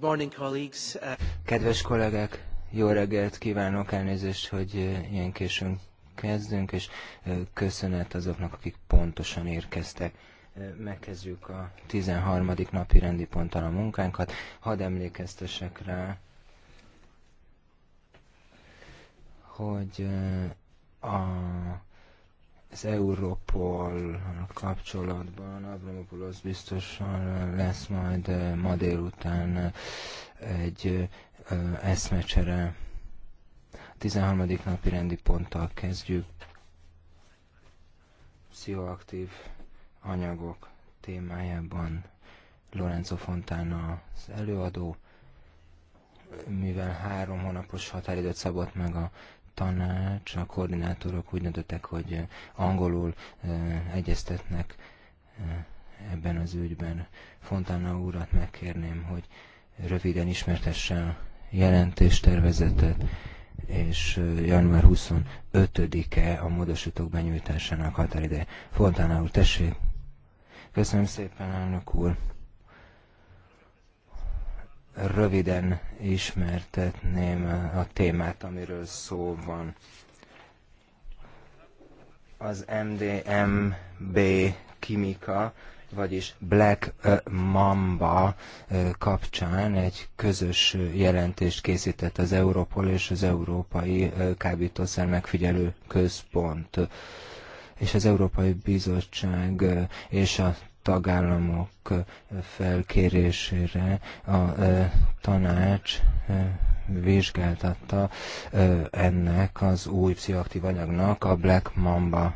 Good morning, colleagues. Kedves kollégák, jó reggelt kívánok, elnézést, hogy eh, ilyen későn kezdünk, és eh, köszönet azoknak, akik pontosan érkeztek. Eh, megkezdjük a 13. napi rendi ponttal a munkánkat. Hadd emlékeztessek rá, hogy a, az Euró Abramopol kapcsolatban az biztosan lesz majd eh, ma délután eh, egy eh, eszmecsere. 13. napi rendi ponttal kezdjük. Pszichoaktív anyagok témájában Lorenzo Fontana az előadó, mivel három hónapos határidőt szabott meg a tanács, a koordinátorok úgy döntöttek, hogy eh, angolul eh, egyeztetnek eh, ebben az ügyben. Fontana úrat megkérném, hogy röviden ismertesse a jelentéstervezetet, és január 25-e a módosítók benyújtásának határideje. Fontana úr, tessék! Köszönöm szépen, elnök úr! röviden ismertetném a témát, amiről szó van. Az MDMB kimika, vagyis Black Mamba kapcsán egy közös jelentést készített az Európol és az Európai Kábítószer Megfigyelő Központ és az Európai Bizottság és a tagállamok eh, felkérésére a eh, tanács eh, vizsgáltatta ennek az új pszichoaktív anyagnak, a Black Mamba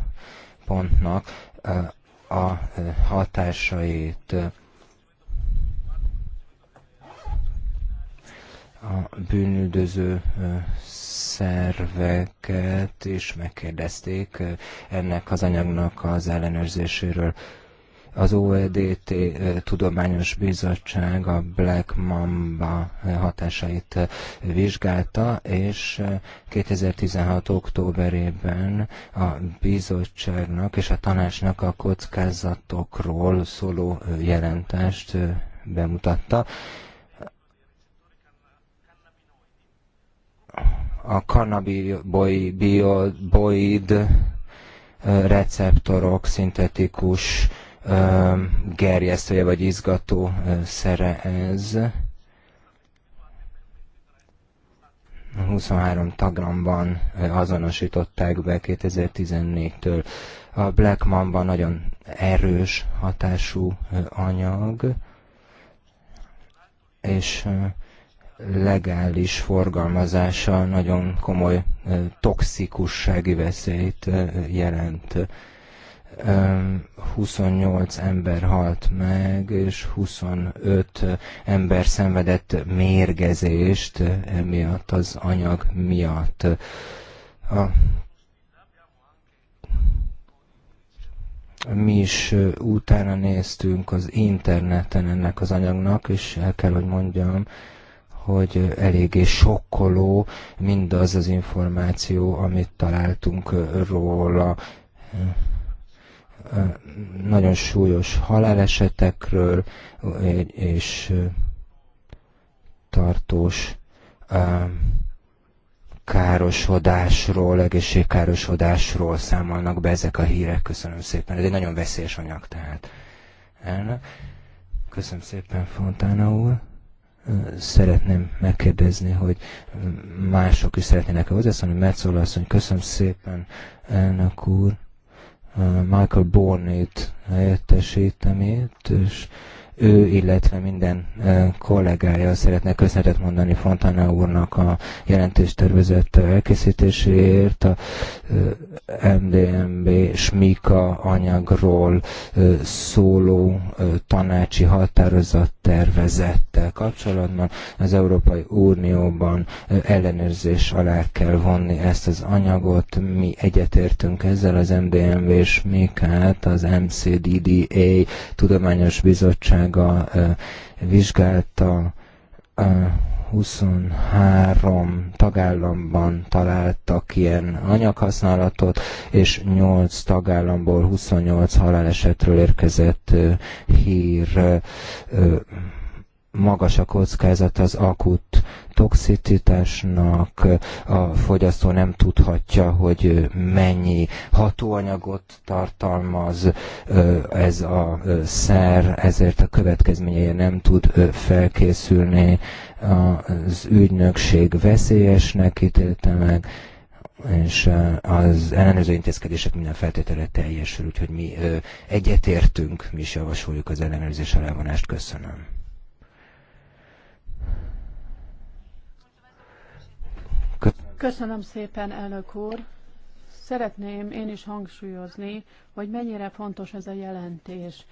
pontnak a hatásait. A bűnüldöző szerveket is megkérdezték ennek az anyagnak az ellenőrzéséről. Az OEDT eh, Tudományos Bizottság a Black Mamba eh, hatásait eh, vizsgálta, és 2016. októberében a bizottságnak és a tanácsnak a kockázatokról szóló jelentést bemutatta. a cannabiboid receptorok szintetikus gerjesztője vagy izgató szere ez. 23 tagramban azonosították be 2014-től. A Black Mamba nagyon erős hatású anyag, és legális forgalmazása nagyon komoly toxikussági veszélyt jelent. 28 ember halt meg, és 25 ember szenvedett mérgezést emiatt az anyag miatt. A mi is utána néztünk az interneten ennek az anyagnak, és el kell, hogy mondjam, hogy eléggé sokkoló mindaz az információ, amit találtunk róla nagyon súlyos halálesetekről és tartós károsodásról, egészségkárosodásról számolnak be ezek a hírek. Köszönöm szépen. Ez egy nagyon veszélyes anyag tehát. Köszönöm szépen, Fontána úr. Szeretném megkérdezni, hogy mások is szeretnének-e hozzászólni. Metzola asszony, köszönöm szépen, elnök úr. Michael Bornit helyettesítem itt, és ő, illetve minden kollégája szeretne köszönetet mondani Fontana úrnak a jelentős tervezett elkészítéséért, a MDMB Smika anyagról szóló tanácsi határozat tervezettel kapcsolatban az Európai Unióban ellenőrzés alá kell vonni ezt az anyagot. Mi egyetértünk ezzel az MDMB Smikát, az MCDDA Tudományos Bizottság Kollega vizsgálta, 23 tagállamban találtak ilyen anyaghasználatot, és 8 tagállamból 28 halálesetről érkezett hír magas a kockázat az akut toxicitásnak, a fogyasztó nem tudhatja, hogy mennyi hatóanyagot tartalmaz ez a szer, ezért a következményeje nem tud felkészülni. Az ügynökség veszélyesnek ítélte meg, és az ellenőrző intézkedések minden feltétele teljesül, úgyhogy mi egyetértünk, mi is javasoljuk az ellenőrzés alávonást. Köszönöm. Köszönöm szépen, elnök úr. Szeretném én is hangsúlyozni, hogy mennyire fontos ez a jelentés,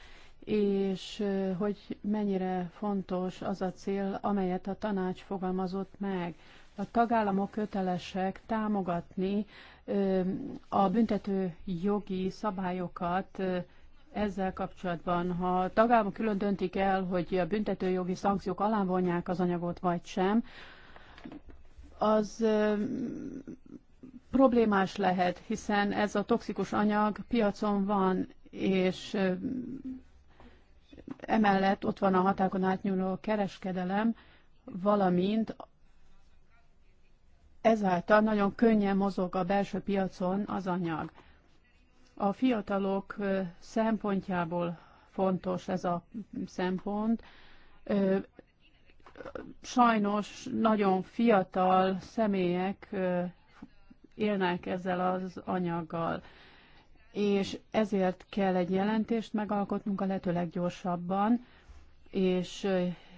és hogy mennyire fontos az a cél, amelyet a tanács fogalmazott meg. A tagállamok kötelesek támogatni a büntető jogi szabályokat ezzel kapcsolatban, ha a tagállamok külön döntik el, hogy a büntetőjogi szankciók alá vonják az anyagot, vagy sem, az problémás lehet, hiszen ez a toxikus anyag piacon van, és emellett ott van a hatákon átnyúló kereskedelem, valamint ezáltal nagyon könnyen mozog a belső piacon az anyag. A fiatalok szempontjából fontos ez a szempont sajnos nagyon fiatal személyek élnek ezzel az anyaggal, és ezért kell egy jelentést megalkotnunk a lehető leggyorsabban, és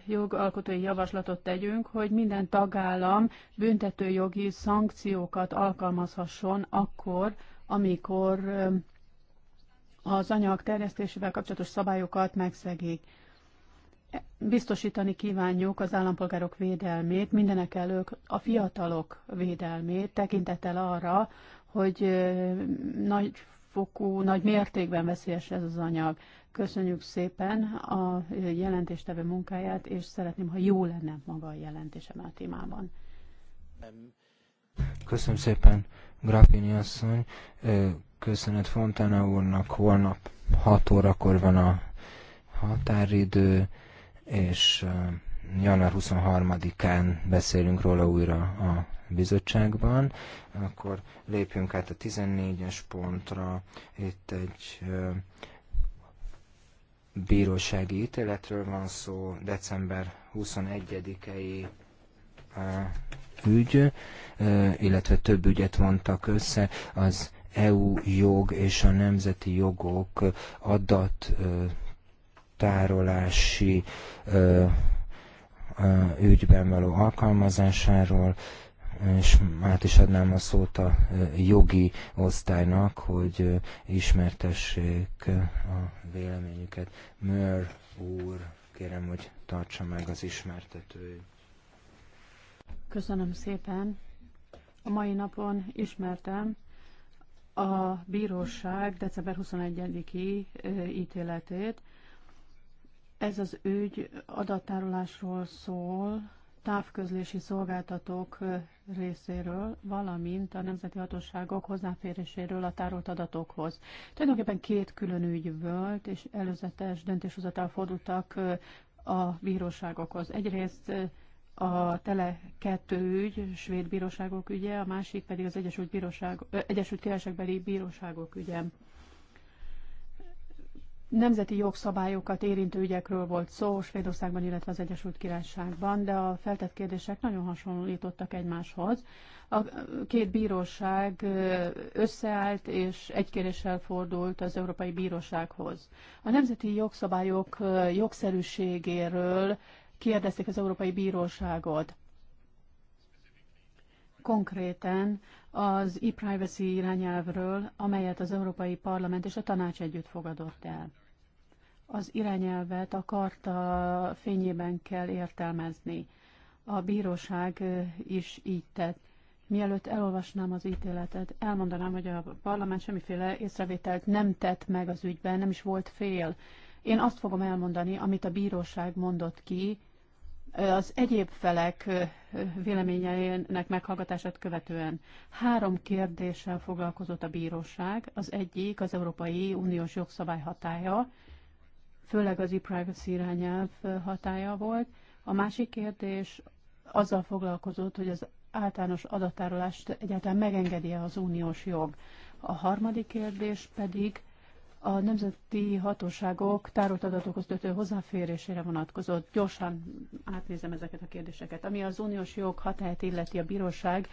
jogalkotói javaslatot tegyünk, hogy minden tagállam büntetőjogi szankciókat alkalmazhasson akkor, amikor az anyag terjesztésével kapcsolatos szabályokat megszegik biztosítani kívánjuk az állampolgárok védelmét, mindenek elők a fiatalok védelmét, tekintettel arra, hogy nagy fokú, nagy mértékben veszélyes ez az anyag. Köszönjük szépen a jelentéstevő munkáját, és szeretném, ha jó lenne maga a jelentésem a témában. Köszönöm szépen, Grafini asszony. Köszönet Fontana úrnak. Holnap 6 órakor van a határidő és január 23-án beszélünk róla újra a bizottságban, akkor lépjünk át a 14-es pontra. Itt egy bírósági ítéletről van szó, december 21-i ügy, illetve több ügyet vontak össze, az EU jog és a nemzeti jogok adat tárolási ügyben való alkalmazásáról, és át is adnám a szót a jogi osztálynak, hogy ismertessék a véleményüket. Mör úr, kérem, hogy tartsa meg az ismertetőjét. Köszönöm szépen. A mai napon ismertem a bíróság december 21-i ítéletét, ez az ügy adattárolásról szól, távközlési szolgáltatók részéről, valamint a nemzeti hatóságok hozzáféréséről a tárolt adatokhoz. Tulajdonképpen két külön ügy volt, és előzetes döntéshozatal fordultak a bíróságokhoz. Egyrészt a Tele 2 ügy, svéd bíróságok ügye, a másik pedig az Egyesült, Bíróság, Egyesült Királyságbeli Bíróságok ügye. Nemzeti jogszabályokat érintő ügyekről volt szó Svédországban, illetve az Egyesült Királyságban, de a feltett kérdések nagyon hasonlítottak egymáshoz. A két bíróság összeállt, és egy kéréssel fordult az Európai Bírósághoz. A nemzeti jogszabályok jogszerűségéről kérdezték az Európai Bíróságot. Konkrétan az e-privacy irányelvről, amelyet az Európai Parlament és a Tanács együtt fogadott el az irányelvet a karta fényében kell értelmezni. A bíróság is így tett. Mielőtt elolvasnám az ítéletet, elmondanám, hogy a parlament semmiféle észrevételt nem tett meg az ügyben, nem is volt fél. Én azt fogom elmondani, amit a bíróság mondott ki, az egyéb felek véleményeinek meghallgatását követően három kérdéssel foglalkozott a bíróság. Az egyik az Európai Uniós jogszabály hatája, főleg az e-privacy irányelv hatája volt. A másik kérdés azzal foglalkozott, hogy az általános adattárolást egyáltalán megengedi-e az uniós jog. A harmadik kérdés pedig a nemzeti hatóságok tárolt adatokhoz kötő hozzáférésére vonatkozott. Gyorsan átnézem ezeket a kérdéseket. Ami az uniós jog hatáját illeti a bíróság,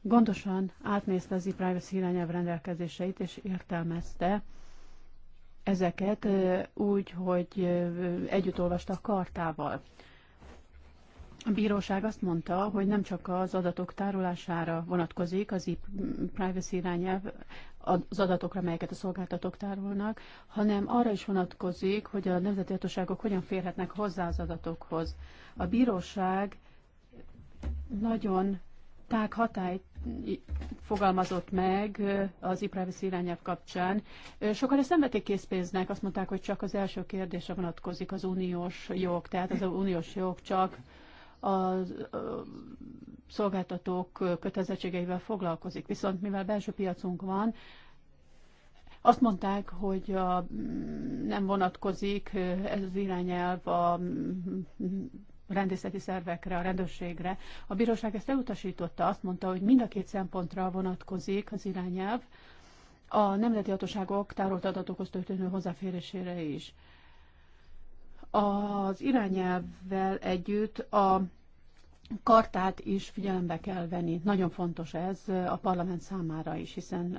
gondosan átnézte az e-privacy irányelv rendelkezéseit és értelmezte ezeket úgy, hogy együtt olvasta a kartával. A bíróság azt mondta, hogy nem csak az adatok tárolására vonatkozik az ip privacy irányelv, az adatokra, melyeket a szolgáltatók tárolnak, hanem arra is vonatkozik, hogy a nemzeti hatóságok hogyan férhetnek hozzá az adatokhoz. A bíróság nagyon tág hatályt fogalmazott meg az e-privacy irányelv kapcsán. Sokan ezt nem vették készpénznek, azt mondták, hogy csak az első kérdésre vonatkozik az uniós jog, tehát az uniós jog csak a szolgáltatók kötelezettségeivel foglalkozik. Viszont mivel belső piacunk van, azt mondták, hogy a, mm, nem vonatkozik ez az irányelv a mm, rendészeti szervekre, a rendőrségre. A bíróság ezt elutasította, azt mondta, hogy mind a két szempontra vonatkozik az irányelv, a nemzeti hatóságok tárolt adatokhoz történő hozzáférésére is. Az irányelvvel együtt a kartát is figyelembe kell venni. Nagyon fontos ez a parlament számára is, hiszen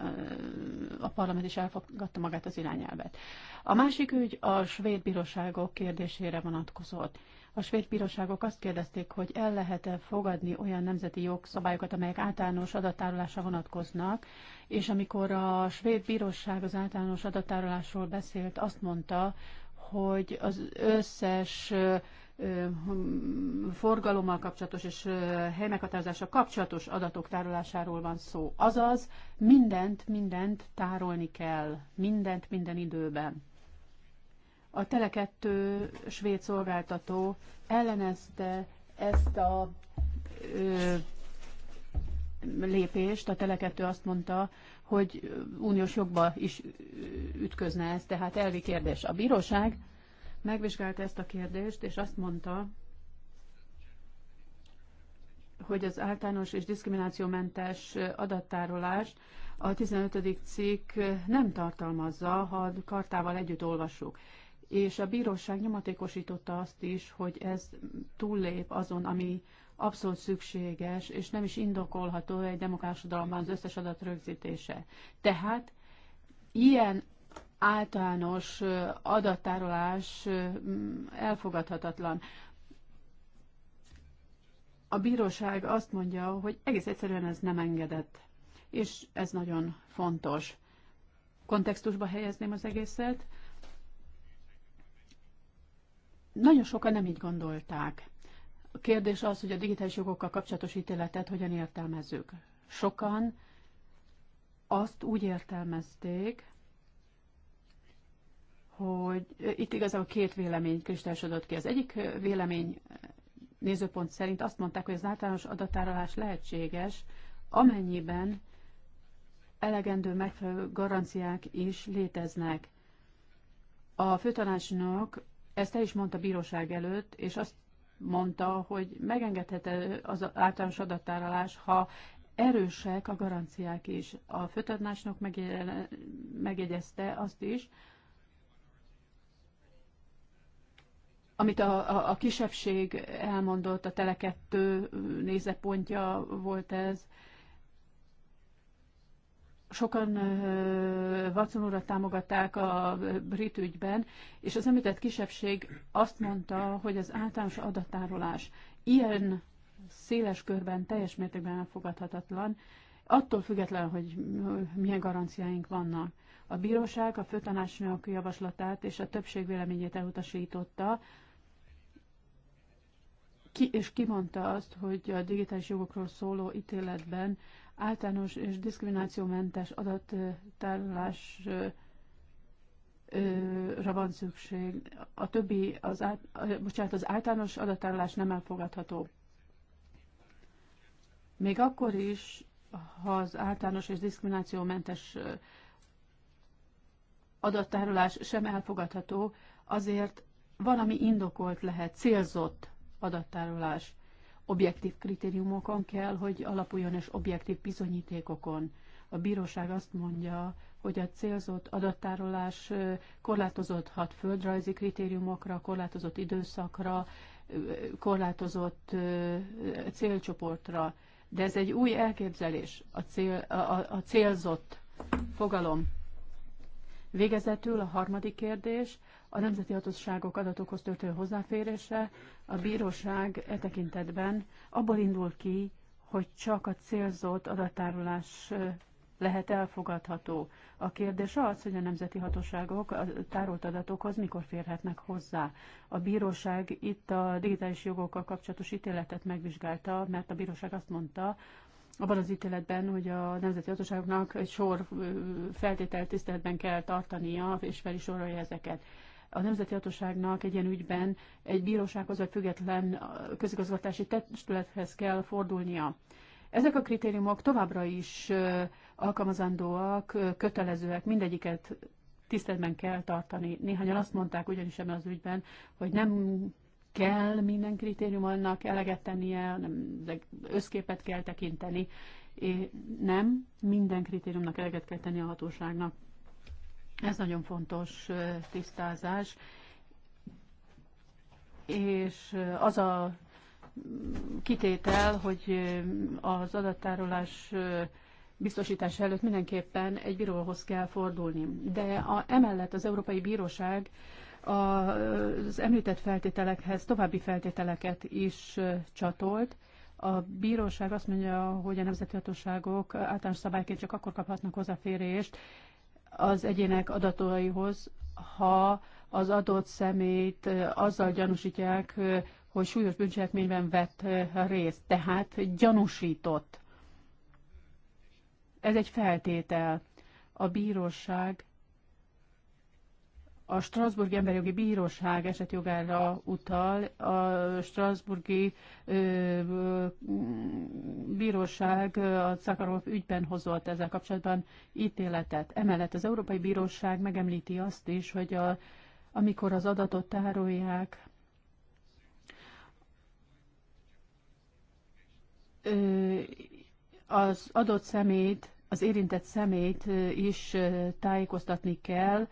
a parlament is elfogadta magát az irányelvet. A másik ügy a svéd bíróságok kérdésére vonatkozott. A svéd bíróságok azt kérdezték, hogy el lehet-e fogadni olyan nemzeti jogszabályokat, amelyek általános adattárolásra vonatkoznak, és amikor a svéd bíróság az általános adattárolásról beszélt, azt mondta, hogy az összes forgalommal kapcsolatos és helymeghatározása kapcsolatos adatok tárolásáról van szó. Azaz, mindent, mindent tárolni kell, mindent minden időben. A Tele2 svéd szolgáltató ellenezte ezt a ö, lépést. A Tele2 azt mondta, hogy uniós jogba is ütközne ez, tehát elvi kérdés. A bíróság megvizsgálta ezt a kérdést, és azt mondta, hogy az általános és diszkriminációmentes adattárolás a 15. cikk nem tartalmazza, ha a kartával együtt olvassuk és a bíróság nyomatékosította azt is, hogy ez túllép azon, ami abszolút szükséges, és nem is indokolható egy demokársadalomban az összes adat rögzítése. Tehát ilyen általános adattárolás elfogadhatatlan. A bíróság azt mondja, hogy egész egyszerűen ez nem engedett, és ez nagyon fontos. Kontextusba helyezném az egészet. Nagyon sokan nem így gondolták. A kérdés az, hogy a digitális jogokkal kapcsolatos ítéletet hogyan értelmezzük. Sokan azt úgy értelmezték, hogy itt igazából két vélemény kristálysodott ki. Az egyik vélemény nézőpont szerint azt mondták, hogy az általános adatárolás lehetséges, amennyiben elegendő megfelelő garanciák is léteznek. A főtanácsnok ezt el is mondta a bíróság előtt, és azt mondta, hogy megengedhető az általános adattárolás, ha erősek a garanciák is. A főtanácsnok megjegyezte azt is, amit a, a, a kisebbség elmondott, a telekettő nézepontja volt ez, Sokan Watson urat támogatták a brit ügyben, és az említett kisebbség azt mondta, hogy az általános adattárolás ilyen széles körben teljes mértékben elfogadhatatlan, attól független, hogy milyen garanciáink vannak. A bíróság a főtanácsnök javaslatát és a többség véleményét elutasította, ki, és kimondta azt, hogy a digitális jogokról szóló ítéletben általános és diszkriminációmentes adattárolásra van szükség. A többi, az, át, bocsánat, az általános adattárolás nem elfogadható. Még akkor is, ha az általános és diszkriminációmentes adattárolás sem elfogadható, azért valami indokolt lehet, célzott adattárolás objektív kritériumokon kell, hogy alapuljon és objektív bizonyítékokon. A bíróság azt mondja, hogy a célzott adattárolás korlátozódhat földrajzi kritériumokra, korlátozott időszakra, korlátozott célcsoportra. De ez egy új elképzelés, a, cél, a, a célzott fogalom. Végezetül a harmadik kérdés, a nemzeti hatóságok adatokhoz történő hozzáférése, a bíróság e tekintetben abból indul ki, hogy csak a célzott adattárolás lehet elfogadható. A kérdés az, hogy a nemzeti hatóságok a tárolt adatokhoz mikor férhetnek hozzá. A bíróság itt a digitális jogokkal kapcsolatos ítéletet megvizsgálta, mert a bíróság azt mondta, abban az ítéletben, hogy a nemzeti hatóságoknak egy sor feltételt tiszteletben kell tartania, és fel is sorolja ezeket a Nemzeti Hatóságnak egy ilyen ügyben egy bírósághoz vagy független közigazgatási testülethez kell fordulnia. Ezek a kritériumok továbbra is alkalmazandóak, kötelezőek, mindegyiket tiszteletben kell tartani. Néhányan azt mondták ugyanis ebben az ügyben, hogy nem kell minden kritériumnak eleget tennie, nem, összképet kell tekinteni. É, nem minden kritériumnak eleget kell tenni a hatóságnak. Ez nagyon fontos tisztázás. És az a kitétel, hogy az adattárolás biztosítás előtt mindenképpen egy bíróhoz kell fordulni. De a, emellett az Európai Bíróság a, az említett feltételekhez további feltételeket is csatolt. A bíróság azt mondja, hogy a nemzeti hatóságok általános szabályként csak akkor kaphatnak hozzáférést, az egyének adataihoz, ha az adott szemét azzal gyanúsítják, hogy súlyos bűncselekményben vett részt, tehát gyanúsított. Ez egy feltétel. A bíróság a Strasburgi Emberjogi Bíróság esetjogára utal, a Strasburgi ö, Bíróság a Szakarov ügyben hozott ezzel kapcsolatban ítéletet. Emellett az Európai Bíróság megemlíti azt is, hogy a, amikor az adatot tárolják, az adott szemét, az érintett szemét is tájékoztatni kell,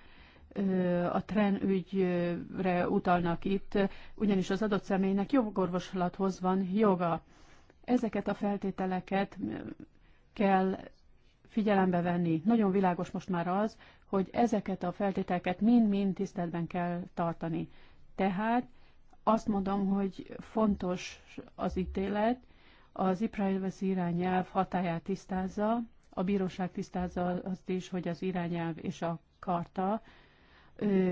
a tren ügyre utalnak itt, ugyanis az adott személynek jogorvoslathoz van joga. Ezeket a feltételeket kell figyelembe venni. Nagyon világos most már az, hogy ezeket a feltételeket mind-mind tiszteletben kell tartani. Tehát azt mondom, hogy fontos az ítélet, az e-privacy irányelv hatáját tisztázza, a bíróság tisztázza azt is, hogy az irányelv és a karta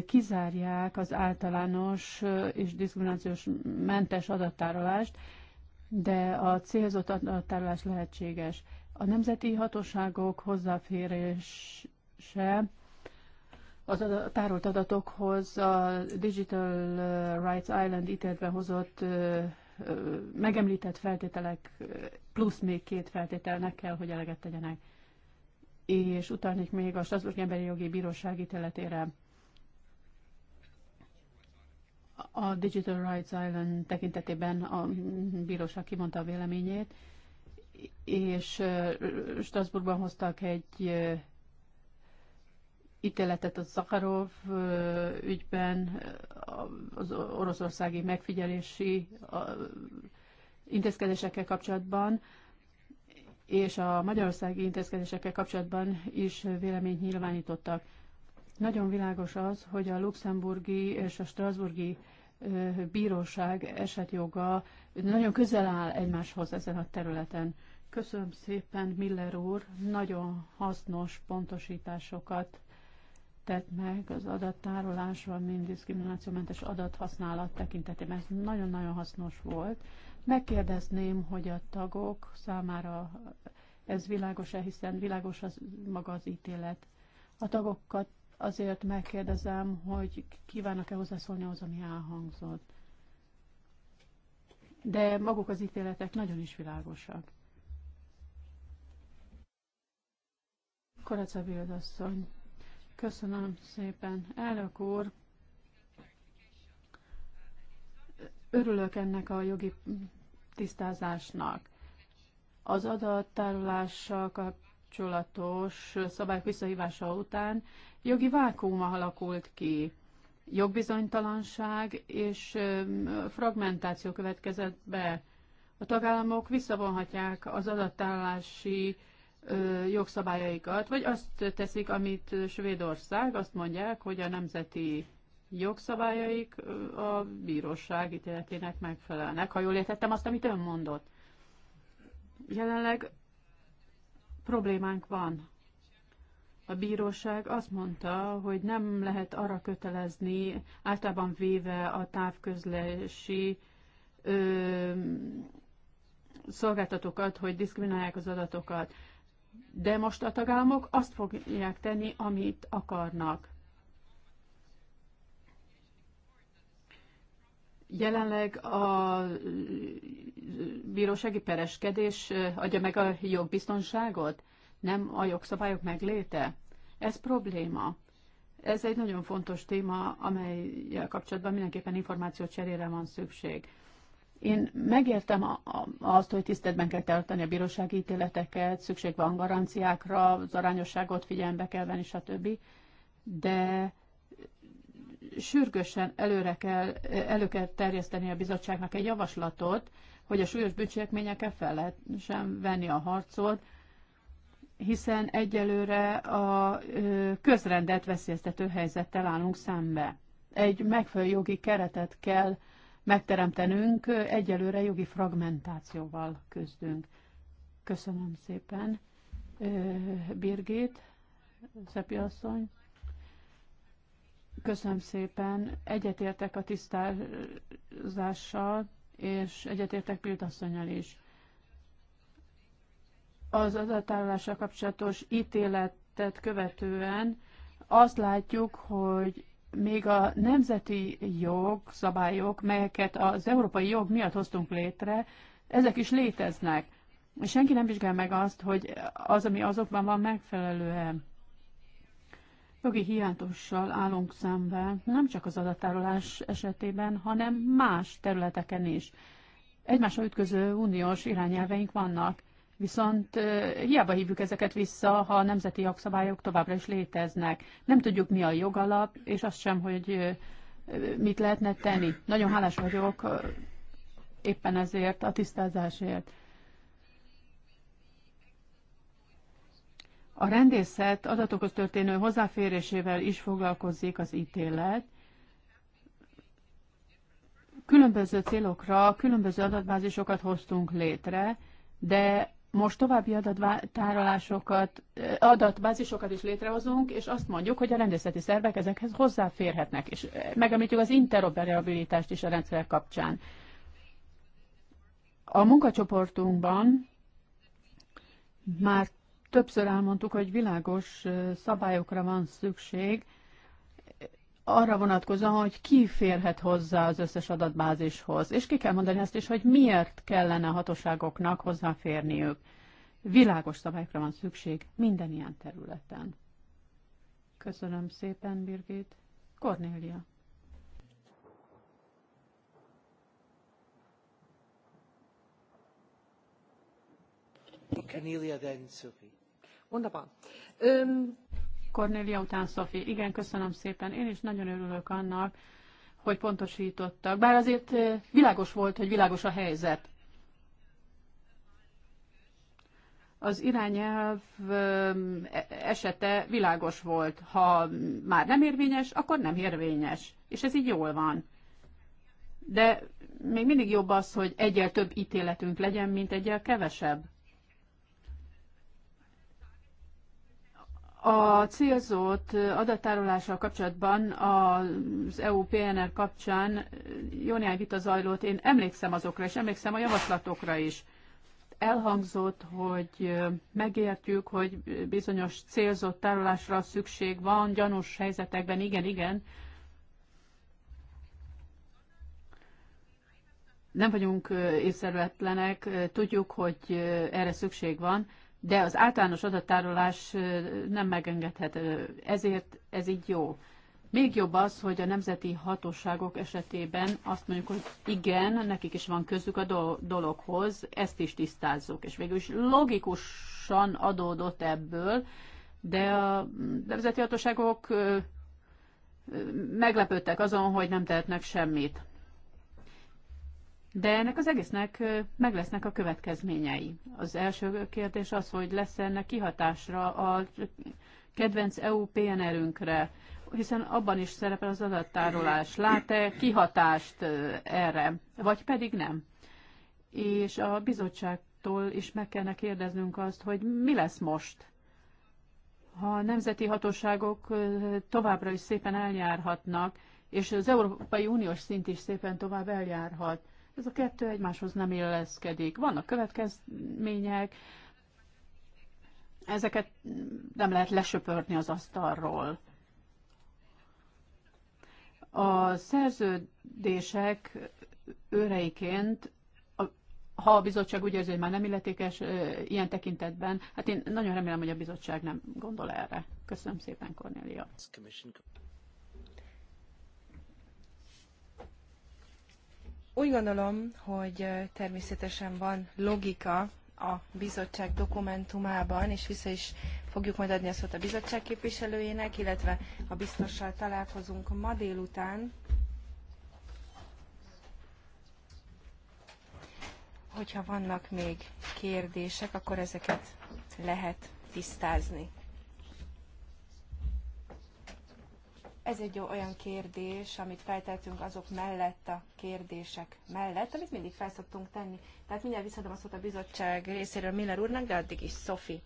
kizárják az általános és diszkriminációs mentes adattárolást, de a célzott adattárolás lehetséges. A nemzeti hatóságok hozzáférése az a tárolt adatokhoz a Digital Rights Island ítéletbe hozott megemlített feltételek plusz még két feltételnek kell, hogy eleget tegyenek. És utalnék még a Strasbourg Emberi Jogi Bíróság ítéletére. A Digital Rights Island tekintetében a bíróság kimondta a véleményét, és Strasbourgban hoztak egy ítéletet a Zakharov ügyben, az oroszországi megfigyelési intézkedésekkel kapcsolatban, és a magyarországi intézkedésekkel kapcsolatban is véleményt nyilvánítottak. Nagyon világos az, hogy a luxemburgi és a strasburgi bíróság esetjoga nagyon közel áll egymáshoz ezen a területen. Köszönöm szépen, Miller úr, nagyon hasznos pontosításokat tett meg az adattárolásban, mind diszkriminációmentes adathasználat tekintetében. Ez nagyon-nagyon hasznos volt. Megkérdezném, hogy a tagok számára ez világos-e, hiszen világos az maga az ítélet. A tagokat Azért megkérdezem, hogy kívánnak e hozzászólni ahhoz, ami elhangzott. De maguk az ítéletek nagyon is világosak. Koraca asszony. Köszönöm szépen. Elnök úr, örülök ennek a jogi tisztázásnak. Az adattárolással kapcsolatban kapcsolatos szabályok visszahívása után jogi vákuum alakult ki, jogbizonytalanság és fragmentáció következett be. A tagállamok visszavonhatják az adattállási jogszabályaikat, vagy azt teszik, amit Svédország, azt mondják, hogy a nemzeti jogszabályaik a bíróság ítéletének megfelelnek, ha jól értettem azt, amit ön mondott. Jelenleg problémánk van. A bíróság azt mondta, hogy nem lehet arra kötelezni, általában véve a távközlési ö, szolgáltatókat, hogy diszkriminálják az adatokat. De most a tagállamok azt fogják tenni, amit akarnak. Jelenleg a bírósági pereskedés adja meg a jogbiztonságot, nem a jogszabályok megléte. Ez probléma. Ez egy nagyon fontos téma, amelyel kapcsolatban mindenképpen információ cserére van szükség. Én megértem azt, hogy tiszteletben kell tartani a bírósági ítéleteket, szükség van garanciákra, az arányosságot figyelembe kell venni, stb. De sürgősen előre kell, elő kell terjeszteni a bizottságnak egy javaslatot, hogy a súlyos bűncselekményekkel fel lehet sem venni a harcot, hiszen egyelőre a közrendet veszélyeztető helyzettel állunk szembe. Egy megfelelő jogi keretet kell megteremtenünk, egyelőre jogi fragmentációval küzdünk. Köszönöm szépen. Birgit, Szepi asszony. Köszönöm szépen. Egyetértek a tisztázással és egyetértek Pilt is. Az adatállással kapcsolatos ítéletet követően azt látjuk, hogy még a nemzeti jog szabályok melyeket az európai jog miatt hoztunk létre, ezek is léteznek. Senki nem vizsgál meg azt, hogy az, ami azokban van, megfelelően jogi hiányossal állunk szemben nem csak az adattárolás esetében, hanem más területeken is. Egymásra ütköző uniós irányelveink vannak, viszont hiába hívjuk ezeket vissza, ha a nemzeti jogszabályok továbbra is léteznek. Nem tudjuk, mi a jogalap, és azt sem, hogy mit lehetne tenni. Nagyon hálás vagyok éppen ezért, a tisztázásért. A rendészet adatokhoz történő hozzáférésével is foglalkozik az ítélet. Különböző célokra különböző adatbázisokat hoztunk létre, de most további adattárolásokat, adatbázisokat is létrehozunk, és azt mondjuk, hogy a rendészeti szervek ezekhez hozzáférhetnek, és megemlítjük az interoperabilitást is a rendszer kapcsán. A munkacsoportunkban már Többször elmondtuk, hogy világos szabályokra van szükség, arra vonatkozóan, hogy ki férhet hozzá az összes adatbázishoz, és ki kell mondani azt is, hogy miért kellene a hatóságoknak hozzáférniük. Világos szabályokra van szükség minden ilyen területen. Köszönöm szépen, Birgit. Kornélia. Cornelia, then Sophie. Wunderbar. Um... Ähm, Cornélia után Szofi. Igen, köszönöm szépen. Én is nagyon örülök annak, hogy pontosítottak. Bár azért világos volt, hogy világos a helyzet. Az irányelv e-, esete világos volt. Ha már nem érvényes, akkor nem érvényes. És ez így jól van. De még mindig jobb az, hogy egyel több ítéletünk legyen, mint egyel kevesebb. A célzott adattárolással kapcsolatban az EU PNR kapcsán jó néhány vita zajlott, én emlékszem azokra, és emlékszem a javaslatokra is. Elhangzott, hogy megértjük, hogy bizonyos célzott tárolásra szükség van, gyanús helyzetekben, igen, igen. Nem vagyunk észrevetlenek, tudjuk, hogy erre szükség van, de az általános adattárolás nem megengedhető, ezért ez így jó. Még jobb az, hogy a nemzeti hatóságok esetében azt mondjuk, hogy igen, nekik is van közük a dologhoz, ezt is tisztázzuk. És végül is logikusan adódott ebből, de a nemzeti hatóságok meglepődtek azon, hogy nem tehetnek semmit. De ennek az egésznek meg lesznek a következményei. Az első kérdés az, hogy lesz -e ennek kihatásra a kedvenc EU PNR-ünkre, hiszen abban is szerepel az adattárolás. Lát-e kihatást erre, vagy pedig nem? És a bizottságtól is meg kellene kérdeznünk azt, hogy mi lesz most? Ha a nemzeti hatóságok továbbra is szépen eljárhatnak, és az Európai Uniós szint is szépen tovább eljárhat, ez a kettő egymáshoz nem illeszkedik. Vannak következmények, ezeket nem lehet lesöpörni az asztalról. A szerződések őreiként ha a bizottság úgy érzi, hogy már nem illetékes ilyen tekintetben, hát én nagyon remélem, hogy a bizottság nem gondol erre. Köszönöm szépen, Cornelia. Úgy gondolom, hogy természetesen van logika a bizottság dokumentumában, és vissza is fogjuk majd adni a szót a bizottság képviselőjének, illetve a biztossal találkozunk ma délután, hogyha vannak még kérdések, akkor ezeket lehet tisztázni. Ez egy olyan kérdés, amit feltettünk azok mellett a kérdések mellett, amit mindig felszoktunk tenni. Tehát mindjárt visszadom a szót a bizottság részéről Miller úrnak, de addig is Szofi.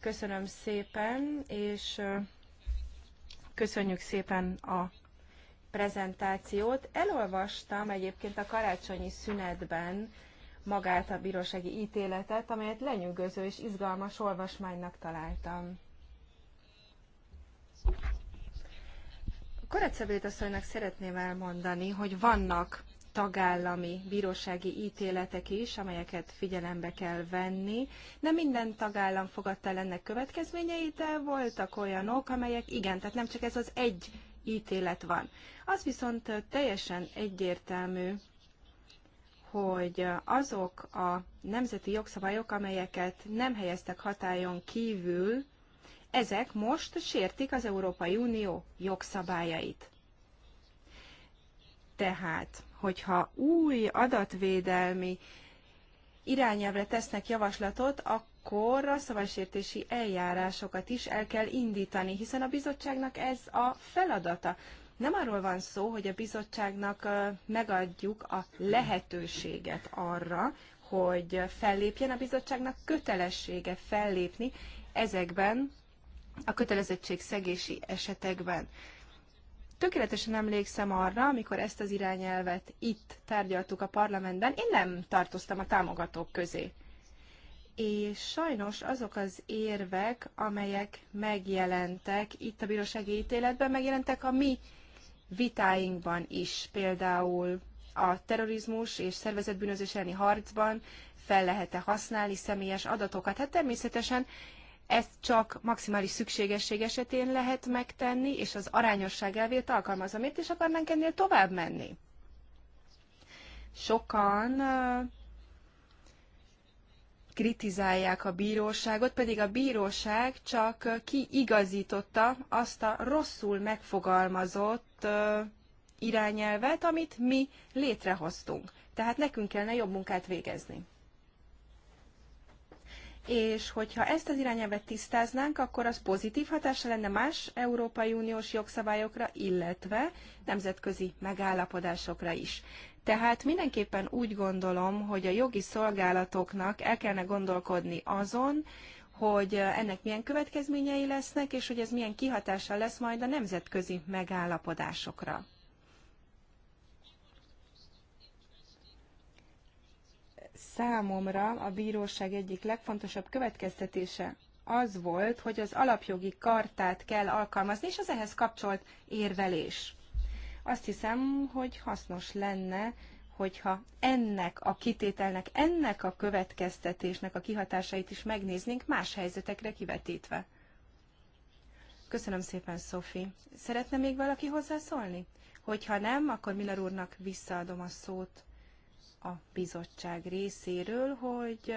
Köszönöm szépen, és köszönjük szépen a prezentációt. Elolvastam egyébként a karácsonyi szünetben magát a bírósági ítéletet, amelyet lenyűgöző és izgalmas olvasmánynak találtam. Koracabét asszonynak szeretném elmondani, hogy vannak tagállami bírósági ítéletek is, amelyeket figyelembe kell venni. Nem minden tagállam fogadta el ennek következményeit, de voltak olyanok, amelyek igen, tehát nem csak ez az egy ítélet van. Az viszont teljesen egyértelmű, hogy azok a nemzeti jogszabályok, amelyeket nem helyeztek hatályon kívül, ezek most sértik az Európai Unió jogszabályait. Tehát, hogyha új adatvédelmi irányelvre tesznek javaslatot, akkor a szabálysértési eljárásokat is el kell indítani, hiszen a bizottságnak ez a feladata. Nem arról van szó, hogy a bizottságnak megadjuk a lehetőséget arra, hogy fellépjen, a bizottságnak kötelessége fellépni ezekben a kötelezettségszegési esetekben. Tökéletesen emlékszem arra, amikor ezt az irányelvet itt tárgyaltuk a parlamentben, én nem tartoztam a támogatók közé. És sajnos azok az érvek, amelyek megjelentek itt a bírósági ítéletben, megjelentek a mi vitáinkban is. Például a terrorizmus és szervezetbűnözés elleni harcban fel lehet-e használni személyes adatokat? Hát természetesen ezt csak maximális szükségesség esetén lehet megtenni, és az arányosság elvét alkalmazza. Miért is akarnánk ennél tovább menni? Sokan kritizálják a bíróságot, pedig a bíróság csak kiigazította azt a rosszul megfogalmazott irányelvet, amit mi létrehoztunk. Tehát nekünk kellene jobb munkát végezni és hogyha ezt az irányelvet tisztáznánk, akkor az pozitív hatása lenne más Európai Uniós jogszabályokra, illetve nemzetközi megállapodásokra is. Tehát mindenképpen úgy gondolom, hogy a jogi szolgálatoknak el kellene gondolkodni azon, hogy ennek milyen következményei lesznek, és hogy ez milyen kihatással lesz majd a nemzetközi megállapodásokra. számomra a bíróság egyik legfontosabb következtetése az volt, hogy az alapjogi kartát kell alkalmazni, és az ehhez kapcsolt érvelés. Azt hiszem, hogy hasznos lenne, hogyha ennek a kitételnek, ennek a következtetésnek a kihatásait is megnéznénk más helyzetekre kivetítve. Köszönöm szépen, Szofi. Szeretne még valaki hozzászólni? Hogyha nem, akkor Miller úrnak visszaadom a szót a bizottság részéről, hogy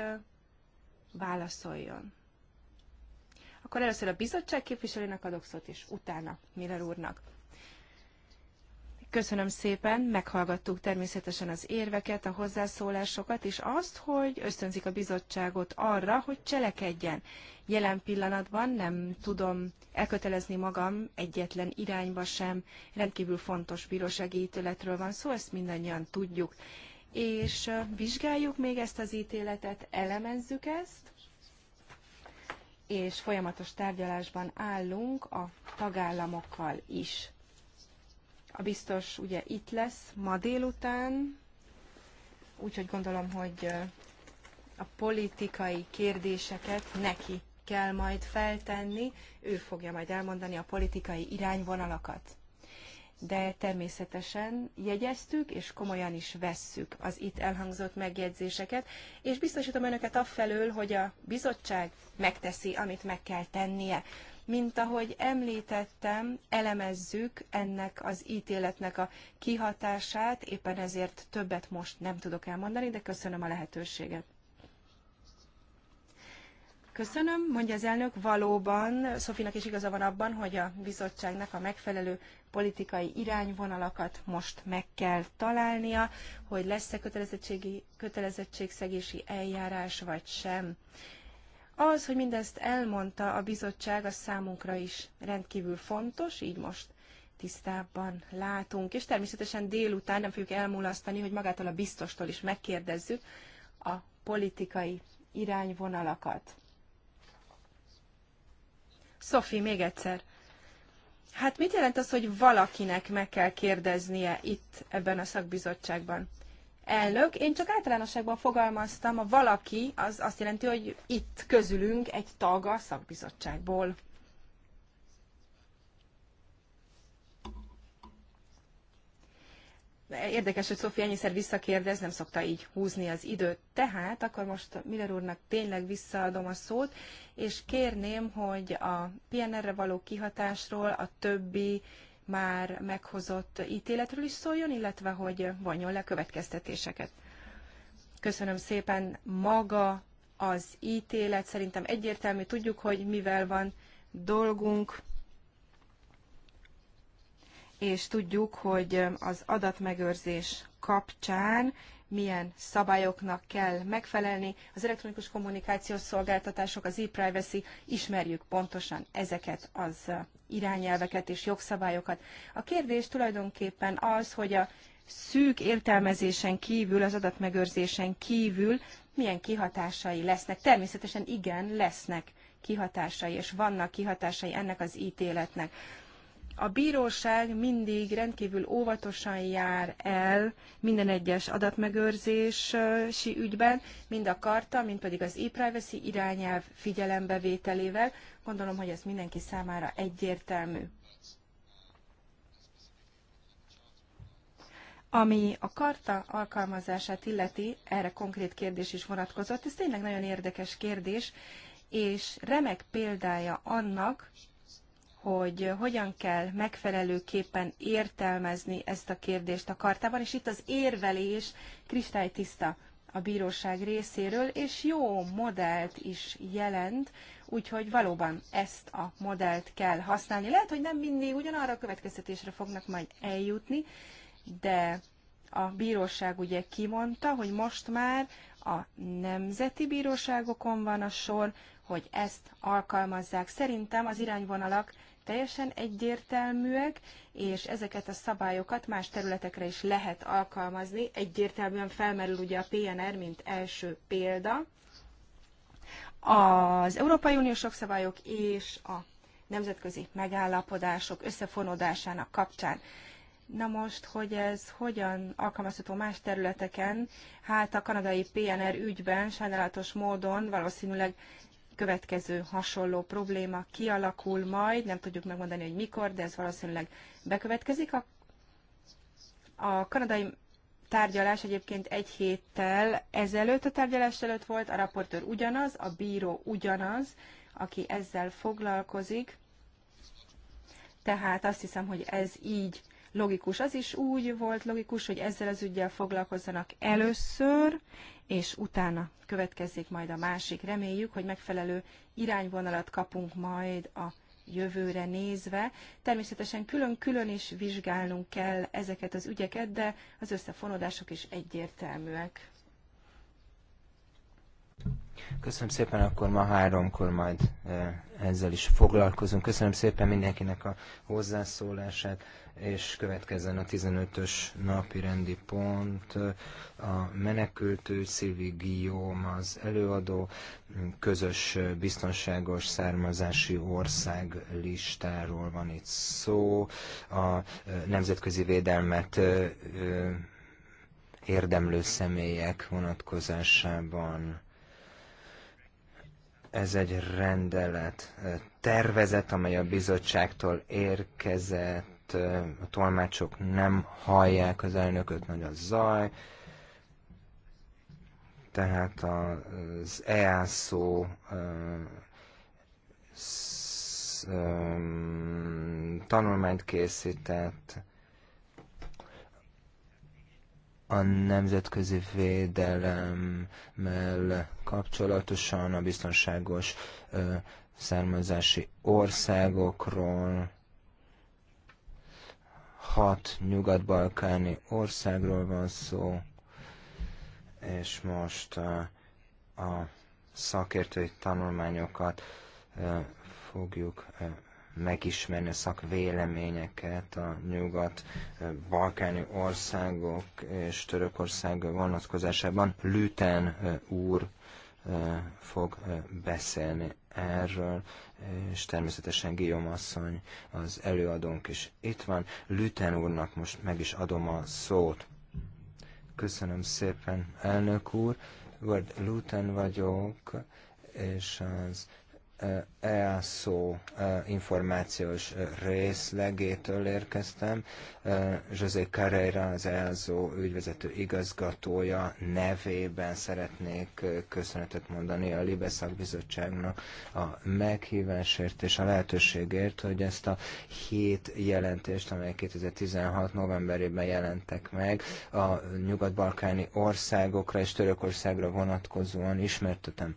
válaszoljon. Akkor először a bizottság képviselőnek adok szót, és utána Miller úrnak. Köszönöm szépen, meghallgattuk természetesen az érveket, a hozzászólásokat, és azt, hogy ösztönzik a bizottságot arra, hogy cselekedjen. Jelen pillanatban nem tudom elkötelezni magam egyetlen irányba sem, rendkívül fontos bírósági ítéletről van szó, ezt mindannyian tudjuk és vizsgáljuk még ezt az ítéletet, elemezzük ezt, és folyamatos tárgyalásban állunk a tagállamokkal is. A biztos ugye itt lesz ma délután, úgyhogy gondolom, hogy a politikai kérdéseket neki kell majd feltenni, ő fogja majd elmondani a politikai irányvonalakat de természetesen jegyeztük és komolyan is vesszük az itt elhangzott megjegyzéseket, és biztosítom önöket affelől, hogy a bizottság megteszi, amit meg kell tennie. Mint ahogy említettem, elemezzük ennek az ítéletnek a kihatását, éppen ezért többet most nem tudok elmondani, de köszönöm a lehetőséget. Köszönöm, mondja az elnök, valóban Szofinak is igaza van abban, hogy a bizottságnak a megfelelő politikai irányvonalakat most meg kell találnia, hogy lesz-e kötelezettségi, kötelezettségszegési eljárás vagy sem. Az, hogy mindezt elmondta a bizottság, az számunkra is rendkívül fontos, így most tisztában látunk. És természetesen délután nem fogjuk elmulasztani, hogy magától a biztostól is megkérdezzük a politikai irányvonalakat. Szofi, még egyszer. Hát mit jelent az, hogy valakinek meg kell kérdeznie itt ebben a szakbizottságban? Elnök, én csak általánosságban fogalmaztam, a valaki az azt jelenti, hogy itt közülünk egy tag a szakbizottságból. Érdekes, hogy Szofi ennyiszer visszakérdez, nem szokta így húzni az időt. Tehát akkor most Miller úrnak tényleg visszaadom a szót, és kérném, hogy a PNR-re való kihatásról a többi már meghozott ítéletről is szóljon, illetve hogy vonjon le következtetéseket. Köszönöm szépen maga az ítélet. Szerintem egyértelmű tudjuk, hogy mivel van dolgunk és tudjuk, hogy az adatmegőrzés kapcsán milyen szabályoknak kell megfelelni. Az elektronikus kommunikációs szolgáltatások, az e-privacy, ismerjük pontosan ezeket az irányelveket és jogszabályokat. A kérdés tulajdonképpen az, hogy a szűk értelmezésen kívül, az adatmegőrzésen kívül milyen kihatásai lesznek. Természetesen igen, lesznek kihatásai, és vannak kihatásai ennek az ítéletnek a bíróság mindig rendkívül óvatosan jár el minden egyes adatmegőrzési ügyben, mind a karta, mind pedig az e-privacy irányelv figyelembevételével. Gondolom, hogy ez mindenki számára egyértelmű. Ami a karta alkalmazását illeti, erre konkrét kérdés is vonatkozott, ez tényleg nagyon érdekes kérdés, és remek példája annak, hogy hogyan kell megfelelőképpen értelmezni ezt a kérdést a kartában, és itt az érvelés kristálytiszta a bíróság részéről, és jó modellt is jelent, úgyhogy valóban ezt a modellt kell használni. Lehet, hogy nem mindig ugyanarra a következtetésre fognak majd eljutni, de a bíróság ugye kimondta, hogy most már a nemzeti bíróságokon van a sor, hogy ezt alkalmazzák. Szerintem az irányvonalak teljesen egyértelműek, és ezeket a szabályokat más területekre is lehet alkalmazni. Egyértelműen felmerül ugye a PNR, mint első példa. Az Európai Uniós jogszabályok és a nemzetközi megállapodások összefonódásának kapcsán. Na most, hogy ez hogyan alkalmazható más területeken, hát a kanadai PNR ügyben sajnálatos módon valószínűleg következő hasonló probléma kialakul majd, nem tudjuk megmondani, hogy mikor, de ez valószínűleg bekövetkezik. A, a kanadai tárgyalás egyébként egy héttel ezelőtt a tárgyalás előtt volt, a raportőr ugyanaz, a bíró ugyanaz, aki ezzel foglalkozik. Tehát azt hiszem, hogy ez így logikus. Az is úgy volt logikus, hogy ezzel az ügyel foglalkozzanak először, és utána következzék majd a másik. Reméljük, hogy megfelelő irányvonalat kapunk majd a jövőre nézve. Természetesen külön-külön is vizsgálnunk kell ezeket az ügyeket, de az összefonódások is egyértelműek. Köszönöm szépen, akkor ma háromkor majd eh, ezzel is foglalkozunk. Köszönöm szépen mindenkinek a hozzászólását, és következzen a 15-ös napi rendi pont. A menekültő Szilvi Guillaum az előadó, közös biztonságos származási ország listáról van itt szó. A eh, nemzetközi védelmet eh, érdemlő személyek vonatkozásában ez egy rendelet tervezet, amely a bizottságtól érkezett, a tolmácsok nem hallják az elnököt, nagy a zaj, tehát az EASZO tanulmányt készített, a nemzetközi védelemmel kapcsolatosan a biztonságos ö, származási országokról, hat nyugat-balkáni országról van szó, és most a, a szakértői tanulmányokat ö, fogjuk ö, megismerni a szakvéleményeket a nyugat-balkáni országok és Törökország vonatkozásában. Lüten úr fog beszélni erről, és természetesen Guillaume asszony, az előadónk is itt van. Lüten úrnak most meg is adom a szót. Köszönöm szépen, elnök úr. Word Luten vagyok, és az EASO információs részlegétől érkeztem. José Carreira, az EASO ügyvezető igazgatója nevében szeretnék köszönetet mondani a Libeszak bizottságnak a meghívásért és a lehetőségért, hogy ezt a hét jelentést, amely 2016 novemberében jelentek meg, a nyugat-balkáni országokra és Törökországra vonatkozóan ismertetem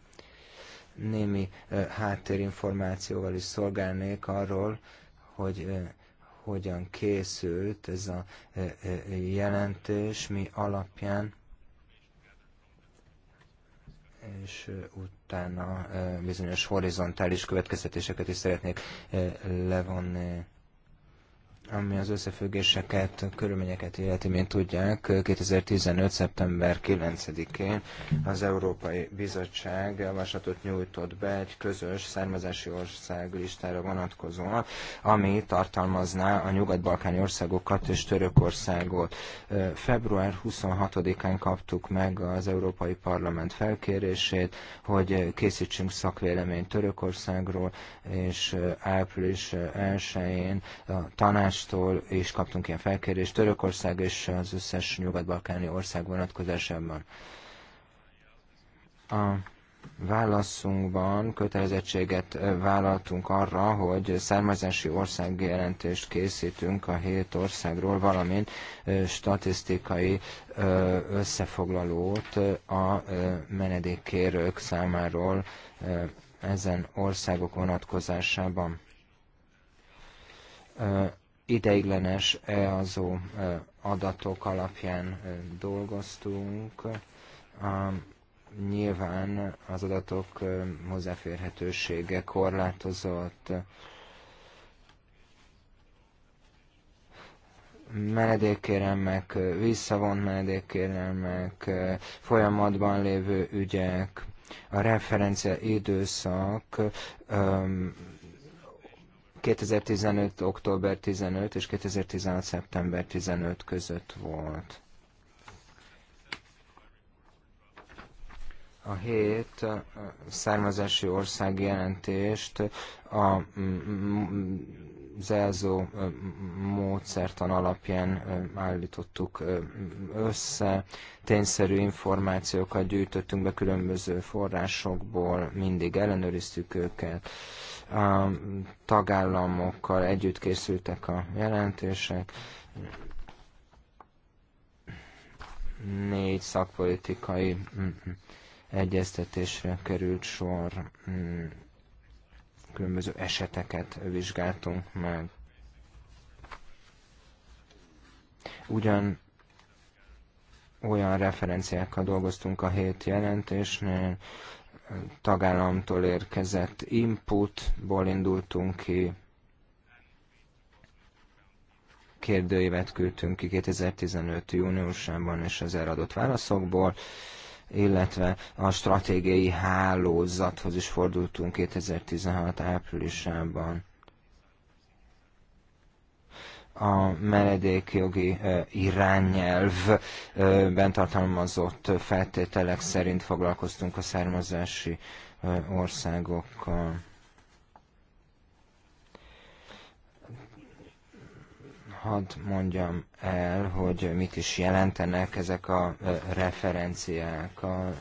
némi háttérinformációval is szolgálnék arról, hogy hogyan készült ez a jelentés, mi alapján, és utána bizonyos horizontális következtetéseket is szeretnék levonni ami az összefüggéseket, körülményeket illeti, mint tudják, 2015. szeptember 9-én az Európai Bizottság javaslatot nyújtott be egy közös származási ország listára vonatkozóan, ami tartalmazná a nyugat-balkáni országokat és Törökországot. Február 26-án kaptuk meg az Európai Parlament felkérését, hogy készítsünk szakvéleményt Törökországról, és április 1-én a tanács tanácstól és kaptunk ilyen felkérést Törökország és az összes nyugat-balkáni ország vonatkozásában. A válaszunkban kötelezettséget vállaltunk arra, hogy származási országjelentést készítünk a hét országról, valamint statisztikai összefoglalót a menedékkérők számáról ezen országok vonatkozásában ideiglenes EASO eh, adatok alapján eh, dolgoztunk. A, nyilván az adatok eh, hozzáférhetősége korlátozott. menedékkérelmek, visszavont menedékkérelmek, folyamatban lévő ügyek, a referencia időszak 2015. október 15 és 2016. szeptember 15 között volt. a hét származási ország jelentést a zelzó módszertan alapján állítottuk össze. Tényszerű információkat gyűjtöttünk be különböző forrásokból, mindig ellenőriztük őket a tagállamokkal együtt készültek a jelentések, négy szakpolitikai mm, mm, egyeztetésre került sor, mm, különböző eseteket vizsgáltunk meg. Ugyan olyan referenciákkal dolgoztunk a hét jelentésnél, tagállamtól érkezett inputból indultunk ki, kérdőívet küldtünk ki 2015. júniusában és az eladott válaszokból, illetve a stratégiai hálózathoz is fordultunk 2016. áprilisában a menedékjogi irányelvben tartalmazott feltételek szerint foglalkoztunk a származási országokkal. Hadd mondjam el, hogy mit is jelentenek ezek a referenciák. A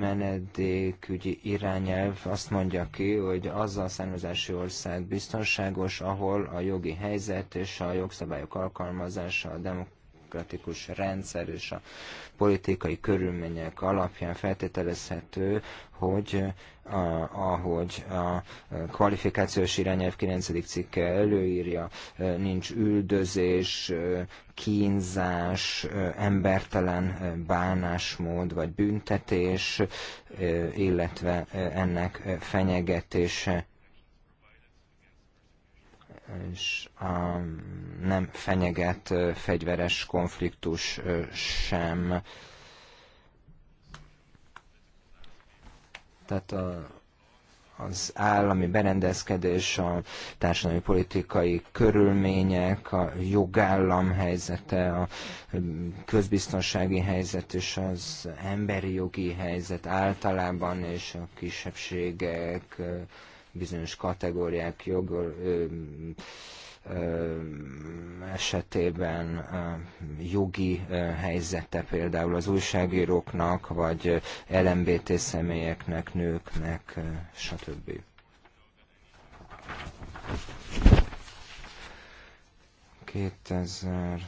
menedékügyi irányelv azt mondja ki, hogy az a származási ország biztonságos, ahol a jogi helyzet és a jogszabályok alkalmazása a demokratikus rendszer és a politikai körülmények alapján feltételezhető, hogy a, ahogy a kvalifikációs irányelv 9. cikke előírja, nincs üldözés, kínzás, embertelen bánásmód vagy büntetés, illetve ennek fenyegetése és a nem fenyeget fegyveres konfliktus sem. Tehát a, az állami berendezkedés, a társadalmi politikai körülmények, a jogállam helyzete, a közbiztonsági helyzet és az emberi jogi helyzet általában, és a kisebbségek, bizonyos kategóriák jogor, ö, ö, esetében jogi helyzete például az újságíróknak, vagy LMBT személyeknek, nőknek, stb. Kétezer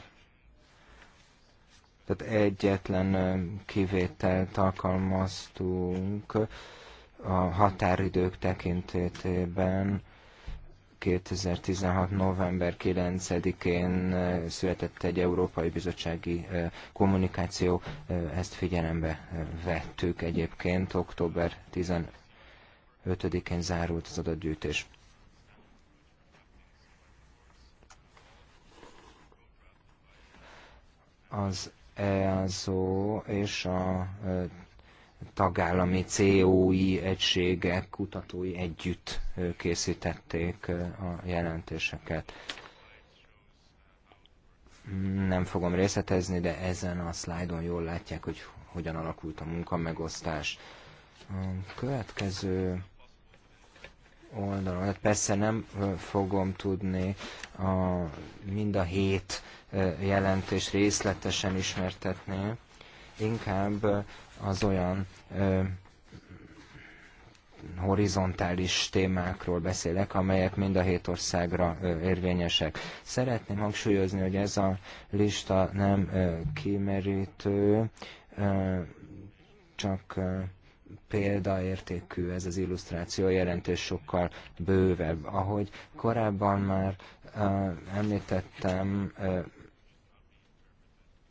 tehát egyetlen kivételt alkalmaztunk a határidők tekintetében 2016. november 9-én született egy Európai Bizottsági kommunikáció, ezt figyelembe vettük egyébként, október 15-én zárult az adatgyűjtés. Az EASO és a tagállami COI egységek, kutatói együtt készítették a jelentéseket. Nem fogom részletezni, de ezen a szlájdon jól látják, hogy hogyan alakult a munkamegosztás. A következő oldalon, hát persze nem fogom tudni a, mind a hét jelentés részletesen ismertetni, inkább az olyan ö, horizontális témákról beszélek, amelyek mind a hét országra érvényesek. Szeretném hangsúlyozni, hogy ez a lista nem kimerítő, csak példaértékű ez az illusztráció, jelentés sokkal bővebb. Ahogy korábban már említettem,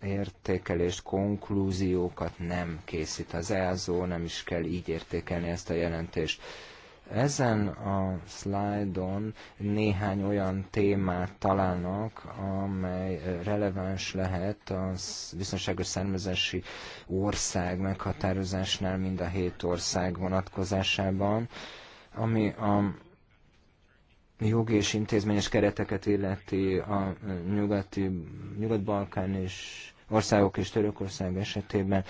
értékelést, konklúziókat nem készít az EASO, nem is kell így értékelni ezt a jelentést. Ezen a szlájdon néhány olyan témát találnak, amely releváns lehet a biztonságos származási ország meghatározásnál mind a hét ország vonatkozásában, ami a jogi és intézményes kereteket illeti a nyugati, nyugat-balkán és országok és Törökország esetében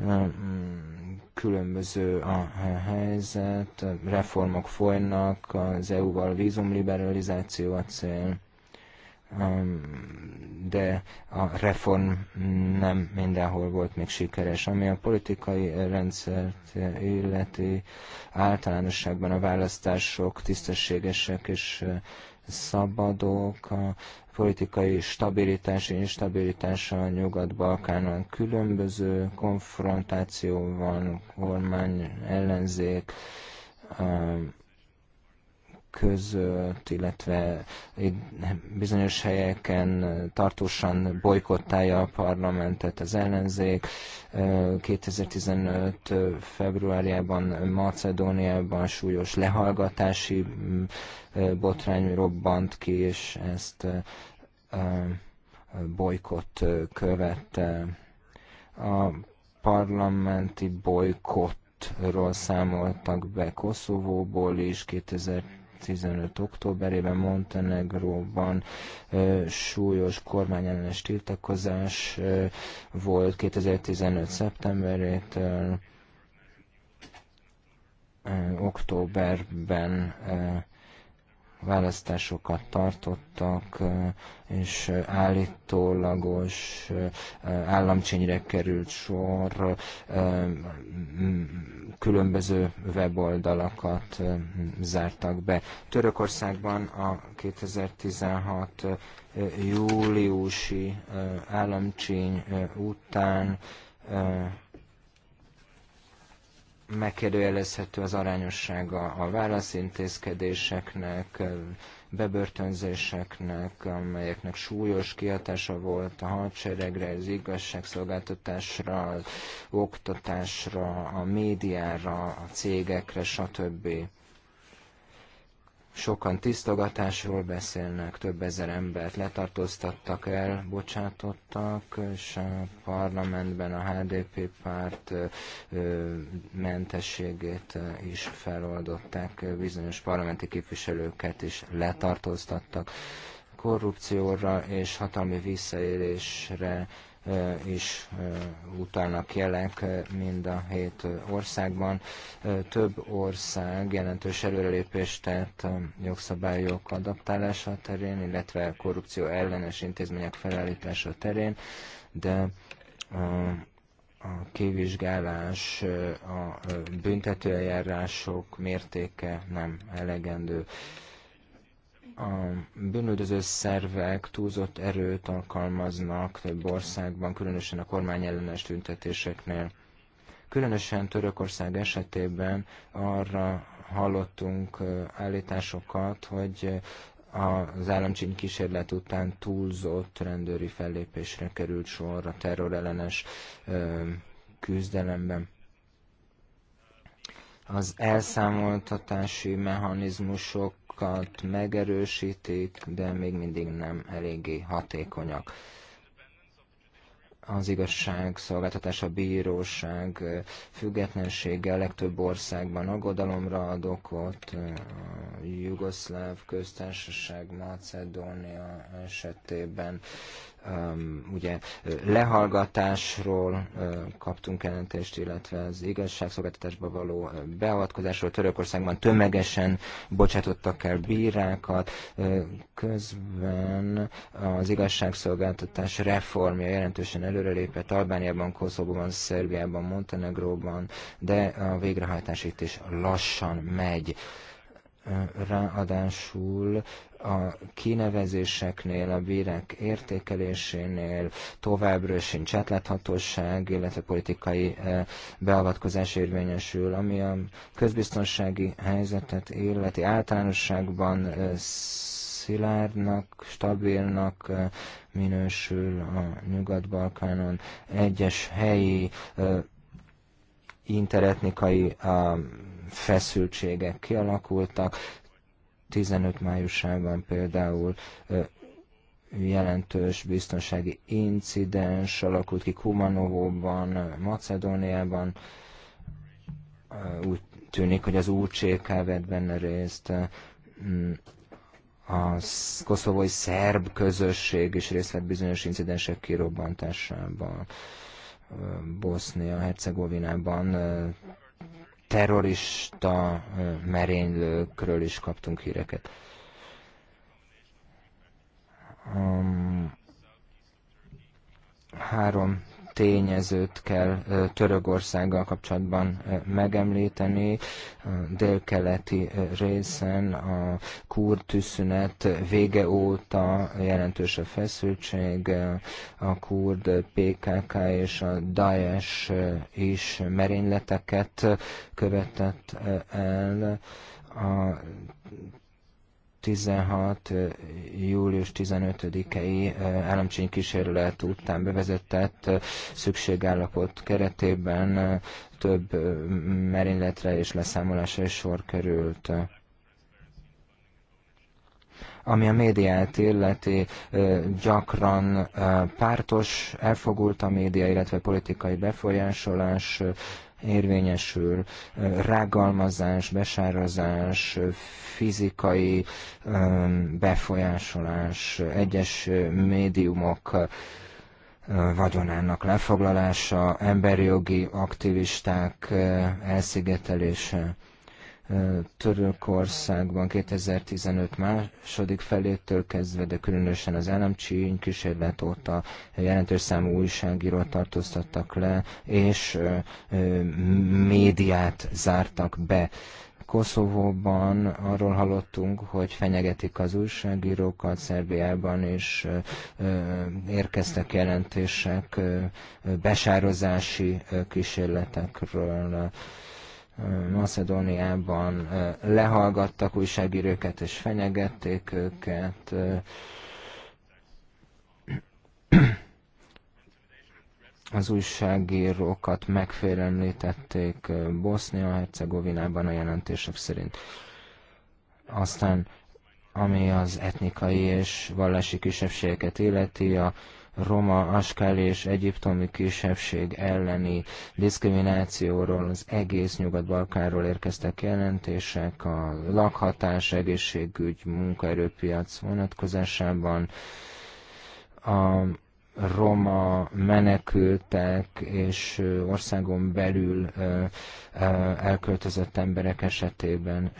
mm, különböző a helyzet, reformok folynak, az EU-val vízumliberalizáció a cél, um, de a reform nem mindenhol volt még sikeres. Ami a politikai rendszert illeti, általánosságban a választások tisztességesek és szabadok, a politikai stabilitás instabilitás a Nyugat-Balkánon különböző, konfrontáció van, kormány, ellenzék között, illetve bizonyos helyeken tartósan bolykottálja a parlamentet az ellenzék. 2015. februárjában Macedóniában súlyos lehallgatási botrány robbant ki, és ezt bolykott követte. A parlamenti bolykottról számoltak be Koszovóból is 2000 15 októberében Montenegróban súlyos kormányellenes tiltakozás volt 2015 szeptemberétől, októberben választásokat tartottak, és állítólagos államcsényre került sor, különböző weboldalakat zártak be. Törökországban a 2016 júliusi államcsény után megkérdőjelezhető az arányossága a válaszintézkedéseknek, bebörtönzéseknek, amelyeknek súlyos kihatása volt a hadseregre, az igazságszolgáltatásra, az oktatásra, a médiára, a cégekre, stb. Sokan tisztogatásról beszélnek, több ezer embert letartóztattak el, bocsátottak, és a parlamentben a HDP párt mentességét is feloldották, bizonyos parlamenti képviselőket is letartóztattak. Korrupcióra és hatalmi visszaélésre is utalnak jelek mind a hét országban. Több ország jelentős előrelépést tett a jogszabályok adaptálása terén, illetve korrupció ellenes intézmények felállítása terén, de a kivizsgálás, a büntetőeljárások mértéke nem elegendő a bűnöldöző szervek túlzott erőt alkalmaznak több országban, különösen a kormányellenes tüntetéseknél. Különösen Törökország esetében arra hallottunk állításokat, hogy az államcsíny kísérlet után túlzott rendőri fellépésre került sor a terrorellenes küzdelemben az elszámoltatási mechanizmusok célokat megerősítik, de még mindig nem eléggé hatékonyak az igazságszolgáltatás, a bíróság függetlensége a legtöbb országban aggodalomra ad okot, a Jugoszláv köztársaság Macedónia esetében ugye lehallgatásról kaptunk jelentést, illetve az igazságszolgáltatásba való beavatkozásról Törökországban tömegesen bocsátottak el bírákat, közben az igazságszolgáltatás reformja jelentősen előrelépett Albániában, Koszovóban, Szerbiában, Montenegróban, de a végrehajtás itt is lassan megy ráadásul a kinevezéseknél, a bírek értékelésénél továbbra sincs átláthatóság, illetve politikai eh, beavatkozás érvényesül, ami a közbiztonsági helyzetet illeti általánosságban eh, szilárdnak, stabilnak eh, minősül a Nyugat-Balkánon egyes helyi interetnikai feszültségek kialakultak, 15 májusában például jelentős biztonsági incidens alakult ki Kumanovóban, Macedóniában. Úgy tűnik, hogy az UCK vett benne részt, a koszovói szerb közösség is részt vett bizonyos incidensek kirobbantásában. Bosznia-Hercegovinában terrorista merénylőkről is kaptunk híreket. Um, három tényezőt kell Törögországgal kapcsolatban megemlíteni. A délkeleti részen a kurd tűzszünet vége óta jelentős a feszültség, a kurd PKK és a Daesh is merényleteket követett el. A 2016. július 15-i államcsény kísérlet után bevezetett szükségállapot keretében több merényletre és leszámolásra is sor került ami a médiát illeti, gyakran pártos, elfogult a média, illetve politikai befolyásolás, érvényesül, rágalmazás, besározás, fizikai befolyásolás, egyes médiumok vagyonának lefoglalása, emberi jogi aktivisták elszigetelése. Törökországban 2015 második felétől kezdve, de különösen az államcsíny kísérlet óta jelentős számú újságírót tartóztattak le, és médiát zártak be. Koszovóban arról hallottunk, hogy fenyegetik az újságírókat, Szerbiában is érkeztek jelentések besározási kísérletekről. Macedóniában lehallgattak újságíróket és fenyegették őket. Az újságírókat megfélemlítették Bosznia-Hercegovinában a jelentések szerint. Aztán, ami az etnikai és vallási kisebbségeket illeti, a roma, askál és egyiptomi kisebbség elleni diszkriminációról az egész Nyugat-Balkánról érkeztek jelentések, a lakhatás, egészségügy, munkaerőpiac vonatkozásában. A roma menekültek és országon belül elköltözött emberek esetében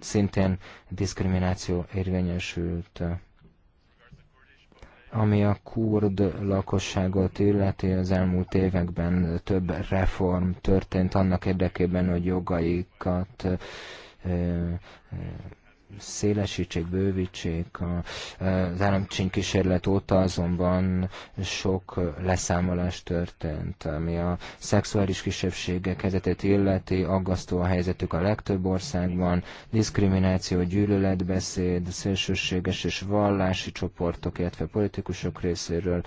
szintén diszkrimináció érvényesült. Ami a kurd lakosságot illeti, az elmúlt években több reform történt annak érdekében, hogy jogaikat szélesítsék, bővítsék. E, az államcsínkísérlet óta azonban sok leszámolás történt, ami a szexuális kisebbségek helyzetét illeti, aggasztó a helyzetük a legtöbb országban, diszkrimináció, gyűlöletbeszéd, szélsőséges és vallási csoportok, illetve politikusok részéről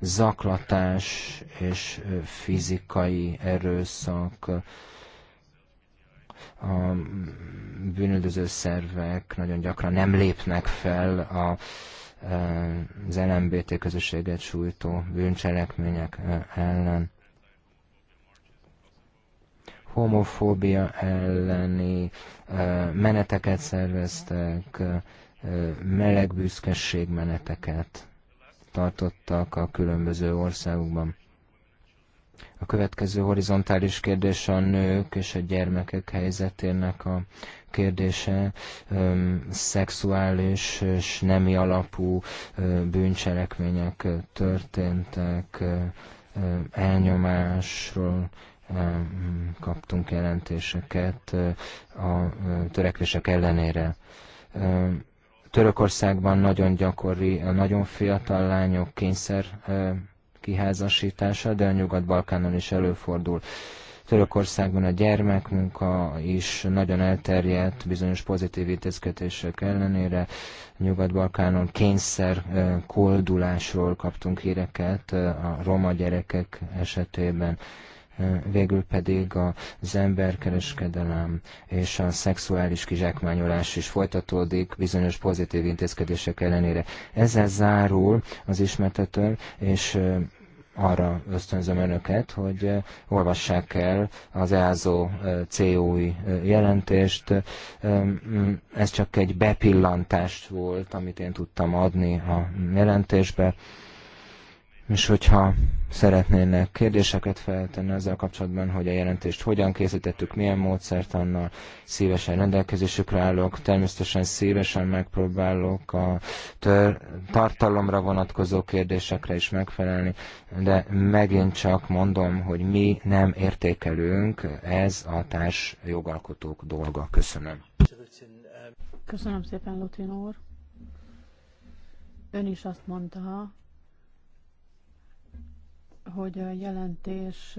zaklatás és fizikai erőszak, a bűnöldöző szervek nagyon gyakran nem lépnek fel a, e, az LMBT közösséget sújtó bűncselekmények e, ellen. Homofóbia elleni e, meneteket szerveztek, melegbüszkesség meneteket tartottak a különböző országokban. A következő horizontális kérdés a nők és a gyermekek helyzetének a kérdése szexuális és nemi alapú bűncselekmények történtek, elnyomásról kaptunk jelentéseket a törekvések ellenére. Törökországban nagyon gyakori, a nagyon fiatal lányok kényszer kiházasítása, de a Nyugat-Balkánon is előfordul. Törökországban a gyermekmunka is nagyon elterjedt bizonyos pozitív intézkedések ellenére. Nyugat-Balkánon kényszer koldulásról kaptunk híreket a roma gyerekek esetében végül pedig az emberkereskedelem és a szexuális kizsákmányolás is folytatódik bizonyos pozitív intézkedések ellenére. Ezzel zárul az ismertető, és arra ösztönzöm önöket, hogy olvassák el az EASO COI jelentést. Ez csak egy bepillantást volt, amit én tudtam adni a jelentésbe. És hogyha szeretnének kérdéseket feltenni ezzel kapcsolatban, hogy a jelentést hogyan készítettük, milyen módszert annal szívesen rendelkezésükre állok. Természetesen szívesen megpróbálok a tör- tartalomra vonatkozó kérdésekre is megfelelni, de megint csak mondom, hogy mi nem értékelünk, ez a társ jogalkotók dolga. Köszönöm. Köszönöm szépen, Lutin úr. Ön is azt mondta, hogy a jelentés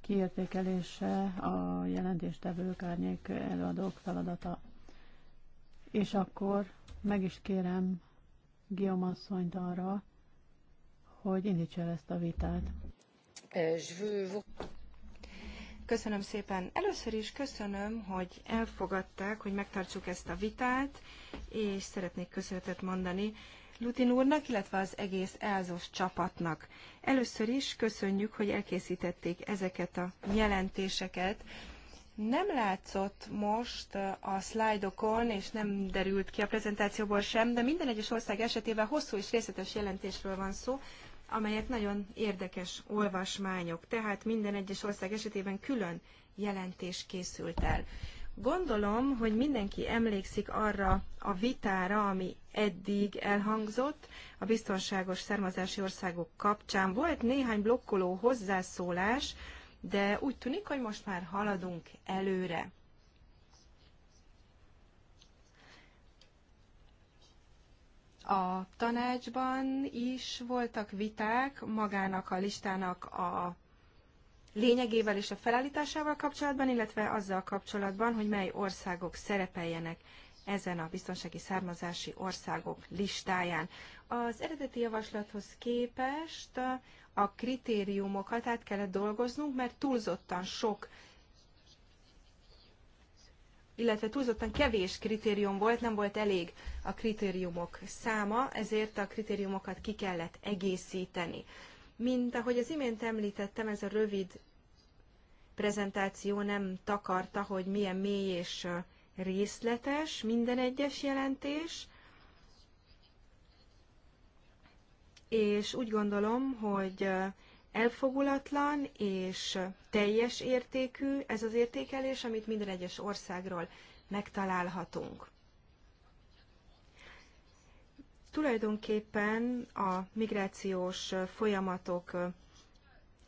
kiértékelése a jelentéstevők árnyék előadók feladata. És akkor meg is kérem Guillaume asszonyt arra, hogy indítsa ezt a vitát. Köszönöm szépen. Először is köszönöm, hogy elfogadták, hogy megtartsuk ezt a vitát, és szeretnék köszönetet mondani Lutin úrnak, illetve az egész elzos csapatnak. Először is köszönjük, hogy elkészítették ezeket a jelentéseket. Nem látszott most a szlájdokon, és nem derült ki a prezentációból sem, de minden egyes ország esetében hosszú és részletes jelentésről van szó, amelyek nagyon érdekes olvasmányok. Tehát minden egyes ország esetében külön jelentés készült el. Gondolom, hogy mindenki emlékszik arra a vitára, ami eddig elhangzott a biztonságos származási országok kapcsán. Volt néhány blokkoló hozzászólás, de úgy tűnik, hogy most már haladunk előre. A tanácsban is voltak viták magának a listának a lényegével és a felállításával kapcsolatban, illetve azzal kapcsolatban, hogy mely országok szerepeljenek ezen a biztonsági származási országok listáján. Az eredeti javaslathoz képest a kritériumokat át kellett dolgoznunk, mert túlzottan sok illetve túlzottan kevés kritérium volt, nem volt elég a kritériumok száma, ezért a kritériumokat ki kellett egészíteni. Mint ahogy az imént említettem, ez a rövid prezentáció nem takarta, hogy milyen mély és részletes minden egyes jelentés, és úgy gondolom, hogy elfogulatlan és teljes értékű ez az értékelés, amit minden egyes országról megtalálhatunk. Tulajdonképpen a migrációs folyamatok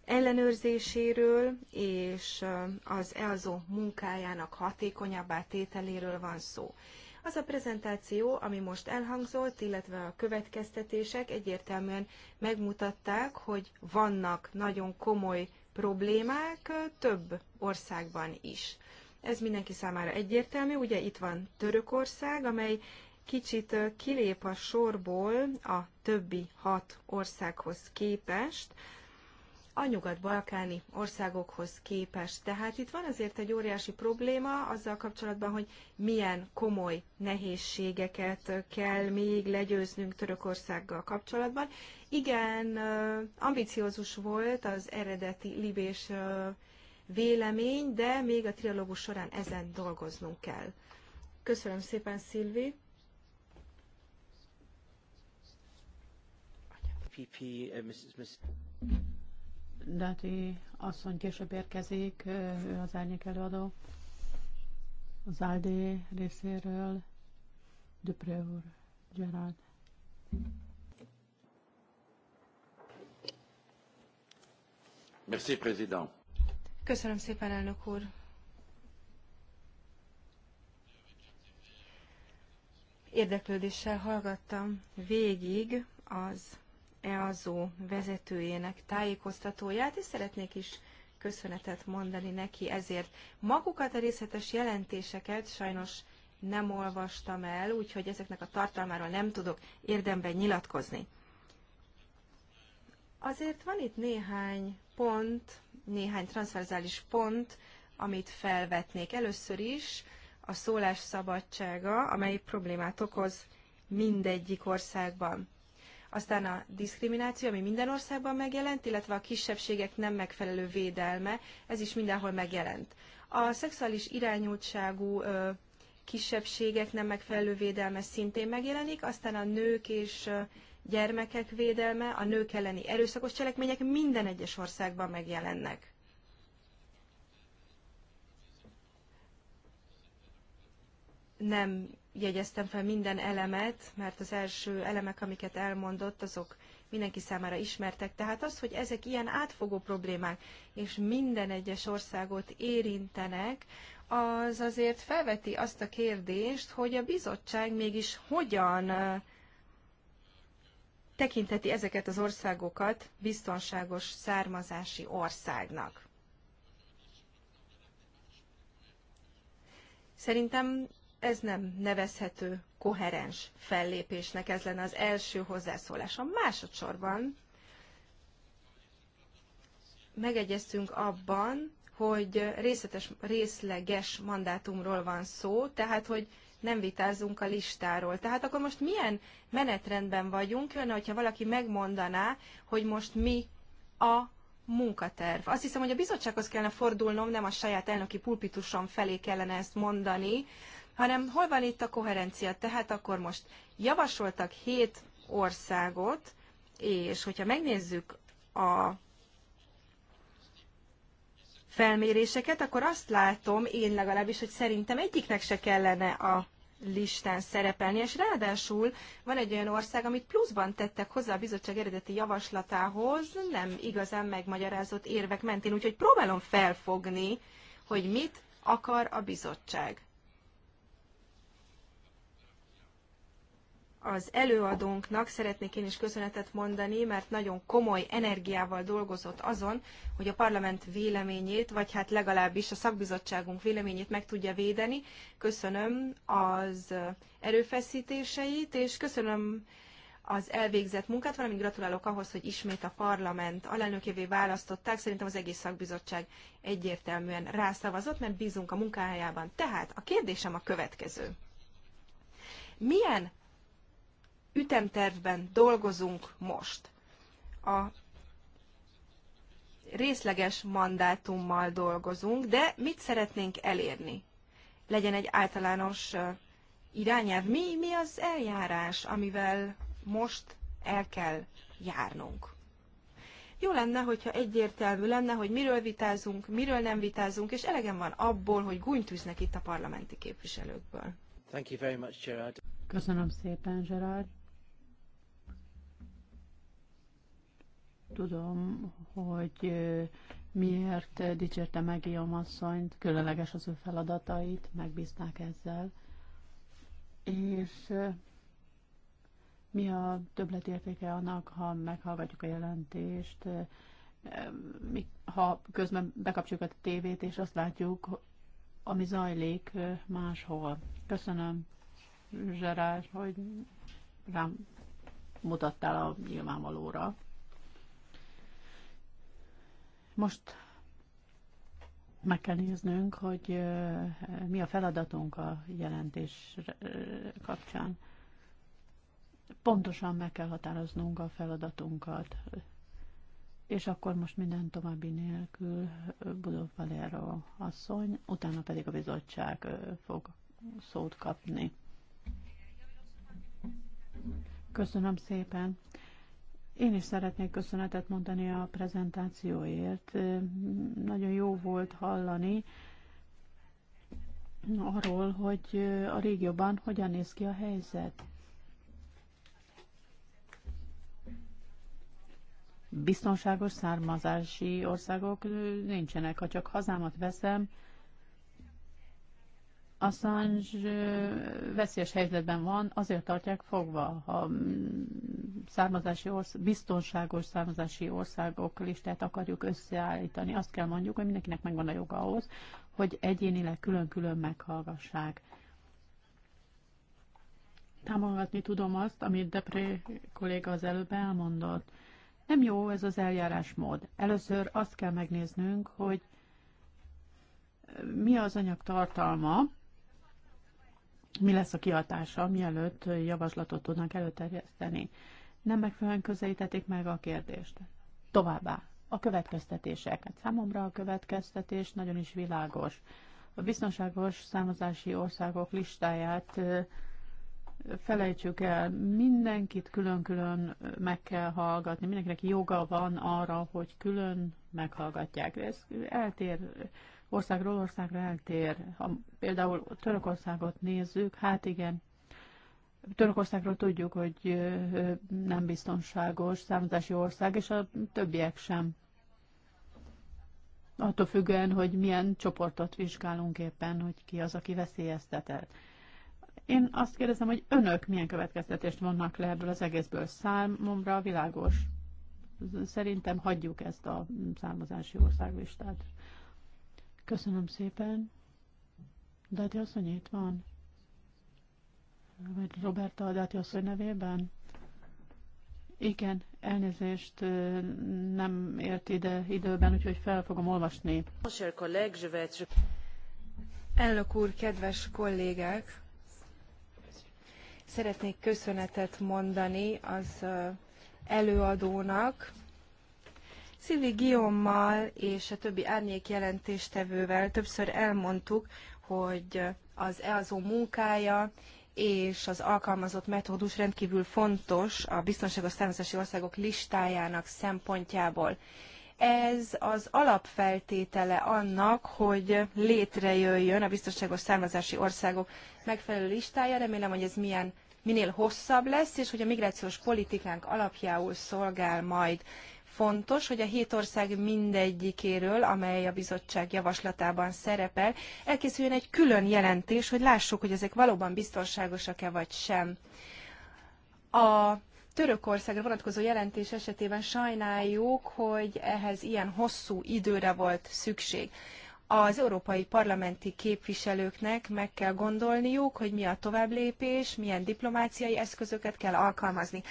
ellenőrzéséről és az ELZO munkájának hatékonyabbá tételéről van szó. Az a prezentáció, ami most elhangzott, illetve a következtetések egyértelműen megmutatták, hogy vannak nagyon komoly problémák több országban is. Ez mindenki számára egyértelmű, ugye itt van Törökország, amely kicsit kilép a sorból a többi hat országhoz képest, a nyugat-balkáni országokhoz képest. Tehát itt van azért egy óriási probléma azzal kapcsolatban, hogy milyen komoly nehézségeket kell még legyőznünk Törökországgal kapcsolatban. Igen, ambiciózus volt az eredeti libés vélemény, de még a trialógus során ezen dolgoznunk kell. Köszönöm szépen, Szilvi! EPP, uh, Mrs. Mrs. Dáti asszony később érkezik, uh, ő az árnyék előadó. Az Áldé részéről Dupré úr, Gerard. Merci, président. Köszönöm szépen, elnök úr. Érdeklődéssel hallgattam végig az EAZO vezetőjének tájékoztatóját, és szeretnék is köszönetet mondani neki ezért. Magukat a részletes jelentéseket sajnos nem olvastam el, úgyhogy ezeknek a tartalmáról nem tudok érdemben nyilatkozni. Azért van itt néhány pont, néhány transzverzális pont, amit felvetnék. Először is a szólás szabadsága, amely problémát okoz mindegyik országban. Aztán a diszkrimináció, ami minden országban megjelent, illetve a kisebbségek nem megfelelő védelme, ez is mindenhol megjelent. A szexuális irányultságú kisebbségek nem megfelelő védelme szintén megjelenik, aztán a nők és gyermekek védelme, a nők elleni erőszakos cselekmények minden egyes országban megjelennek. nem jegyeztem fel minden elemet, mert az első elemek, amiket elmondott, azok mindenki számára ismertek. Tehát az, hogy ezek ilyen átfogó problémák, és minden egyes országot érintenek, az azért felveti azt a kérdést, hogy a bizottság mégis hogyan tekinteti ezeket az országokat biztonságos származási országnak. Szerintem ez nem nevezhető koherens fellépésnek, ez lenne az első hozzászólásom. Másodszorban megegyeztünk abban, hogy részletes, részleges mandátumról van szó, tehát hogy nem vitázunk a listáról. Tehát akkor most milyen menetrendben vagyunk? Jönne, hogyha valaki megmondaná, hogy most mi a munkaterv. Azt hiszem, hogy a bizottsághoz kellene fordulnom, nem a saját elnöki pulpitusom felé kellene ezt mondani, hanem hol van itt a koherencia? Tehát akkor most javasoltak hét országot, és hogyha megnézzük a felméréseket, akkor azt látom én legalábbis, hogy szerintem egyiknek se kellene a listán szerepelni, és ráadásul van egy olyan ország, amit pluszban tettek hozzá a bizottság eredeti javaslatához, nem igazán megmagyarázott érvek mentén, úgyhogy próbálom felfogni, hogy mit akar a bizottság. az előadónknak szeretnék én is köszönetet mondani, mert nagyon komoly energiával dolgozott azon, hogy a parlament véleményét, vagy hát legalábbis a szakbizottságunk véleményét meg tudja védeni. Köszönöm az erőfeszítéseit, és köszönöm az elvégzett munkát, valamint gratulálok ahhoz, hogy ismét a parlament alelnökévé választották. Szerintem az egész szakbizottság egyértelműen rászavazott, mert bízunk a munkájában. Tehát a kérdésem a következő. Milyen ütemtervben dolgozunk most. A részleges mandátummal dolgozunk, de mit szeretnénk elérni? Legyen egy általános irányelv. Mi, mi az eljárás, amivel most el kell járnunk? Jó lenne, hogyha egyértelmű lenne, hogy miről vitázunk, miről nem vitázunk, és elegem van abból, hogy gúnytűznek itt a parlamenti képviselőkből. Thank you very much, Gerard. Köszönöm szépen, Gerard. Tudom, hogy miért dicsérte meg Guillaume asszonyt, különleges az ő feladatait, megbízták ezzel. És mi a többletértéke annak, ha meghallgatjuk a jelentést, ha közben bekapcsoljuk a tévét, és azt látjuk, ami zajlik máshol. Köszönöm, Zserás, hogy rám mutattál a nyilvánvalóra. Most meg kell néznünk, hogy mi a feladatunk a jelentés kapcsán. Pontosan meg kell határoznunk a feladatunkat, és akkor most minden további nélkül Budó Valero asszony, utána pedig a bizottság fog szót kapni. Köszönöm szépen. Én is szeretnék köszönetet mondani a prezentációért. Nagyon jó volt hallani arról, hogy a régióban hogyan néz ki a helyzet. Biztonságos származási országok nincsenek. Ha csak hazámat veszem, Assange veszélyes helyzetben van, azért tartják fogva, ha mm, származási orsz- biztonságos származási országok listát akarjuk összeállítani. Azt kell mondjuk, hogy mindenkinek megvan a joga ahhoz, hogy egyénileg külön-külön meghallgassák. Támogatni tudom azt, amit Depré kolléga az előbb elmondott. Nem jó ez az eljárásmód. Először azt kell megnéznünk, hogy mi az anyag tartalma, mi lesz a kihatása, mielőtt javaslatot tudnak előterjeszteni. Nem megfelelően közelítették meg a kérdést. Továbbá, a következtetések. Hát számomra a következtetés nagyon is világos. A biztonságos számozási országok listáját felejtsük el, mindenkit külön-külön meg kell hallgatni, mindenkinek joga van arra, hogy külön meghallgatják. Ez eltér országról országra eltér. Ha például Törökországot nézzük, hát igen, Törökországról tudjuk, hogy nem biztonságos származási ország, és a többiek sem. Attól függően, hogy milyen csoportot vizsgálunk éppen, hogy ki az, aki veszélyeztetett. Én azt kérdezem, hogy önök milyen következtetést vannak le ebből az egészből. Számomra világos. Szerintem hagyjuk ezt a származási országlistát. Köszönöm szépen. Dáti asszony itt van? Vagy Roberta Dáti asszony nevében? Igen, elnézést nem ért ide időben, úgyhogy fel fogom olvasni. Elnök úr, kedves kollégák! Szeretnék köszönetet mondani az előadónak, Szilvi Guillaume-mal és a többi árnyék jelentéstevővel többször elmondtuk, hogy az EASO munkája és az alkalmazott metódus rendkívül fontos a biztonságos származási országok listájának szempontjából. Ez az alapfeltétele annak, hogy létrejöjjön a biztonságos származási országok megfelelő listája. Remélem, hogy ez milyen minél hosszabb lesz, és hogy a migrációs politikánk alapjául szolgál majd. Fontos, hogy a hét ország mindegyikéről, amely a bizottság javaslatában szerepel, elkészüljön egy külön jelentés, hogy lássuk, hogy ezek valóban biztonságosak-e vagy sem. A Törökországra vonatkozó jelentés esetében sajnáljuk, hogy ehhez ilyen hosszú időre volt szükség. Az európai parlamenti képviselőknek meg kell gondolniuk, hogy mi a továbblépés, milyen diplomáciai eszközöket kell alkalmazni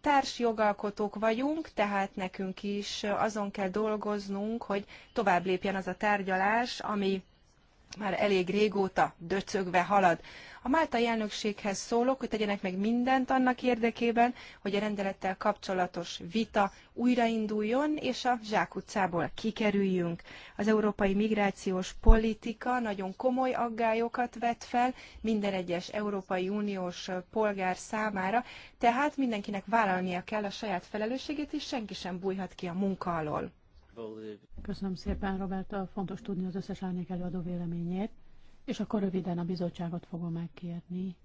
társjogalkotók vagyunk, tehát nekünk is azon kell dolgoznunk, hogy tovább lépjen az a tárgyalás, ami már elég régóta döcögve halad. A máltai elnökséghez szólok, hogy tegyenek meg mindent annak érdekében, hogy a rendelettel kapcsolatos vita újrainduljon, és a zsákutcából kikerüljünk. Az európai migrációs politika nagyon komoly aggályokat vet fel minden egyes Európai Uniós polgár számára, tehát mindenkinek vállalnia kell a saját felelősségét, és senki sem bújhat ki a munka alól. Köszönöm szépen, Roberta, Fontos tudni az összes árnyék előadó véleményét. És akkor röviden a bizottságot fogom megkérni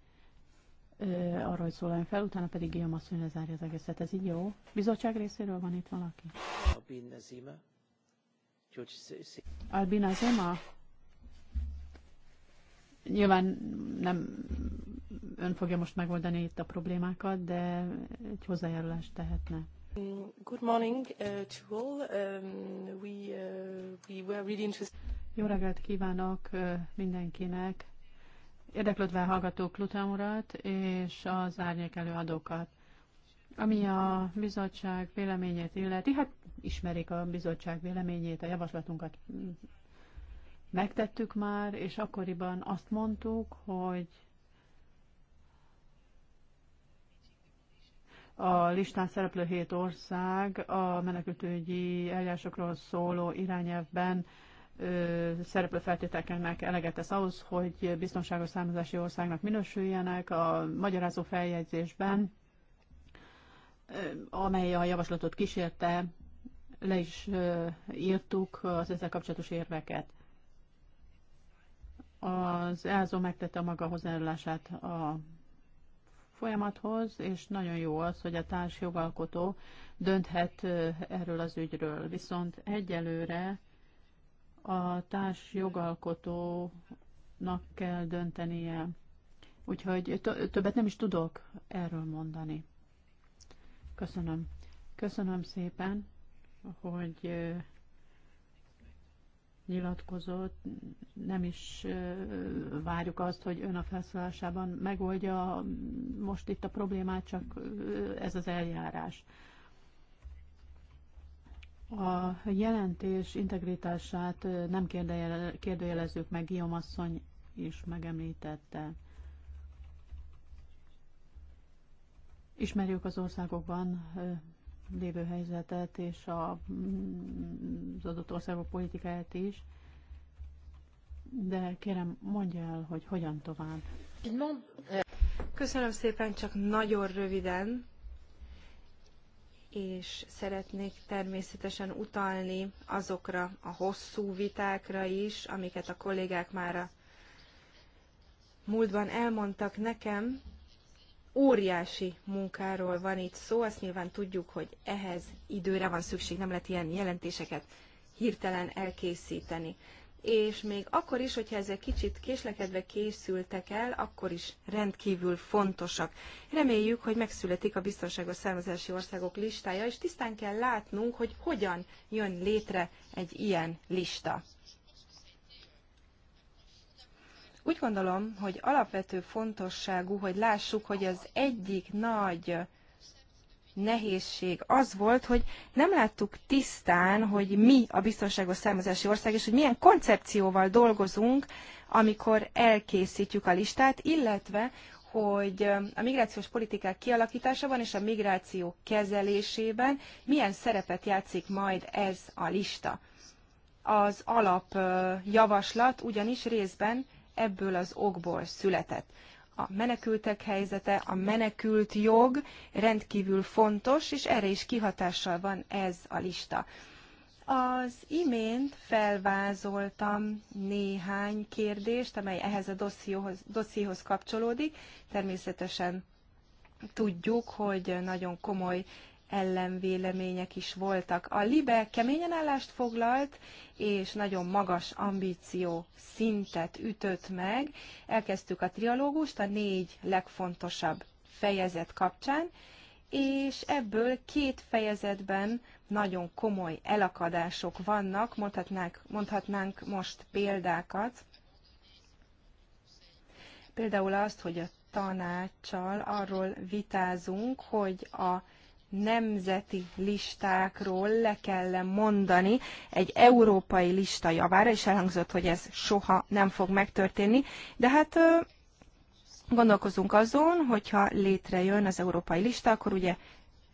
arra, hogy szólaljon fel, utána pedig Guillaume asszony lezárja az egészet. Ez így jó? Bizottság részéről van itt valaki? Albina Zima. Albina Zima? Nyilván nem ön fogja most megoldani itt a problémákat, de egy hozzájárulást tehetne. Mm, good morning uh, to all. Um, we, uh, we were really interested. Jó reggelt kívánok mindenkinek! Érdeklődve hallgatók Klutam urat és az árnyék előadókat. Ami a bizottság véleményét illeti, hát ismerik a bizottság véleményét, a javaslatunkat megtettük már, és akkoriban azt mondtuk, hogy a listán szereplő hét ország a menekültőgyi eljárásokról szóló irányelvben szereplő feltételeknek eleget tesz ahhoz, hogy biztonságos származási országnak minősüljenek. A magyarázó feljegyzésben, amely a javaslatot kísérte, le is írtuk az ezzel kapcsolatos érveket. Az ELZO megtette a maga hozzájárulását a folyamathoz, és nagyon jó az, hogy a társ jogalkotó dönthet erről az ügyről. Viszont egyelőre a társ jogalkotónak kell döntenie. Úgyhogy többet nem is tudok erről mondani. Köszönöm. Köszönöm szépen, hogy nyilatkozott. Nem is várjuk azt, hogy ön a felszólásában megoldja most itt a problémát, csak ez az eljárás. A jelentés integritását nem kérdőjelezők meg, Guillaume asszony is megemlítette. Ismerjük az országokban lévő helyzetet és a, mm, az adott országok politikáját is, de kérem, mondja el, hogy hogyan tovább. Köszönöm szépen, csak nagyon röviden és szeretnék természetesen utalni azokra a hosszú vitákra is, amiket a kollégák már a múltban elmondtak nekem. Óriási munkáról van itt szó, azt nyilván tudjuk, hogy ehhez időre van szükség, nem lehet ilyen jelentéseket hirtelen elkészíteni és még akkor is, hogyha ezek kicsit késlekedve készültek el, akkor is rendkívül fontosak. Reméljük, hogy megszületik a biztonságos származási országok listája, és tisztán kell látnunk, hogy hogyan jön létre egy ilyen lista. Úgy gondolom, hogy alapvető fontosságú, hogy lássuk, hogy az egyik nagy nehézség az volt, hogy nem láttuk tisztán, hogy mi a biztonságos származási ország, és hogy milyen koncepcióval dolgozunk, amikor elkészítjük a listát, illetve hogy a migrációs politikák kialakításában és a migráció kezelésében milyen szerepet játszik majd ez a lista. Az alapjavaslat ugyanis részben ebből az okból született a menekültek helyzete, a menekült jog rendkívül fontos, és erre is kihatással van ez a lista. Az imént felvázoltam néhány kérdést, amely ehhez a dosszióhoz, dosszióhoz kapcsolódik. Természetesen tudjuk, hogy nagyon komoly ellenvélemények is voltak. A Libe keményen állást foglalt, és nagyon magas ambíció szintet ütött meg. Elkezdtük a trialógust a négy legfontosabb fejezet kapcsán, és ebből két fejezetben nagyon komoly elakadások vannak, mondhatnánk, mondhatnánk most példákat. Például azt, hogy a tanácsal arról vitázunk, hogy a nemzeti listákról le kell mondani egy európai lista javára, és elhangzott, hogy ez soha nem fog megtörténni, de hát gondolkozunk azon, hogyha létrejön az európai lista, akkor ugye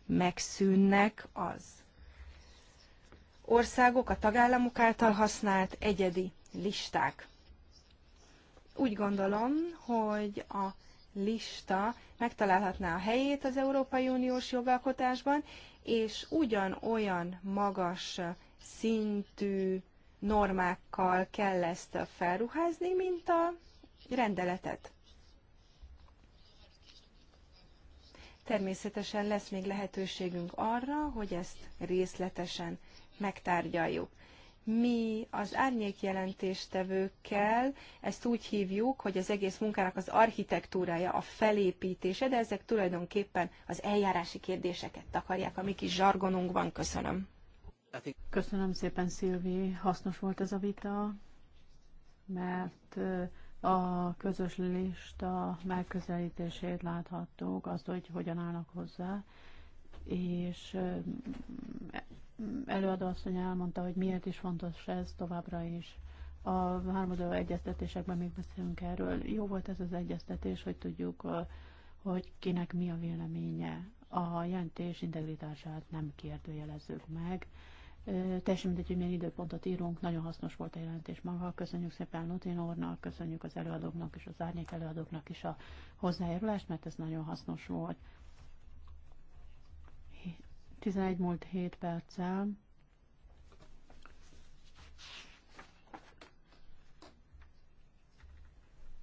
megszűnnek az országok, a tagállamok által használt egyedi listák. Úgy gondolom, hogy a lista megtalálhatná a helyét az Európai Uniós jogalkotásban, és ugyanolyan magas szintű normákkal kell ezt felruházni, mint a rendeletet. Természetesen lesz még lehetőségünk arra, hogy ezt részletesen megtárgyaljuk mi az árnyék jelentéstevőkkel ezt úgy hívjuk, hogy az egész munkának az architektúrája, a felépítése, de ezek tulajdonképpen az eljárási kérdéseket takarják, a mi kis zsargonunkban. Köszönöm. Köszönöm szépen, Szilvi. Hasznos volt ez a vita, mert a közös lista megközelítését láthattuk, azt, hogy hogyan állnak hozzá, és előadóasszony elmondta, hogy miért is fontos ez továbbra is. A háromadó egyeztetésekben még beszélünk erről. Jó volt ez az egyeztetés, hogy tudjuk, hogy kinek mi a véleménye. A jelentés integritását nem kérdőjelezzük meg. Teljesen mindegy, hogy milyen időpontot írunk, nagyon hasznos volt a jelentés maga. Köszönjük szépen Lutin úrnak, köszönjük az előadóknak és az árnyék előadóknak is a hozzájárulást, mert ez nagyon hasznos volt. 11 múlt 7 perccel.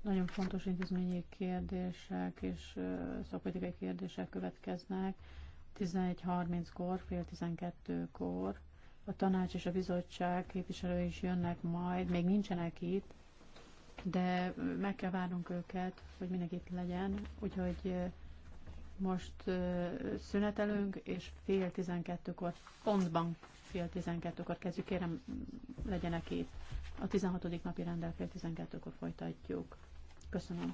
Nagyon fontos intézményi kérdések és szakpolitikai kérdések következnek. 11.30-kor, fél 12-kor a tanács és a bizottság képviselői is jönnek majd, még nincsenek itt, de meg kell várnunk őket, hogy mindenki itt legyen, úgyhogy most szünetelünk, és fél tizenkettőkor, pontban fél tizenkettőkor kezdjük, kérem legyenek itt. A 16. napi rendel fél tizenkettőkor folytatjuk. Köszönöm.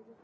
Köszönöm.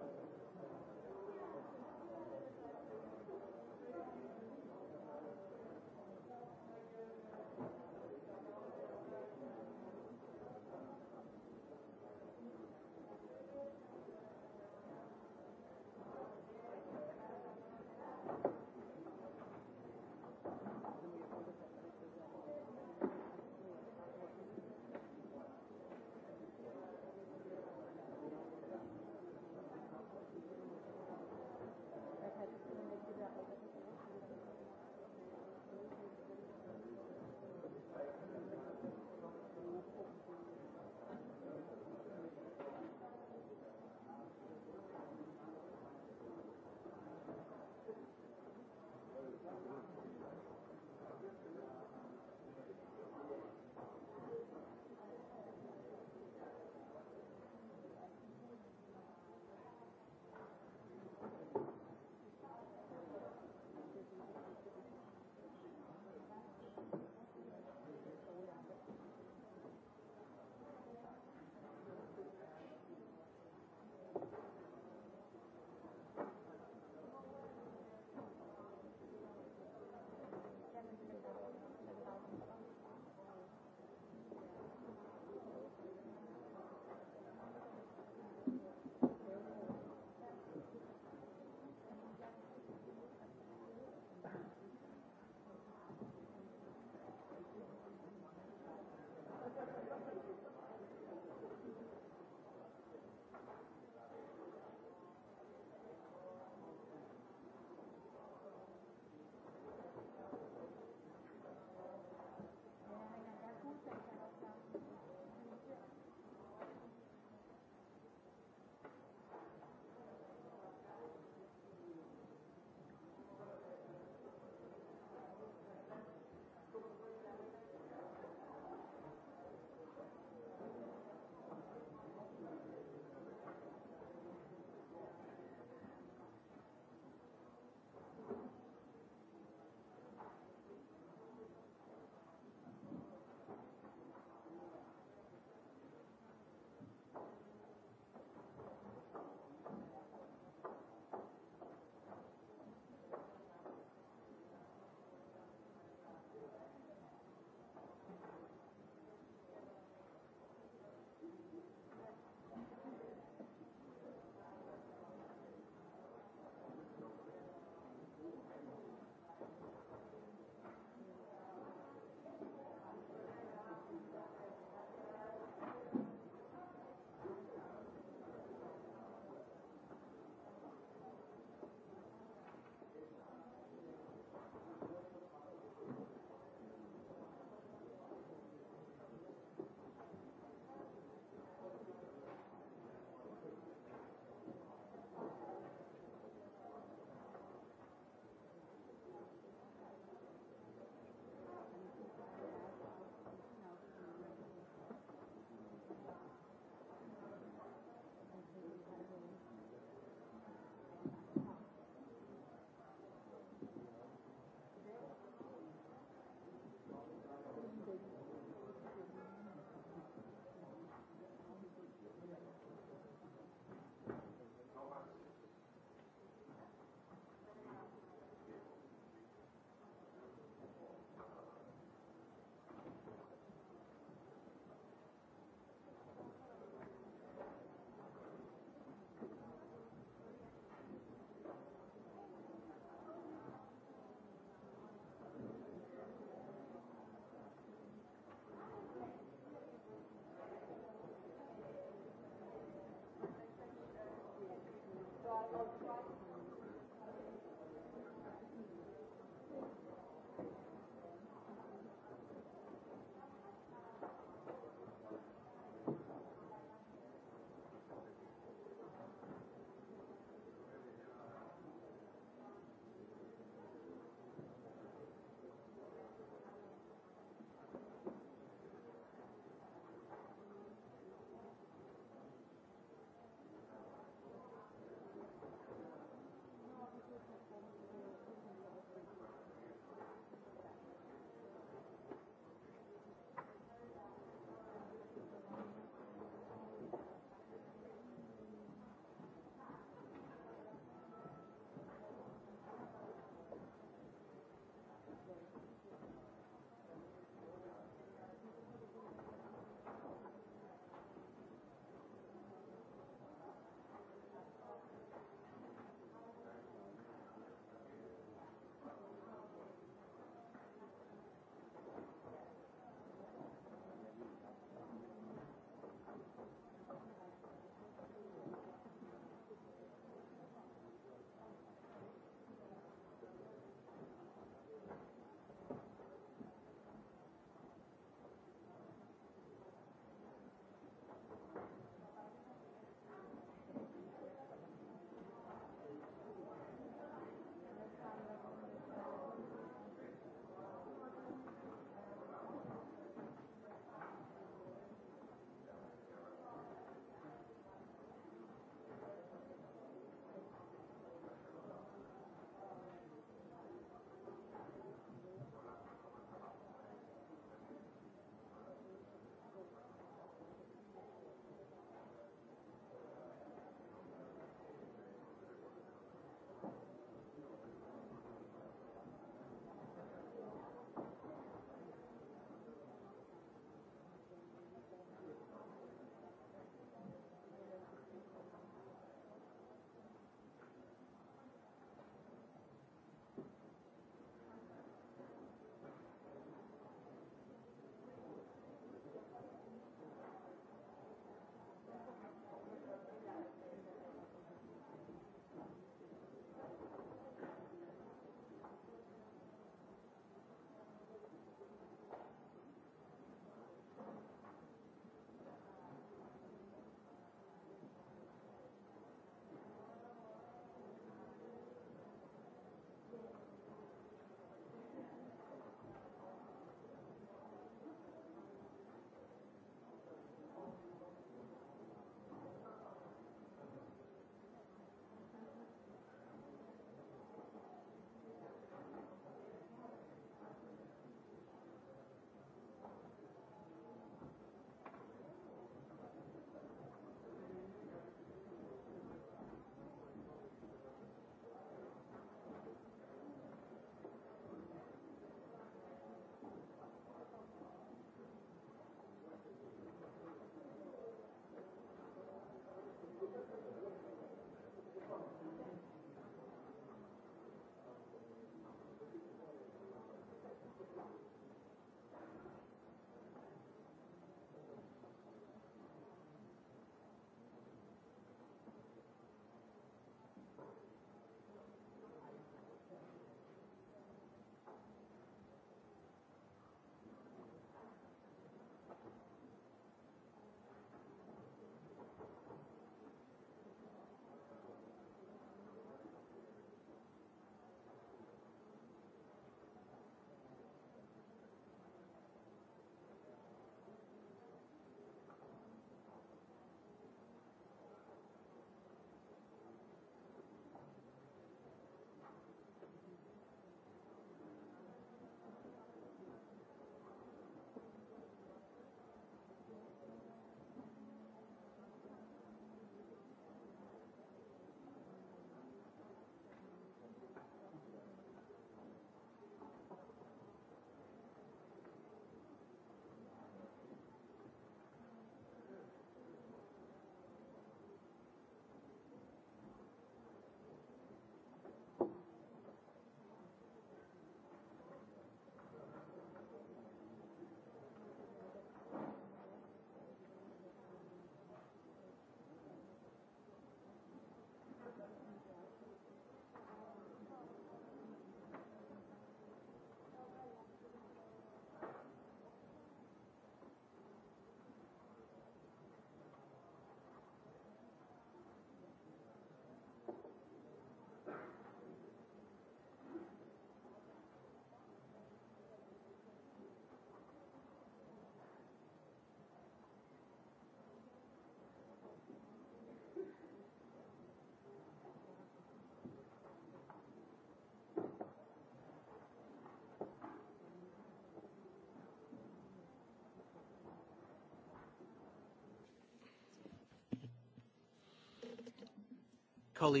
Uh,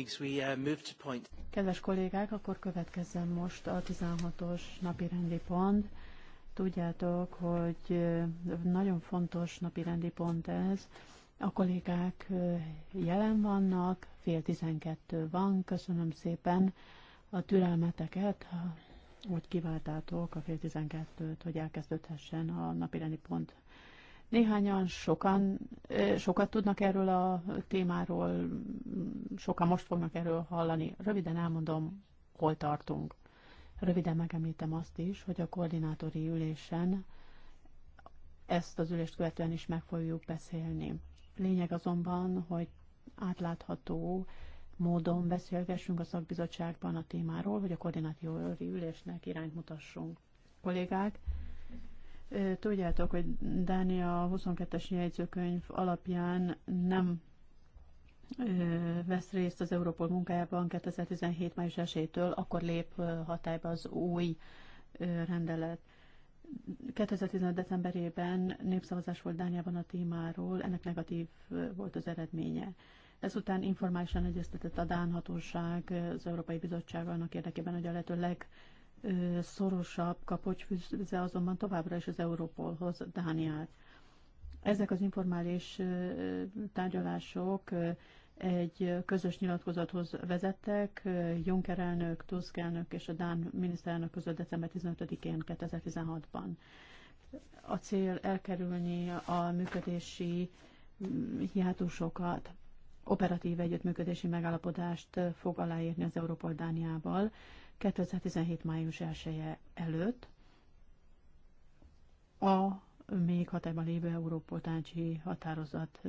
Kedves kollégák, akkor következzen most a 16-os napi rendi pont. Tudjátok, hogy uh, nagyon fontos napi rendi pont ez. A kollégák uh, jelen vannak, fél 12 van. Köszönöm szépen a türelmeteket, hogy kiváltátok a fél 12-t, hogy elkezdődhessen a napi rendi pont. Néhányan sokan, sokat tudnak erről a témáról, sokan most fognak erről hallani. Röviden elmondom, hol tartunk. Röviden megemlítem azt is, hogy a koordinátori ülésen ezt az ülést követően is meg fogjuk beszélni. Lényeg azonban, hogy átlátható módon beszélgessünk a szakbizottságban a témáról, hogy a koordinátori ülésnek irányt mutassunk. Kollégák, tudjátok, hogy Dánia a 22-es jegyzőkönyv alapján nem vesz részt az Európol munkájában 2017. május 1 akkor lép hatályba az új rendelet. 2015. decemberében népszavazás volt Dániában a témáról, ennek negatív volt az eredménye. Ezután informálisan egyeztetett a Dán hatóság az Európai Bizottsággal annak érdekében, hogy a lehető legszorosabb kapocs fűzze azonban továbbra is az Európolhoz Dániát. Ezek az informális tárgyalások egy közös nyilatkozathoz vezettek Juncker elnök, Tusk elnök és a Dán miniszterelnök között december 15-én 2016-ban. A cél elkerülni a működési hiátusokat. Operatív együttműködési megállapodást fog aláírni az Európol Dániával 2017. május 1 előtt. A még hatályban lévő Európol határozat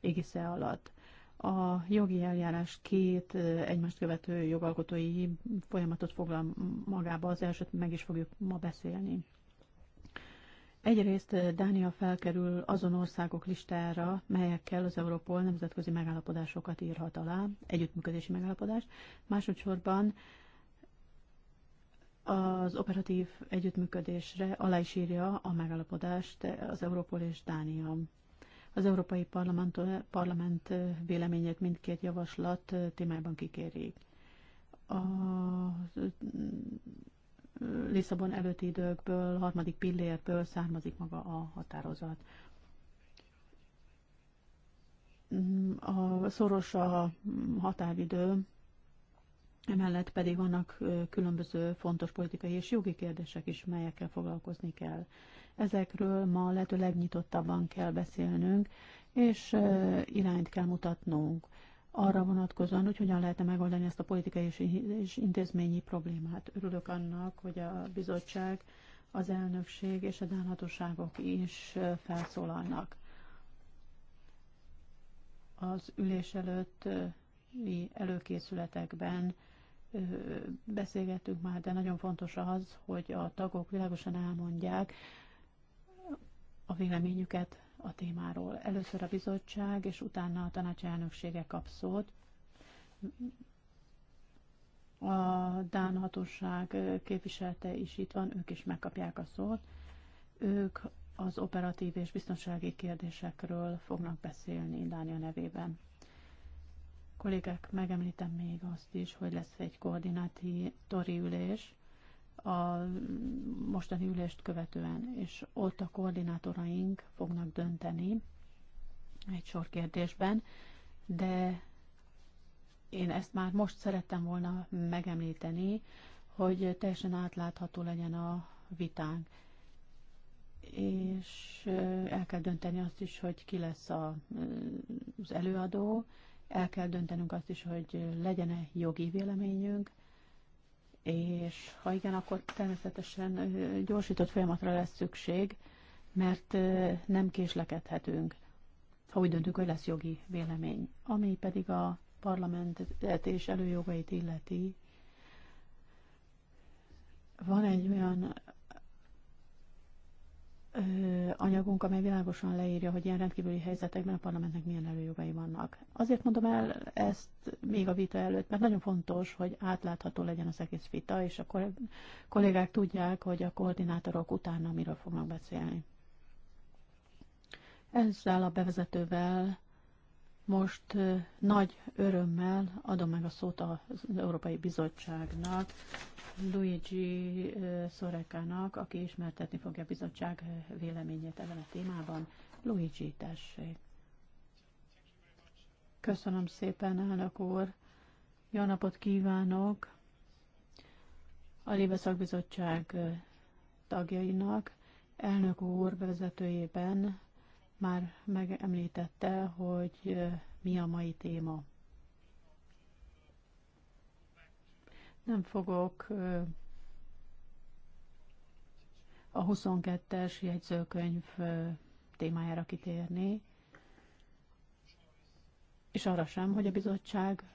égisze alatt. A jogi eljárás két egymást követő jogalkotói folyamatot foglal magába, az elsőt meg is fogjuk ma beszélni. Egyrészt Dánia felkerül azon országok listára, melyekkel az Európol nemzetközi megállapodásokat írhat alá, együttműködési megállapodást. Másodszorban az operatív együttműködésre alá is írja a megállapodást az Európol és Dánia. Az Európai Parlament, Parlament véleményét mindkét javaslat témában kikérik. A Lisszabon előtti időkből, harmadik pillérből származik maga a határozat. A szoros a határidő Emellett pedig vannak különböző fontos politikai és jogi kérdések is, melyekkel foglalkozni kell. Ezekről ma lehető legnyitottabban kell beszélnünk, és irányt kell mutatnunk arra vonatkozóan, hogy hogyan lehetne megoldani ezt a politikai és intézményi problémát. Örülök annak, hogy a bizottság, az elnökség és a dánhatóságok is felszólalnak. Az ülés előtt mi előkészületekben beszélgettünk már, de nagyon fontos az, hogy a tagok világosan elmondják a véleményüket a témáról. Először a bizottság, és utána a tanácselnöksége kap szót. A Dán hatóság képviselte is itt van, ők is megkapják a szót. Ők az operatív és biztonsági kérdésekről fognak beszélni Dánia nevében. Kollégák, megemlítem még azt is, hogy lesz egy koordinátori ülés a mostani ülést követően, és ott a koordinátoraink fognak dönteni egy sor kérdésben, de én ezt már most szerettem volna megemlíteni, hogy teljesen átlátható legyen a vitánk. És el kell dönteni azt is, hogy ki lesz a, az előadó, el kell döntenünk azt is, hogy legyen-e jogi véleményünk, és ha igen, akkor természetesen gyorsított folyamatra lesz szükség, mert nem késlekedhetünk, ha úgy döntünk, hogy lesz jogi vélemény. Ami pedig a parlamentet és előjogait illeti, van egy olyan anyagunk, amely világosan leírja, hogy ilyen rendkívüli helyzetekben a parlamentnek milyen előjogai vannak. Azért mondom el ezt még a vita előtt, mert nagyon fontos, hogy átlátható legyen az egész vita, és a kollégák tudják, hogy a koordinátorok utána miről fognak beszélni. Ezzel a bevezetővel most nagy örömmel adom meg a szót az Európai Bizottságnak, Luigi Szorekának, aki ismertetni fogja a bizottság véleményét ebben a témában. Luigi, tessék! Köszönöm szépen, elnök úr! Jó napot kívánok a Lébe Szakbizottság tagjainak. Elnök úr vezetőjében már megemlítette, hogy mi a mai téma. Nem fogok a 22-es jegyzőkönyv témájára kitérni, és arra sem, hogy a bizottság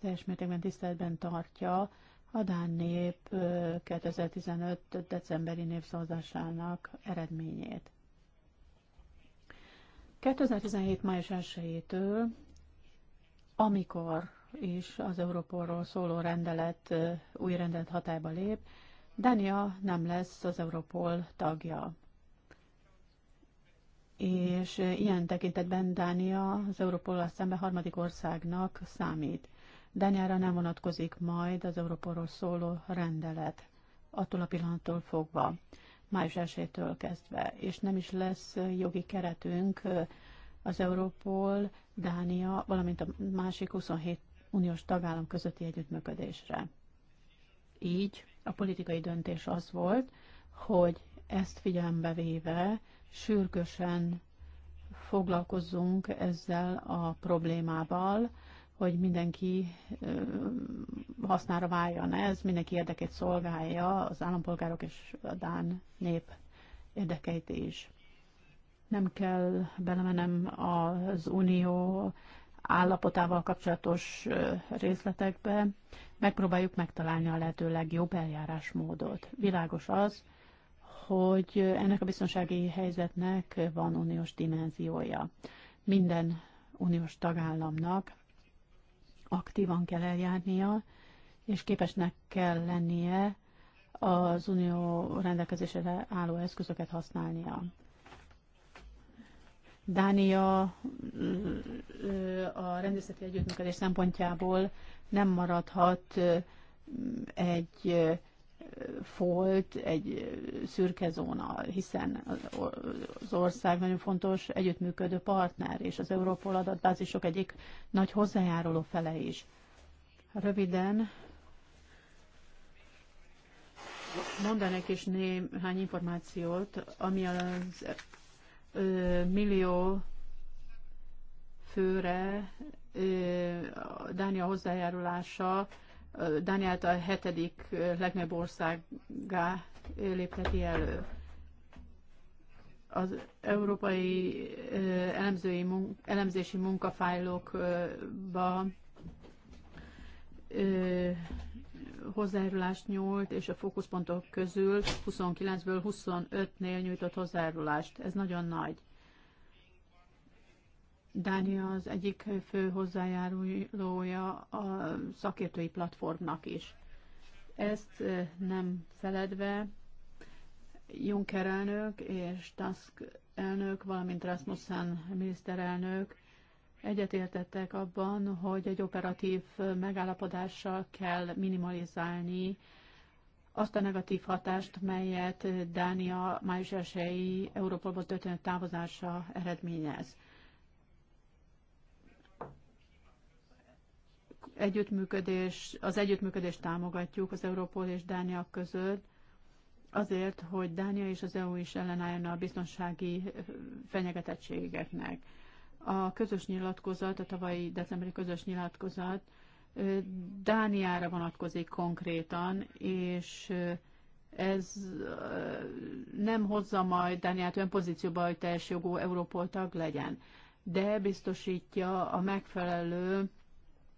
teljes mértékben tiszteletben tartja a Dán nép 2015. decemberi népszavazásának eredményét. 2017. május 1-től, amikor is az Európorról szóló rendelet, új rendelet hatályba lép, Dánia nem lesz az Európol tagja. És ilyen tekintetben Dánia az Európol szemben harmadik országnak számít. Dániára nem vonatkozik majd az Európolról szóló rendelet, attól a pillanattól fogva május 1 kezdve, és nem is lesz jogi keretünk az Európol, Dánia, valamint a másik 27 uniós tagállam közötti együttműködésre. Így a politikai döntés az volt, hogy ezt figyelembe véve sürgősen foglalkozzunk ezzel a problémával, hogy mindenki hasznára váljon ez, mindenki érdekét szolgálja, az állampolgárok és a Dán nép érdekeit is. Nem kell belemenem az unió állapotával kapcsolatos részletekbe, megpróbáljuk megtalálni a lehető legjobb eljárásmódot. Világos az, hogy ennek a biztonsági helyzetnek van uniós dimenziója. Minden uniós tagállamnak aktívan kell eljárnia, és képesnek kell lennie az unió rendelkezésére álló eszközöket használnia. Dánia a rendészeti együttműködés szempontjából nem maradhat egy folt, egy szürke zóna, hiszen az ország nagyon fontos együttműködő partner, és az Európol adatbázisok egyik nagy hozzájáruló fele is. Röviden mondanék is néhány információt, ami az millió főre Dánia hozzájárulása Dániát a hetedik legnagyobb országá lépheti elő. Az európai elemzői munka elemzési munkafájlokba hozzájárulást nyújt, és a fókuszpontok közül 29-ből 25-nél nyújtott hozzájárulást. Ez nagyon nagy. Dánia az egyik fő hozzájárulója a szakértői platformnak is. Ezt nem feledve Juncker elnök és Tusk elnök, valamint Rasmussen miniszterelnök egyetértettek abban, hogy egy operatív megállapodással kell minimalizálni azt a negatív hatást, melyet Dánia május 1-i Európából történő távozása eredményez. együttműködés, az együttműködést támogatjuk az Európol és Dánia között, azért, hogy Dánia és az EU is ellenálljon a biztonsági fenyegetettségeknek. A közös nyilatkozat, a tavalyi decemberi közös nyilatkozat Dániára vonatkozik konkrétan, és ez nem hozza majd Dániát olyan pozícióba, hogy teljes jogú Európol tag legyen, de biztosítja a megfelelő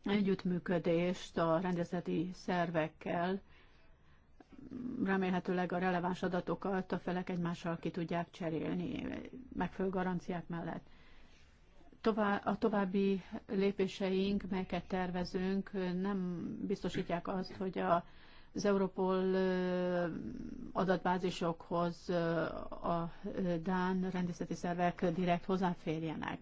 együttműködést a rendezeti szervekkel, remélhetőleg a releváns adatokat a felek egymással ki tudják cserélni, megfelelő garanciák mellett. a további lépéseink, melyeket tervezünk, nem biztosítják azt, hogy a, az Europol adatbázisokhoz a Dán rendészeti szervek direkt hozzáférjenek.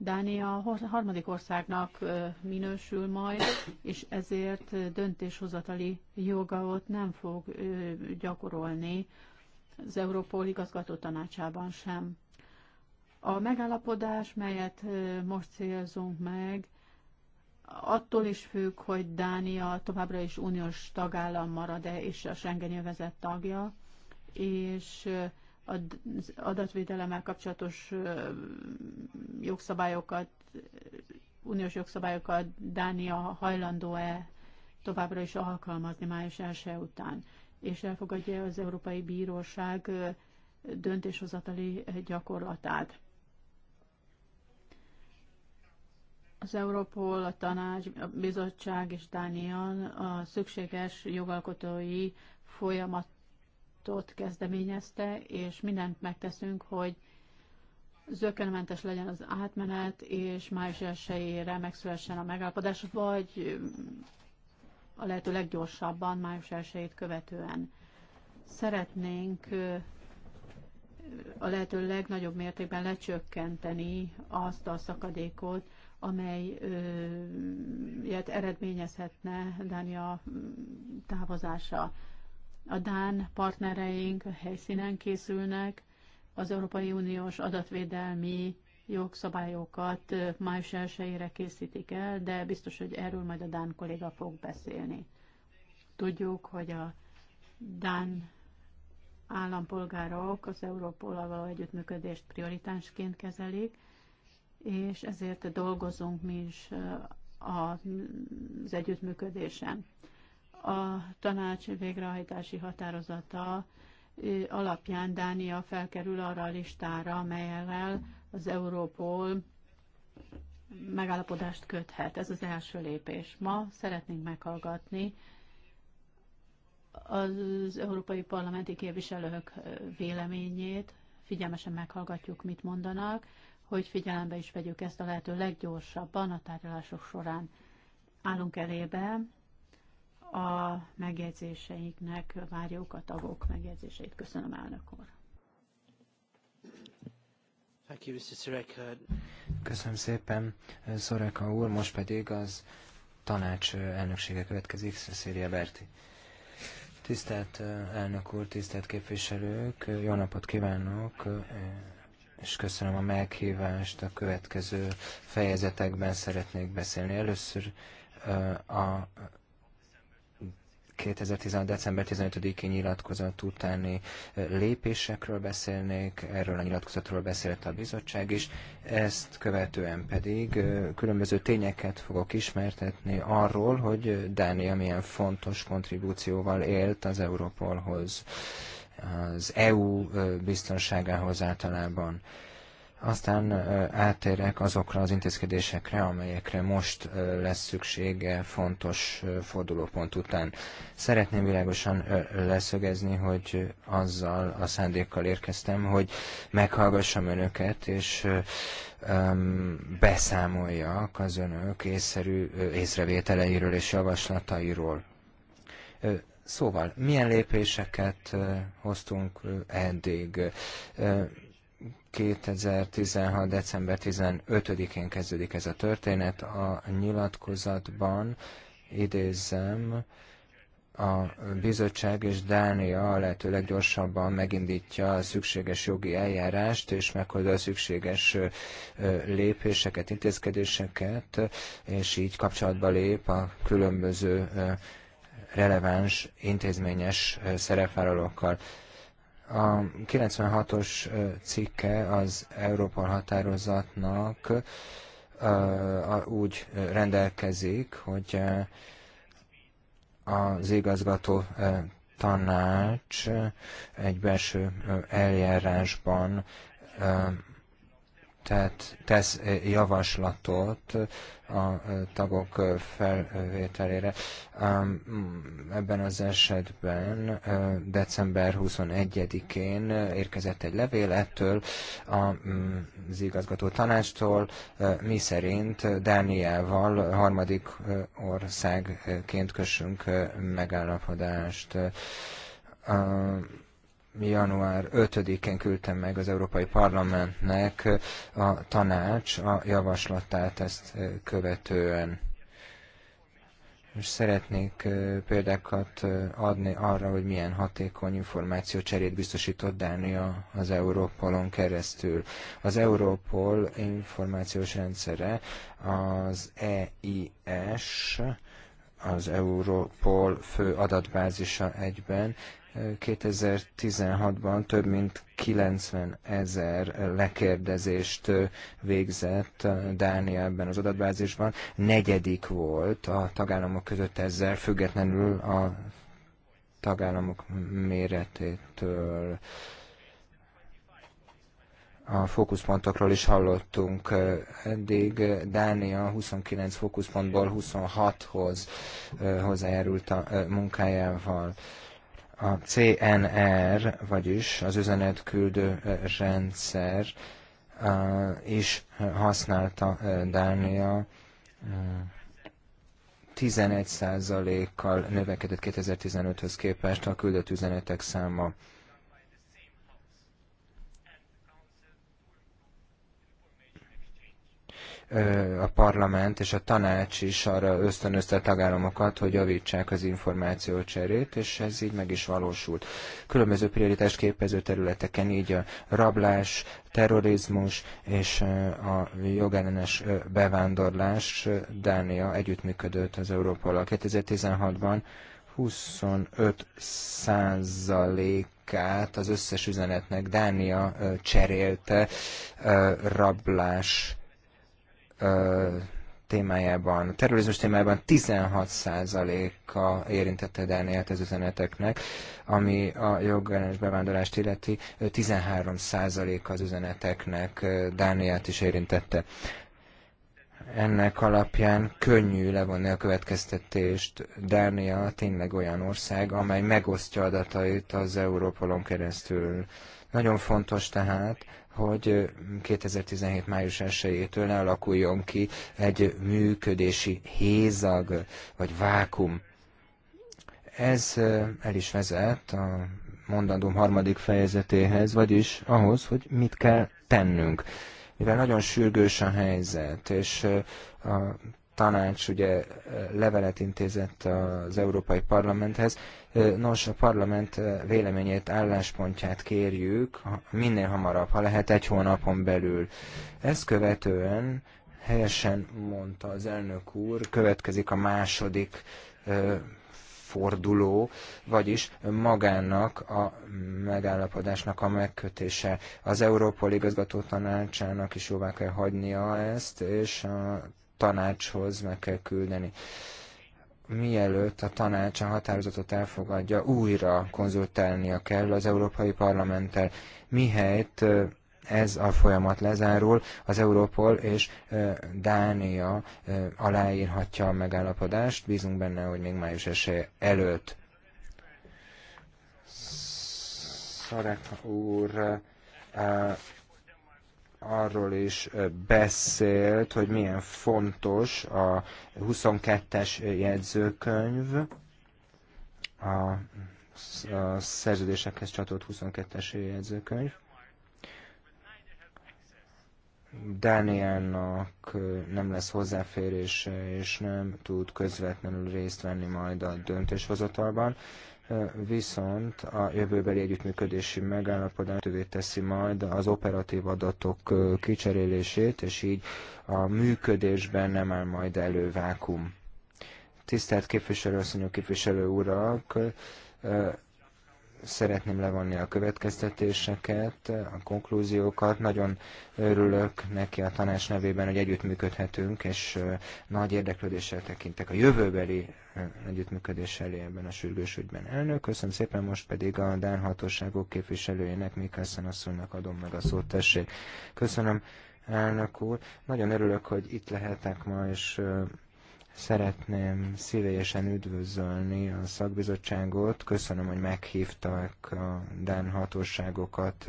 Dánia harmadik országnak minősül majd, és ezért döntéshozatali joga ott nem fog gyakorolni az Európol igazgató tanácsában sem. A megállapodás, melyet most célzunk meg, attól is függ, hogy Dánia továbbra is uniós tagállam marad-e, és a Schengen tagja, és az adatvédelemmel kapcsolatos jogszabályokat, uniós jogszabályokat Dánia hajlandó-e továbbra is alkalmazni május első után, és elfogadja az Európai Bíróság döntéshozatali gyakorlatát. Az Európol, a Tanács, a Bizottság és Dánia a szükséges jogalkotói folyamat folyamatot kezdeményezte, és mindent megteszünk, hogy zökkenőmentes legyen az átmenet, és május 1 megszülessen a megállapodás, vagy a lehető leggyorsabban, május 1 követően. Szeretnénk a lehető legnagyobb mértékben lecsökkenteni azt a szakadékot, amelyet eredményezhetne Dánia távozása. A Dán partnereink a helyszínen készülnek, az Európai Uniós adatvédelmi jogszabályokat május 1 készítik el, de biztos, hogy erről majd a Dán kolléga fog beszélni. Tudjuk, hogy a Dán állampolgárok az Európol való együttműködést prioritásként kezelik, és ezért dolgozunk mi is az együttműködésen. A tanács végrehajtási határozata alapján Dánia felkerül arra a listára, amelyel az Európol megállapodást köthet. Ez az első lépés. Ma szeretnénk meghallgatni az európai parlamenti képviselők véleményét, figyelmesen meghallgatjuk, mit mondanak, hogy figyelembe is vegyük ezt a lehető leggyorsabban a tárgyalások során. Állunk elébe a megjegyzéseiknek, várjuk a tagok megjegyzéseit. Köszönöm, elnök úr. Köszönöm szépen, Szoreka úr, most pedig az tanács elnöksége következik, Cecilia Berti. Tisztelt elnök úr, tisztelt képviselők, jó napot kívánok, és köszönöm a meghívást. A következő fejezetekben szeretnék beszélni. Először a 2016. december 15-i nyilatkozat utáni lépésekről beszélnék, erről a nyilatkozatról beszélt a bizottság is, ezt követően pedig különböző tényeket fogok ismertetni arról, hogy Dánia milyen fontos kontribúcióval élt az Europolhoz, az EU biztonságához általában. Aztán átérek azokra az intézkedésekre, amelyekre most lesz szüksége fontos fordulópont után. Szeretném világosan leszögezni, hogy azzal a szándékkal érkeztem, hogy meghallgassam önöket, és beszámoljak az önök észszerű észrevételeiről és javaslatairól. Szóval, milyen lépéseket hoztunk eddig? 2016. december 15-én kezdődik ez a történet. A nyilatkozatban idézem, a bizottság és Dánia a gyorsabban leggyorsabban megindítja a szükséges jogi eljárást, és meghozza a szükséges lépéseket, intézkedéseket, és így kapcsolatba lép a különböző releváns intézményes szerepvállalókkal. A 96-os cikke az Európa határozatnak úgy rendelkezik, hogy az igazgató tanács egy belső eljárásban tehát tesz javaslatot a tagok felvételére. Mm, ebben az esetben december 21-én érkezett egy levél ettől mm, az igazgató tanástól, mi szerint Dániával harmadik országként kössünk megállapodást január 5-én küldtem meg az Európai Parlamentnek a tanács a javaslatát ezt követően. És szeretnék példákat adni arra, hogy milyen hatékony információcserét biztosított Dánia az Európolon keresztül. Az Európol információs rendszere az EIS, az Europol fő adatbázisa egyben 2016-ban több mint 90 ezer lekérdezést végzett Dánia ebben az adatbázisban. Negyedik volt a tagállamok között ezzel, függetlenül a tagállamok méretétől. A fókuszpontokról is hallottunk eddig. Dánia 29 fókuszpontból 26-hoz hozzájárult a munkájával a CNR, vagyis az üzenetküldő eh, rendszer eh, is használta eh, Dánia 11%-kal növekedett 2015-höz képest a küldött üzenetek száma. a parlament és a tanács is arra ösztönözte a tagállamokat, hogy javítsák az információcserét, és ez így meg is valósult. Különböző prioritás képező területeken, így a rablás, terrorizmus és a jogellenes bevándorlás Dánia együttműködött az Európol 2016-ban 25 százalék át az összes üzenetnek Dánia cserélte rablás témájában, a terrorizmus témájában 16%-a érintette Dániát az üzeneteknek, ami a jogellenes bevándorlást illeti, 13%-a az üzeneteknek Dániát is érintette. Ennek alapján könnyű levonni a következtetést. Dánia tényleg olyan ország, amely megosztja adatait az Európolon keresztül. Nagyon fontos tehát, hogy 2017. május 1-től ne alakuljon ki egy működési hézag vagy vákum. Ez el is vezet a mondandóm harmadik fejezetéhez, vagyis ahhoz, hogy mit kell tennünk. Mivel nagyon sürgős a helyzet, és a tanács ugye levelet intézett az Európai Parlamenthez, Nos, a parlament véleményét, álláspontját kérjük minél hamarabb, ha lehet egy hónapon belül. Ezt követően, helyesen mondta az elnök úr, következik a második forduló, vagyis magának a megállapodásnak a megkötése. Az Európol igazgató tanácsának is jóvá kell hagynia ezt, és a tanácshoz meg kell küldeni mielőtt a tanács a határozatot elfogadja, újra konzultálnia kell az Európai Parlamenttel. Mihelyt ez a folyamat lezárul, az Európol és Dánia aláírhatja a megállapodást, bízunk benne, hogy még május esély előtt. Szarek úr arról is beszélt, hogy milyen fontos a 22-es jegyzőkönyv, a, a szerződésekhez csatolt 22-es jegyzőkönyv. Dániának nem lesz hozzáférése, és nem tud közvetlenül részt venni majd a döntéshozatalban viszont a jövőbeli együttműködési megállapodás tővé teszi majd az operatív adatok kicserélését, és így a működésben nem áll majd elő vákum. Tisztelt képviselőasszonyok, képviselő urak, szeretném levonni a következtetéseket, a konklúziókat. Nagyon örülök neki a tanács nevében, hogy együttműködhetünk, és nagy érdeklődéssel tekintek a jövőbeli együttműködés elé ebben a sürgős ügyben. Elnök, köszönöm szépen, most pedig a Dán hatóságok képviselőjének, Mikkelsen asszonynak adom meg a szót, tessék. Köszönöm, elnök úr. Nagyon örülök, hogy itt lehetek ma, és Szeretném szívélyesen üdvözölni a szakbizottságot. Köszönöm, hogy meghívtak a Dán hatóságokat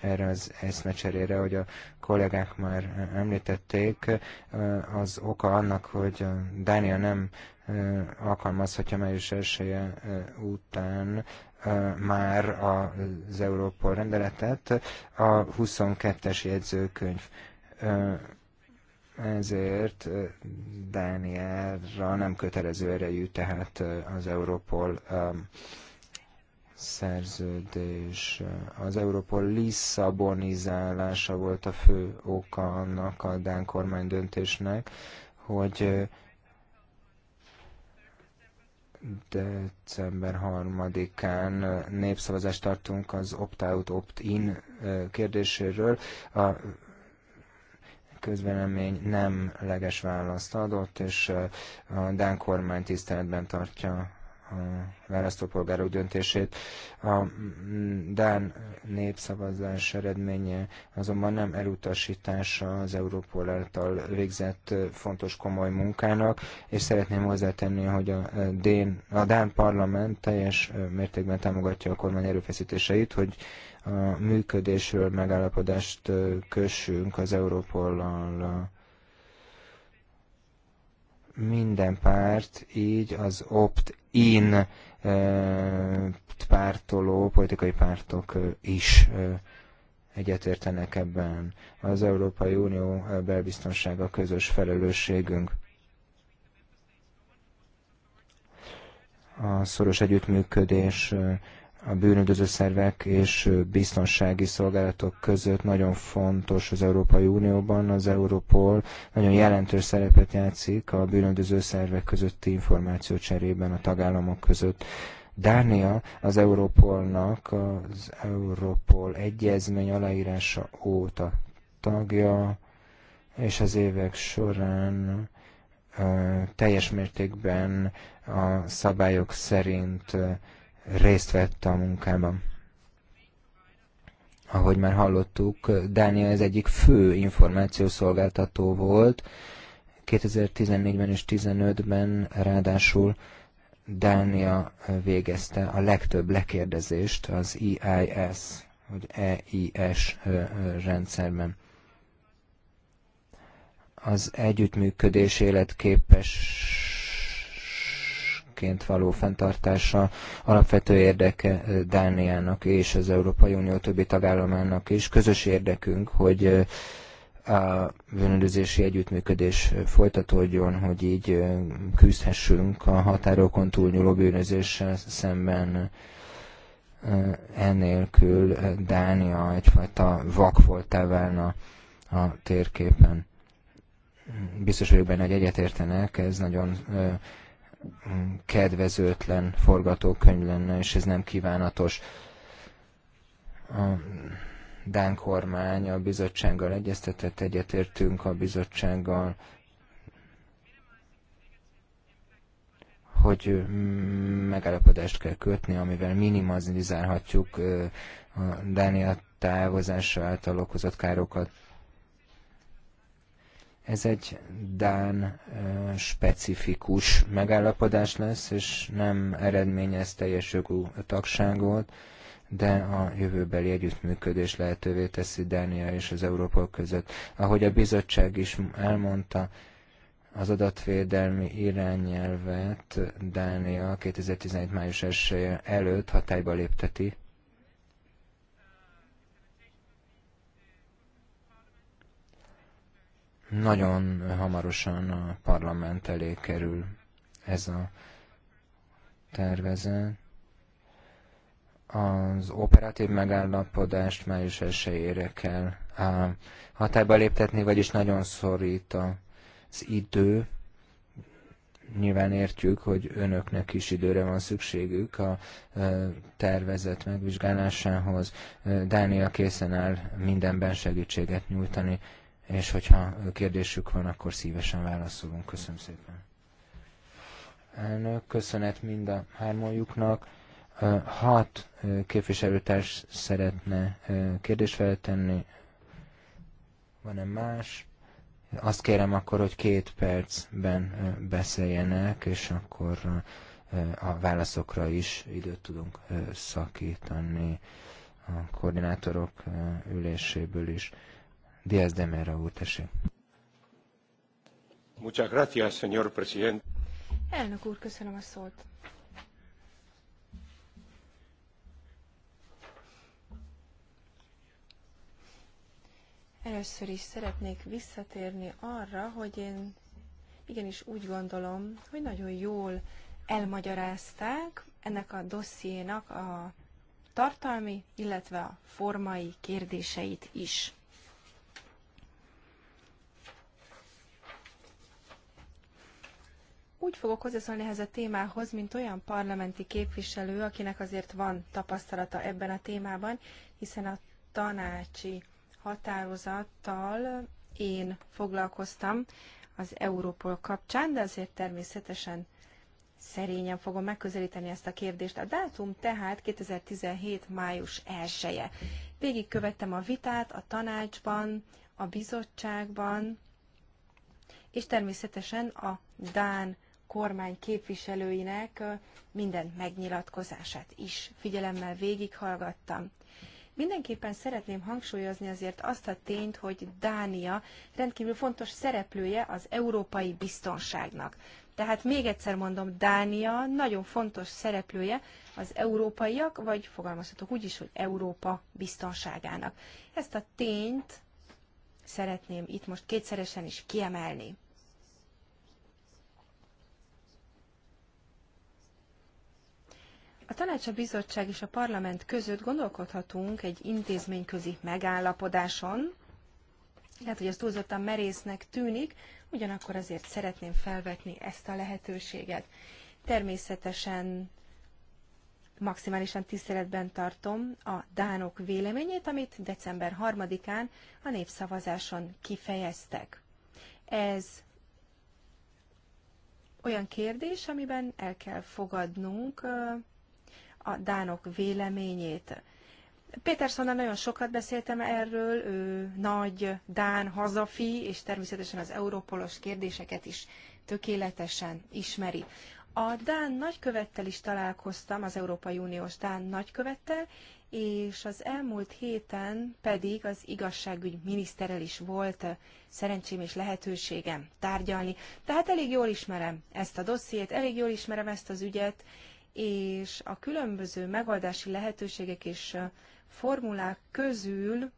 erre az eszmecserére, hogy a kollégák már említették. Az oka annak, hogy Dánia nem alkalmazhatja május elsője után már az Európol rendeletet, a 22-es jegyzőkönyv ezért Dánielra nem kötelező erejű, tehát az Európol szerződés. Az Európol lisszabonizálása volt a fő oka annak a Dán kormány döntésnek, hogy december 3-án népszavazást tartunk az opt-out, opt-in kérdéséről. A nem nemleges választ adott, és a Dán kormány tiszteletben tartja a választópolgárok döntését. A Dán népszavazás eredménye azonban nem elutasítása az Európol által végzett fontos komoly munkának, és szeretném hozzátenni, hogy a, Dén, a Dán parlament teljes mértékben támogatja a kormány erőfeszítéseit, hogy a működésről megállapodást kössünk az Európollal minden párt, így az opt-in pártoló, politikai pártok is egyetértenek ebben. Az Európai Unió belbiztonsága közös felelősségünk. A szoros együttműködés a bűnöldöző szervek és biztonsági szolgálatok között nagyon fontos az Európai Unióban, az Europol nagyon jelentős szerepet játszik a bűnöldöző szervek közötti információ cserében a tagállamok között. Dánia az Europolnak az Europol egyezmény aláírása óta tagja, és az évek során teljes mértékben a szabályok szerint részt vett a munkában. Ahogy már hallottuk, Dánia ez egyik fő információszolgáltató volt. 2014-ben és 2015-ben ráadásul Dánia végezte a legtöbb lekérdezést az EIS, vagy EIS rendszerben az együttműködés életképes országként való fenntartása alapvető érdeke Dániának és az Európai Unió többi tagállamának is. Közös érdekünk, hogy a bűnöldözési együttműködés folytatódjon, hogy így küzdhessünk a határokon túlnyúló bűnözéssel szemben ennélkül Dánia egyfajta vakfoltá válna a térképen. Biztos vagyok benne, hogy egyetértenek, ez nagyon kedvezőtlen forgatókönyv lenne, és ez nem kívánatos. A Dán kormány a bizottsággal egyeztetett, egyetértünk a bizottsággal, hogy megállapodást kell kötni, amivel minimalizálhatjuk a Dánia távozása által okozott károkat. Ez egy Dán specifikus megállapodás lesz, és nem eredményez teljes jogú tagságot, de a jövőbeli együttműködés lehetővé teszi Dánia és az Európa között. Ahogy a bizottság is elmondta, az adatvédelmi irányelvet Dánia 2017. május 1 előtt hatályba lépteti, Nagyon hamarosan a parlament elé kerül ez a tervezet. Az operatív megállapodást május 1-ére kell hatályba léptetni, vagyis nagyon szorít az idő, nyilván értjük, hogy önöknek is időre van szükségük a tervezet megvizsgálásához. Dánia készen áll mindenben segítséget nyújtani és hogyha kérdésük van, akkor szívesen válaszolunk. Köszönöm szépen. Elnök, köszönet mind a hármójuknak. Hat képviselőtárs szeretne kérdést feltenni. Van-e más? Azt kérem akkor, hogy két percben beszéljenek, és akkor a válaszokra is időt tudunk szakítani a koordinátorok üléséből is. Díaz de Mera úr, tessék. Muchas gracias, señor presidente. Elnök úr, köszönöm a szót. Először is szeretnék visszatérni arra, hogy én igenis úgy gondolom, hogy nagyon jól elmagyarázták ennek a dossziénak a tartalmi, illetve a formai kérdéseit is. úgy fogok hozzászólni ehhez a témához, mint olyan parlamenti képviselő, akinek azért van tapasztalata ebben a témában, hiszen a tanácsi határozattal én foglalkoztam az Európol kapcsán, de azért természetesen szerényen fogom megközelíteni ezt a kérdést. A dátum tehát 2017. május 1-je. Végigkövettem a vitát a tanácsban, a bizottságban, és természetesen a Dán kormány képviselőinek minden megnyilatkozását is figyelemmel végighallgattam. Mindenképpen szeretném hangsúlyozni azért azt a tényt, hogy Dánia rendkívül fontos szereplője az európai biztonságnak. Tehát még egyszer mondom, Dánia nagyon fontos szereplője az európaiak, vagy fogalmazhatok úgy is, hogy Európa biztonságának. Ezt a tényt szeretném itt most kétszeresen is kiemelni. A tanács, a bizottság és a parlament között gondolkodhatunk egy intézményközi megállapodáson. Lehet, hogy ez túlzottan merésznek tűnik, ugyanakkor azért szeretném felvetni ezt a lehetőséget. Természetesen maximálisan tiszteletben tartom a dánok véleményét, amit december 3-án a népszavazáson kifejeztek. Ez olyan kérdés, amiben el kell fogadnunk a dánok véleményét. Petersonnal nagyon sokat beszéltem erről, ő nagy dán hazafi, és természetesen az európolos kérdéseket is tökéletesen ismeri. A Dán nagykövettel is találkoztam, az Európai Uniós Dán nagykövettel, és az elmúlt héten pedig az igazságügy miniszterrel is volt szerencsém és lehetőségem tárgyalni. Tehát elég jól ismerem ezt a dossziét, elég jól ismerem ezt az ügyet, és a különböző megoldási lehetőségek és formulák közül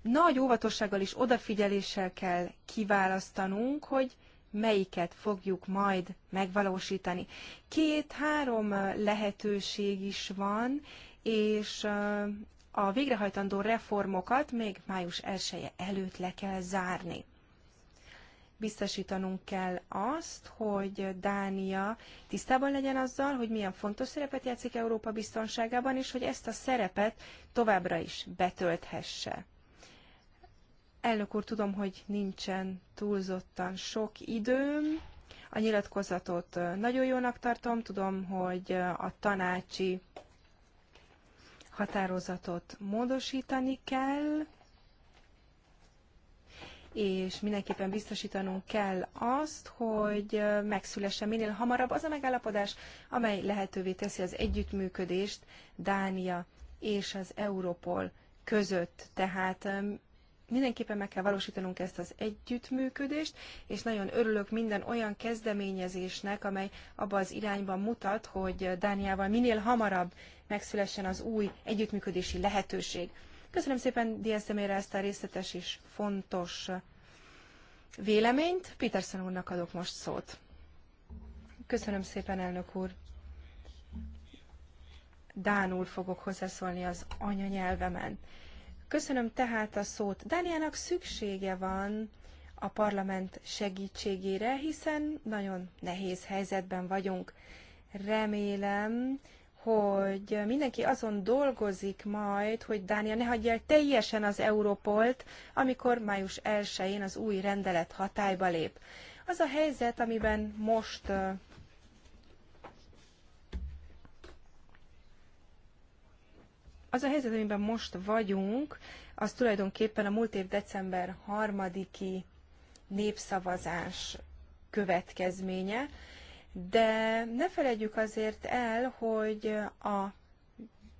nagy óvatossággal és odafigyeléssel kell kiválasztanunk, hogy melyiket fogjuk majd megvalósítani. Két-három lehetőség is van, és a végrehajtandó reformokat még május 1 -e előtt le kell zárni biztosítanunk kell azt, hogy Dánia tisztában legyen azzal, hogy milyen fontos szerepet játszik Európa biztonságában, és hogy ezt a szerepet továbbra is betölthesse. Elnök úr, tudom, hogy nincsen túlzottan sok időm. A nyilatkozatot nagyon jónak tartom, tudom, hogy a tanácsi határozatot módosítani kell és mindenképpen biztosítanunk kell azt, hogy megszülessen minél hamarabb az a megállapodás, amely lehetővé teszi az együttműködést Dánia és az Európol között. Tehát mindenképpen meg kell valósítanunk ezt az együttműködést, és nagyon örülök minden olyan kezdeményezésnek, amely abba az irányban mutat, hogy Dániával minél hamarabb megszülessen az új együttműködési lehetőség. Köszönöm szépen Diaszemére ezt a részletes és fontos véleményt. Peterson úrnak adok most szót. Köszönöm szépen, elnök úr. Dánul fogok hozzászólni az anyanyelvemen. Köszönöm tehát a szót. Dániának szüksége van a parlament segítségére, hiszen nagyon nehéz helyzetben vagyunk. Remélem, hogy mindenki azon dolgozik majd, hogy Dánia ne hagyja el teljesen az Európolt, amikor május 1-én az új rendelet hatályba lép. Az a helyzet, amiben most az a helyzet, amiben most vagyunk, az tulajdonképpen a múlt év december harmadiki népszavazás következménye, de ne felejtjük azért el, hogy a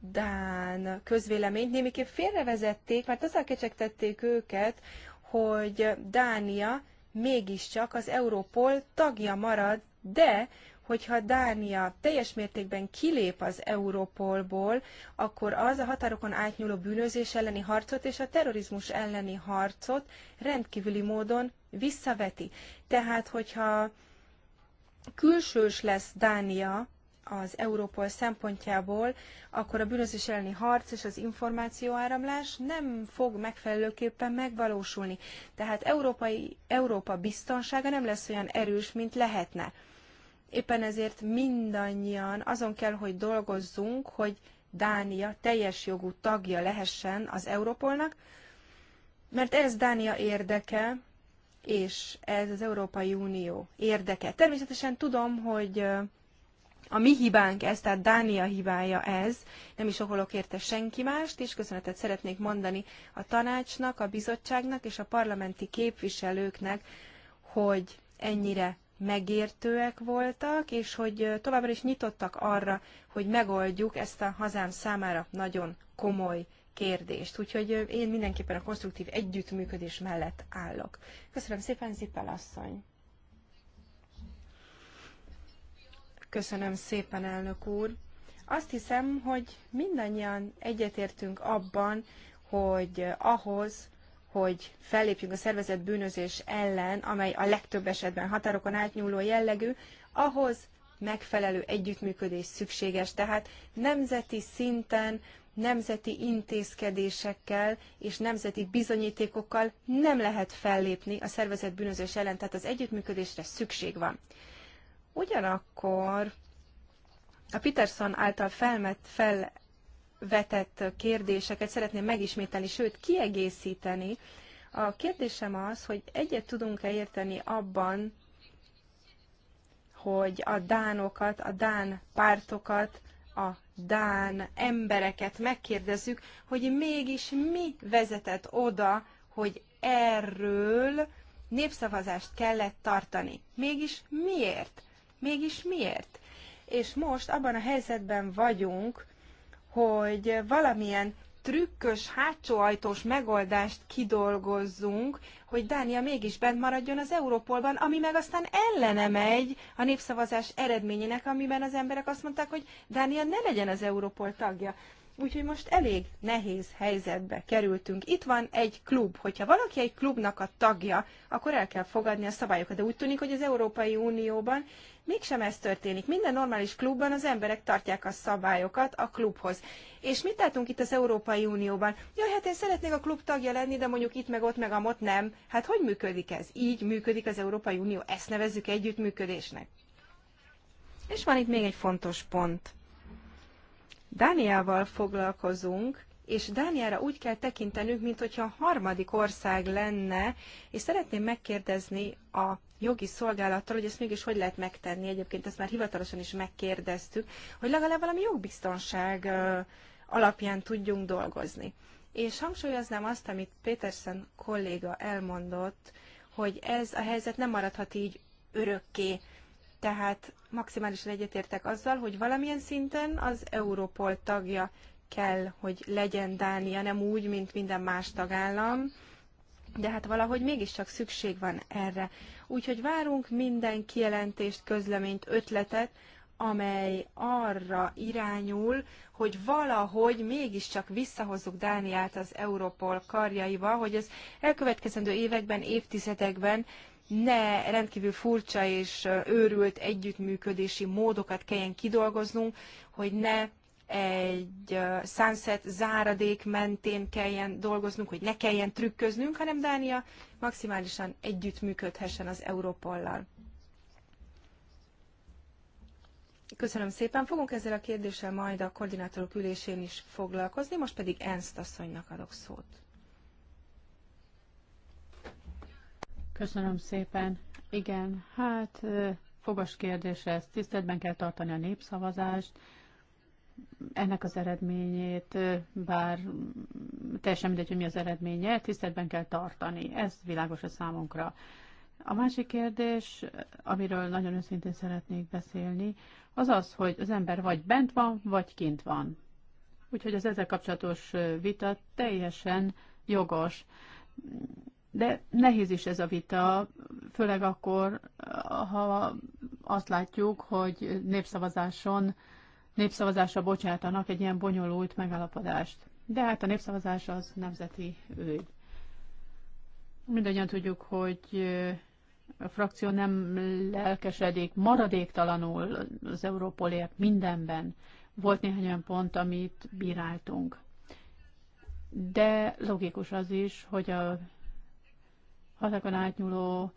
Dán közvéleményt némiképp félrevezették, mert azzal kecsegtették őket, hogy Dánia mégiscsak az Európol tagja marad, de hogyha Dánia teljes mértékben kilép az Európolból, akkor az a határokon átnyúló bűnözés elleni harcot és a terrorizmus elleni harcot rendkívüli módon visszaveti. Tehát, hogyha külsős lesz Dánia az Európol szempontjából, akkor a bűnözés elleni harc és az információáramlás nem fog megfelelőképpen megvalósulni. Tehát európai, Európa biztonsága nem lesz olyan erős, mint lehetne. Éppen ezért mindannyian azon kell, hogy dolgozzunk, hogy Dánia teljes jogú tagja lehessen az Európolnak, mert ez Dánia érdeke, és ez az Európai Unió érdeke. Természetesen tudom, hogy a mi hibánk ez, tehát Dánia hibája ez, nem is okolok érte senki mást, és köszönetet szeretnék mondani a tanácsnak, a bizottságnak és a parlamenti képviselőknek, hogy ennyire megértőek voltak, és hogy továbbra is nyitottak arra, hogy megoldjuk ezt a hazám számára nagyon komoly kérdést. Úgyhogy én mindenképpen a konstruktív együttműködés mellett állok. Köszönöm szépen, Zipel asszony! Köszönöm szépen, elnök úr! Azt hiszem, hogy mindannyian egyetértünk abban, hogy ahhoz, hogy fellépjünk a szervezett bűnözés ellen, amely a legtöbb esetben határokon átnyúló jellegű, ahhoz megfelelő együttműködés szükséges. Tehát nemzeti szinten nemzeti intézkedésekkel és nemzeti bizonyítékokkal nem lehet fellépni a szervezet bűnözős ellen, tehát az együttműködésre szükség van. Ugyanakkor a Peterson által felmet, felvetett kérdéseket szeretném megismételni, sőt kiegészíteni. A kérdésem az, hogy egyet tudunk-e érteni abban, hogy a dánokat, a dán pártokat, a dán embereket megkérdezzük, hogy mégis mi vezetett oda, hogy erről népszavazást kellett tartani. Mégis miért? Mégis miért? És most abban a helyzetben vagyunk, hogy valamilyen trükkös, hátsóajtós megoldást kidolgozzunk, hogy Dánia mégis bent maradjon az Európolban, ami meg aztán ellene megy a népszavazás eredményének, amiben az emberek azt mondták, hogy Dánia ne legyen az Európol tagja. Úgyhogy most elég nehéz helyzetbe kerültünk. Itt van egy klub. Hogyha valaki egy klubnak a tagja, akkor el kell fogadni a szabályokat. De úgy tűnik, hogy az Európai Unióban Mégsem ez történik. Minden normális klubban az emberek tartják a szabályokat a klubhoz. És mit látunk itt az Európai Unióban? Jaj, hát én szeretnék a klub tagja lenni, de mondjuk itt meg ott meg amott nem. Hát hogy működik ez? Így működik az Európai Unió. Ezt nevezzük együttműködésnek. És van itt még egy fontos pont. Dániával foglalkozunk, és Dániára úgy kell tekintenünk, mint a harmadik ország lenne, és szeretném megkérdezni a jogi szolgálattal, hogy ezt mégis hogy lehet megtenni. Egyébként ezt már hivatalosan is megkérdeztük, hogy legalább valami jogbiztonság alapján tudjunk dolgozni. És hangsúlyoznám azt, amit Petersen kolléga elmondott, hogy ez a helyzet nem maradhat így örökké. Tehát maximálisan egyetértek azzal, hogy valamilyen szinten az Európol tagja kell, hogy legyen Dánia, nem úgy, mint minden más tagállam, de hát valahogy mégiscsak szükség van erre. Úgyhogy várunk minden kijelentést, közleményt, ötletet, amely arra irányul, hogy valahogy mégiscsak visszahozzuk Dániát az Európol karjaiba, hogy az elkövetkezendő években, évtizedekben ne rendkívül furcsa és őrült együttműködési módokat kelljen kidolgoznunk, hogy ne egy sunset záradék mentén kelljen dolgoznunk, hogy ne kelljen trükköznünk, hanem Dánia maximálisan együttműködhessen az Európollal. Köszönöm szépen. Fogunk ezzel a kérdéssel majd a koordinátorok ülésén is foglalkozni, most pedig Ernst asszonynak adok szót. Köszönöm szépen. Igen, hát fogas kérdés ez. Tiszteletben kell tartani a népszavazást, ennek az eredményét, bár teljesen mindegy, hogy mi az eredménye, tiszteletben kell tartani. Ez világos a számunkra. A másik kérdés, amiről nagyon őszintén szeretnék beszélni, az az, hogy az ember vagy bent van, vagy kint van. Úgyhogy az ezzel kapcsolatos vita teljesen jogos. De nehéz is ez a vita, főleg akkor, ha azt látjuk, hogy népszavazáson népszavazásra bocsátanak egy ilyen bonyolult megállapodást. De hát a népszavazás az nemzeti ügy. Mindannyian tudjuk, hogy a frakció nem lelkesedik maradéktalanul az Európolért mindenben. Volt néhány olyan pont, amit bíráltunk. De logikus az is, hogy a határokon átnyúló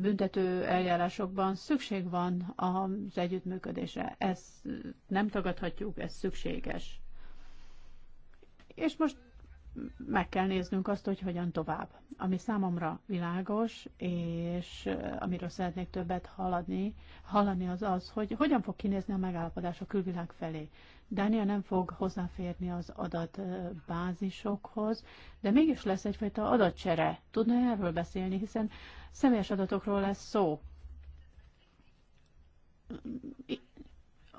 büntető eljárásokban szükség van az együttműködésre. Ezt nem tagadhatjuk, ez szükséges. És most meg kell néznünk azt, hogy hogyan tovább. Ami számomra világos, és amiről szeretnék többet haladni, hallani, az az, hogy hogyan fog kinézni a megállapodás a külvilág felé. Dánia nem fog hozzáférni az adatbázisokhoz, de mégis lesz egyfajta adatcsere. Tudna erről beszélni, hiszen személyes adatokról lesz szó.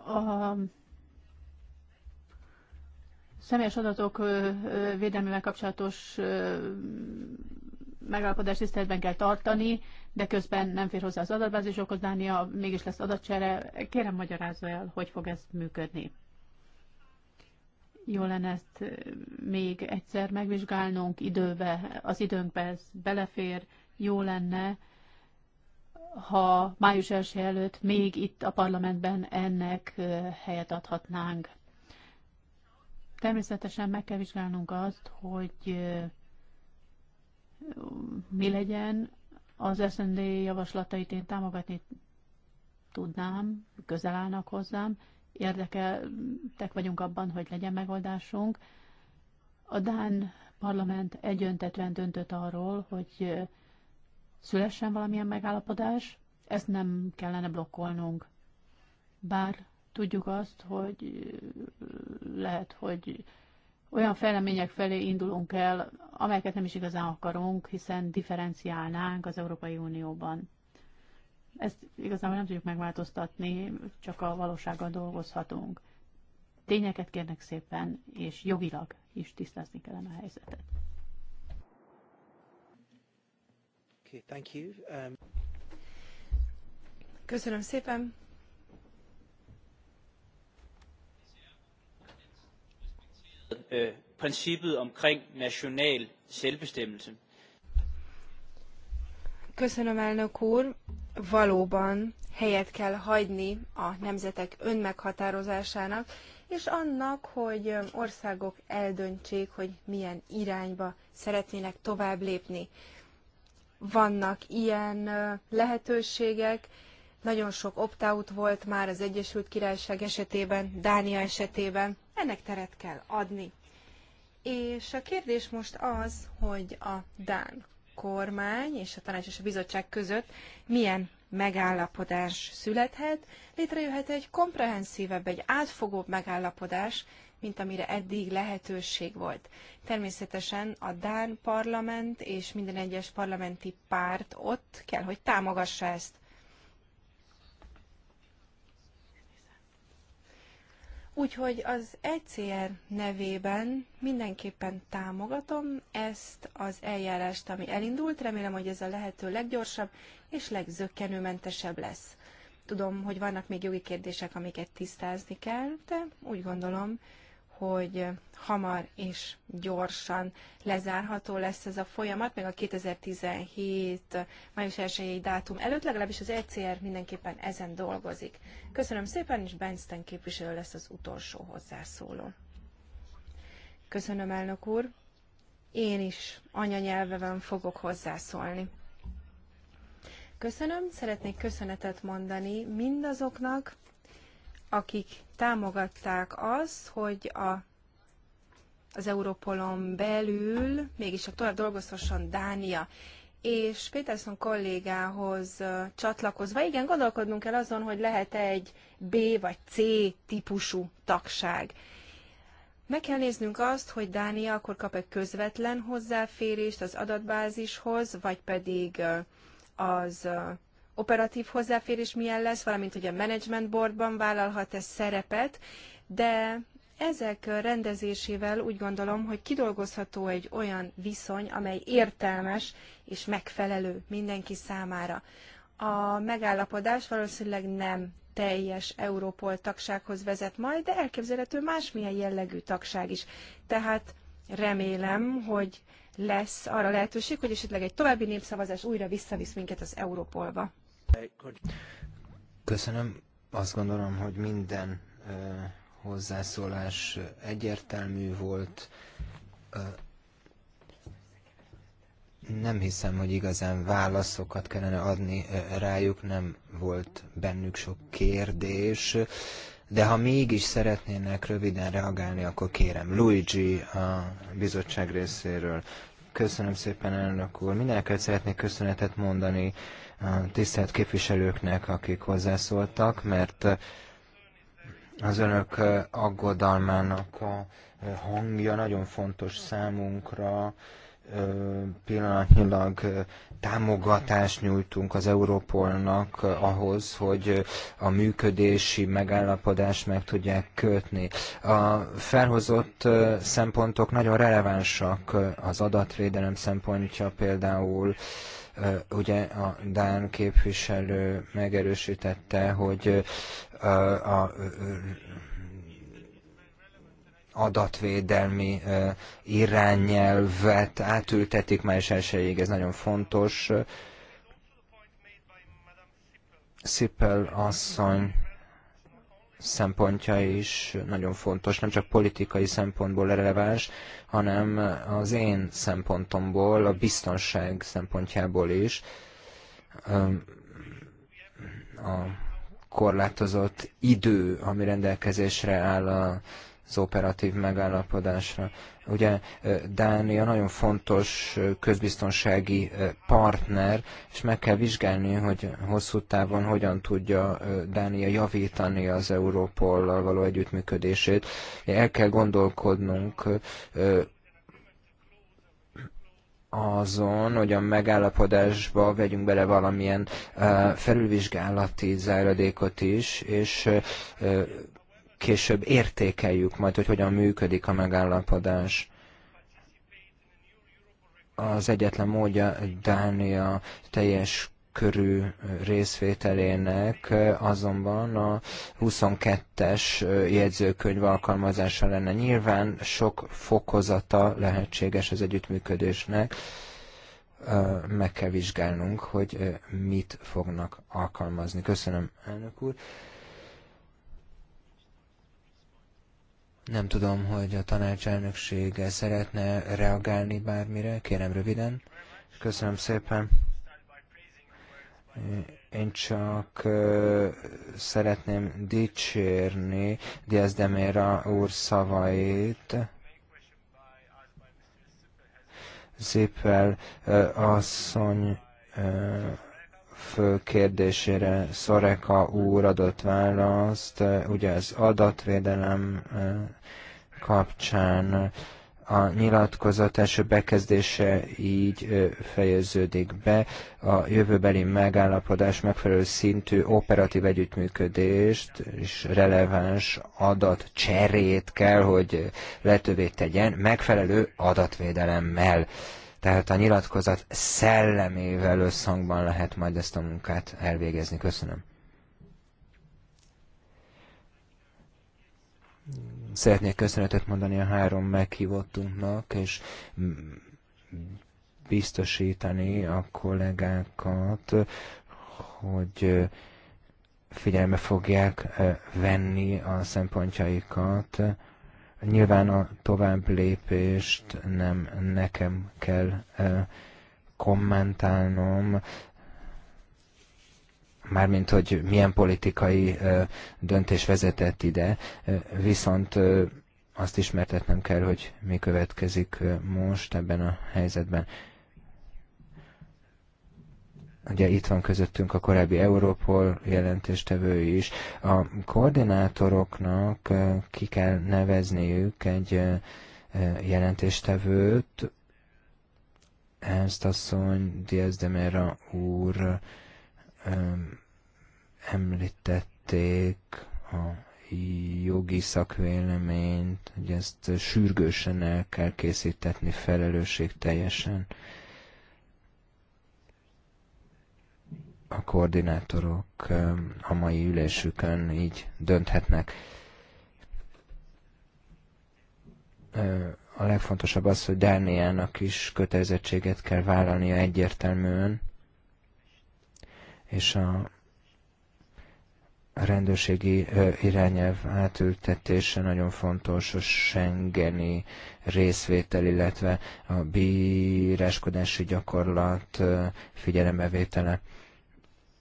A személyes adatok védelmével kapcsolatos megállapodást tiszteletben kell tartani, de közben nem fér hozzá az adatbázisokhoz, Dánia mégis lesz adatcsere. Kérem, magyarázza el, hogy fog ez működni. Jó lenne ezt még egyszer megvizsgálnunk időbe, az időnkbe ez belefér, jó lenne, ha május első előtt még itt a parlamentben ennek helyet adhatnánk. Természetesen meg kell vizsgálnunk azt, hogy mi legyen. Az SND javaslatait én támogatni tudnám, közel állnak hozzám, érdekeltek vagyunk abban, hogy legyen megoldásunk. A Dán parlament egyöntetően döntött arról, hogy szülessen valamilyen megállapodás, ezt nem kellene blokkolnunk. Bár Tudjuk azt, hogy lehet, hogy olyan fejlemények felé indulunk el, amelyeket nem is igazán akarunk, hiszen differenciálnánk az Európai Unióban. Ezt igazából nem tudjuk megváltoztatni, csak a valósággal dolgozhatunk. Tényeket kérnek szépen, és jogilag is tisztázni kellene a helyzetet. Okay, thank you. Um... Köszönöm szépen. Øh, princippet omkring national selvbestemmelse. Köszönöm, elnök úr. Valóban helyet kell hagyni a nemzetek önmeghatározásának, és annak, hogy országok eldöntsék, hogy milyen irányba szeretnének tovább lépni. Vannak ilyen lehetőségek, nagyon sok opt-out volt már az Egyesült Királyság esetében, Dánia esetében, ennek teret kell adni. És a kérdés most az, hogy a Dán kormány és a tanács és a bizottság között milyen megállapodás születhet, létrejöhet egy komprehenszívebb, egy átfogóbb megállapodás, mint amire eddig lehetőség volt. Természetesen a Dán parlament és minden egyes parlamenti párt ott kell, hogy támogassa ezt. Úgyhogy az ECR nevében mindenképpen támogatom ezt az eljárást, ami elindult. Remélem, hogy ez a lehető leggyorsabb és legzökkenőmentesebb lesz. Tudom, hogy vannak még jogi kérdések, amiket tisztázni kell, de úgy gondolom, hogy hamar és gyorsan lezárható lesz ez a folyamat, még a 2017. május 1 dátum előtt, legalábbis az ECR mindenképpen ezen dolgozik. Köszönöm szépen, és Benston képviselő lesz az utolsó hozzászóló. Köszönöm, elnök úr. Én is anyanyelveben fogok hozzászólni. Köszönöm, szeretnék köszönetet mondani mindazoknak, akik támogatták azt, hogy a, az Európolon belül mégis a tovább dolgozhasson Dánia. És Peterson kollégához csatlakozva, igen, gondolkodnunk kell azon, hogy lehet -e egy B vagy C típusú tagság. Meg kell néznünk azt, hogy Dánia akkor kap-e közvetlen hozzáférést az adatbázishoz, vagy pedig az operatív hozzáférés milyen lesz, valamint hogy a management boardban vállalhat-e szerepet, de ezek rendezésével úgy gondolom, hogy kidolgozható egy olyan viszony, amely értelmes és megfelelő mindenki számára. A megállapodás valószínűleg nem teljes Európol tagsághoz vezet majd, de elképzelhető másmilyen jellegű tagság is. Tehát remélem, hogy lesz arra lehetőség, hogy esetleg egy további népszavazás újra visszavisz minket az Európolba. Köszönöm. Azt gondolom, hogy minden hozzászólás egyértelmű volt. Nem hiszem, hogy igazán válaszokat kellene adni rájuk, nem volt bennük sok kérdés, de ha mégis szeretnének röviden reagálni, akkor kérem, Luigi a bizottság részéről. Köszönöm szépen, elnök úr. Mindenekkel szeretnék köszönetet mondani a tisztelt képviselőknek, akik hozzászóltak, mert az önök aggodalmának a hangja nagyon fontos számunkra. Pillanatnyilag támogatást nyújtunk az Európolnak ahhoz, hogy a működési megállapodást meg tudják kötni. A felhozott szempontok nagyon relevánsak, az adatvédelem szempontja például Ugye a Dán képviselő megerősítette, hogy a adatvédelmi irányelvet átültetik is elsőjéig ez nagyon fontos. Szippel asszony szempontja is nagyon fontos, nem csak politikai szempontból releváns, hanem az én szempontomból, a biztonság szempontjából is. A korlátozott idő, ami rendelkezésre áll a az operatív megállapodásra. Ugye Dánia nagyon fontos közbiztonsági partner, és meg kell vizsgálni, hogy hosszú távon hogyan tudja Dánia javítani az Európollal való együttműködését. El kell gondolkodnunk azon, hogy a megállapodásba vegyünk bele valamilyen felülvizsgálati záradékot is, és később értékeljük majd, hogy hogyan működik a megállapodás az egyetlen módja Dánia teljes körű részvételének azonban a 22-es jegyzőkönyv alkalmazása lenne. Nyilván sok fokozata lehetséges az együttműködésnek, meg kell vizsgálnunk, hogy mit fognak alkalmazni. Köszönöm, elnök úr. Nem tudom, hogy a tanácselnökség szeretne reagálni bármire, kérem röviden. Köszönöm szépen. Én csak uh, szeretném dicsérni Diaz de Mera úr szavait. Zippel asszony fő kérdésére Szoreka úr adott választ, eh, ugye az adatvédelem eh, kapcsán a nyilatkozat első bekezdése így eh, fejeződik be. A jövőbeli megállapodás megfelelő szintű operatív együttműködést és releváns adatcserét kell, hogy lehetővé tegyen megfelelő adatvédelemmel. Tehát a nyilatkozat szellemével összhangban lehet majd ezt a munkát elvégezni. Köszönöm. Szeretnék köszönetet mondani a három meghívottunknak, és biztosítani a kollégákat, hogy figyelme fogják eh, venni a szempontjaikat, Nyilván a tovább lépést nem nekem kell kommentálnom, mármint hogy milyen politikai döntés vezetett ide, viszont azt ismertetnem kell, hogy mi következik most ebben a helyzetben ugye itt van közöttünk a korábbi Európol jelentéstevő is, a koordinátoroknak ki kell nevezniük egy jelentéstevőt, ezt asszony Diaz de Mera úr említették a jogi szakvéleményt, hogy ezt sürgősen el kell készítetni felelősség teljesen. a koordinátorok a mai ülésükön így dönthetnek. A legfontosabb az, hogy Dániának is kötelezettséget kell vállalnia egyértelműen, és a rendőrségi irányelv átültetése nagyon fontos, a Schengeni részvétel, illetve a bíráskodási gyakorlat figyelembevétele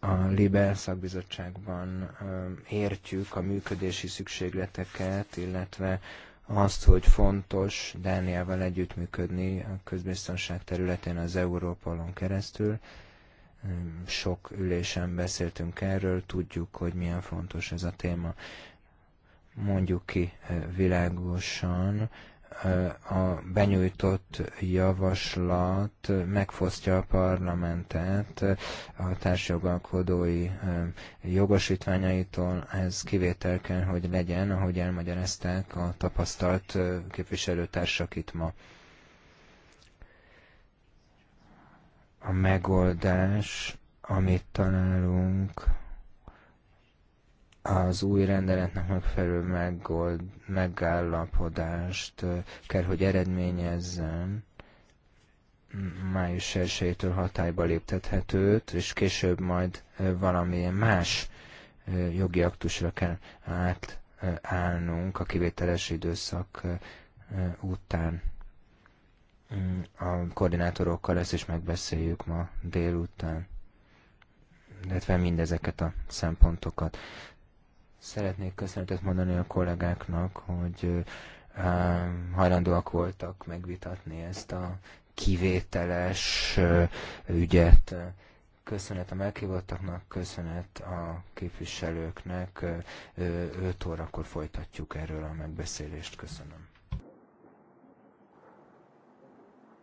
a LIBE szakbizottságban értjük a működési szükségleteket, illetve azt, hogy fontos Dániával együttműködni a közbiztonság területén az Európolon keresztül. Sok ülésen beszéltünk erről, tudjuk, hogy milyen fontos ez a téma. Mondjuk ki világosan, a benyújtott javaslat megfosztja a parlamentet a társjogalkodói jogosítványaitól. Ez kivétel kell, hogy legyen, ahogy elmagyarázták a tapasztalt képviselőtársak itt ma. A megoldás, amit találunk, az új rendeletnek megfelelő megold, megállapodást kell, hogy eredményezzen május 1-től hatályba léptethetőt, és később majd valamilyen más jogi aktusra kell átállnunk a kivételes időszak után. A koordinátorokkal ezt is megbeszéljük ma délután, illetve mindezeket a szempontokat. Szeretnék köszönetet mondani a kollégáknak, hogy hajlandóak voltak megvitatni ezt a kivételes ügyet. Köszönet a meghívottaknak, köszönet a képviselőknek. 5 órakor folytatjuk erről a megbeszélést. Köszönöm.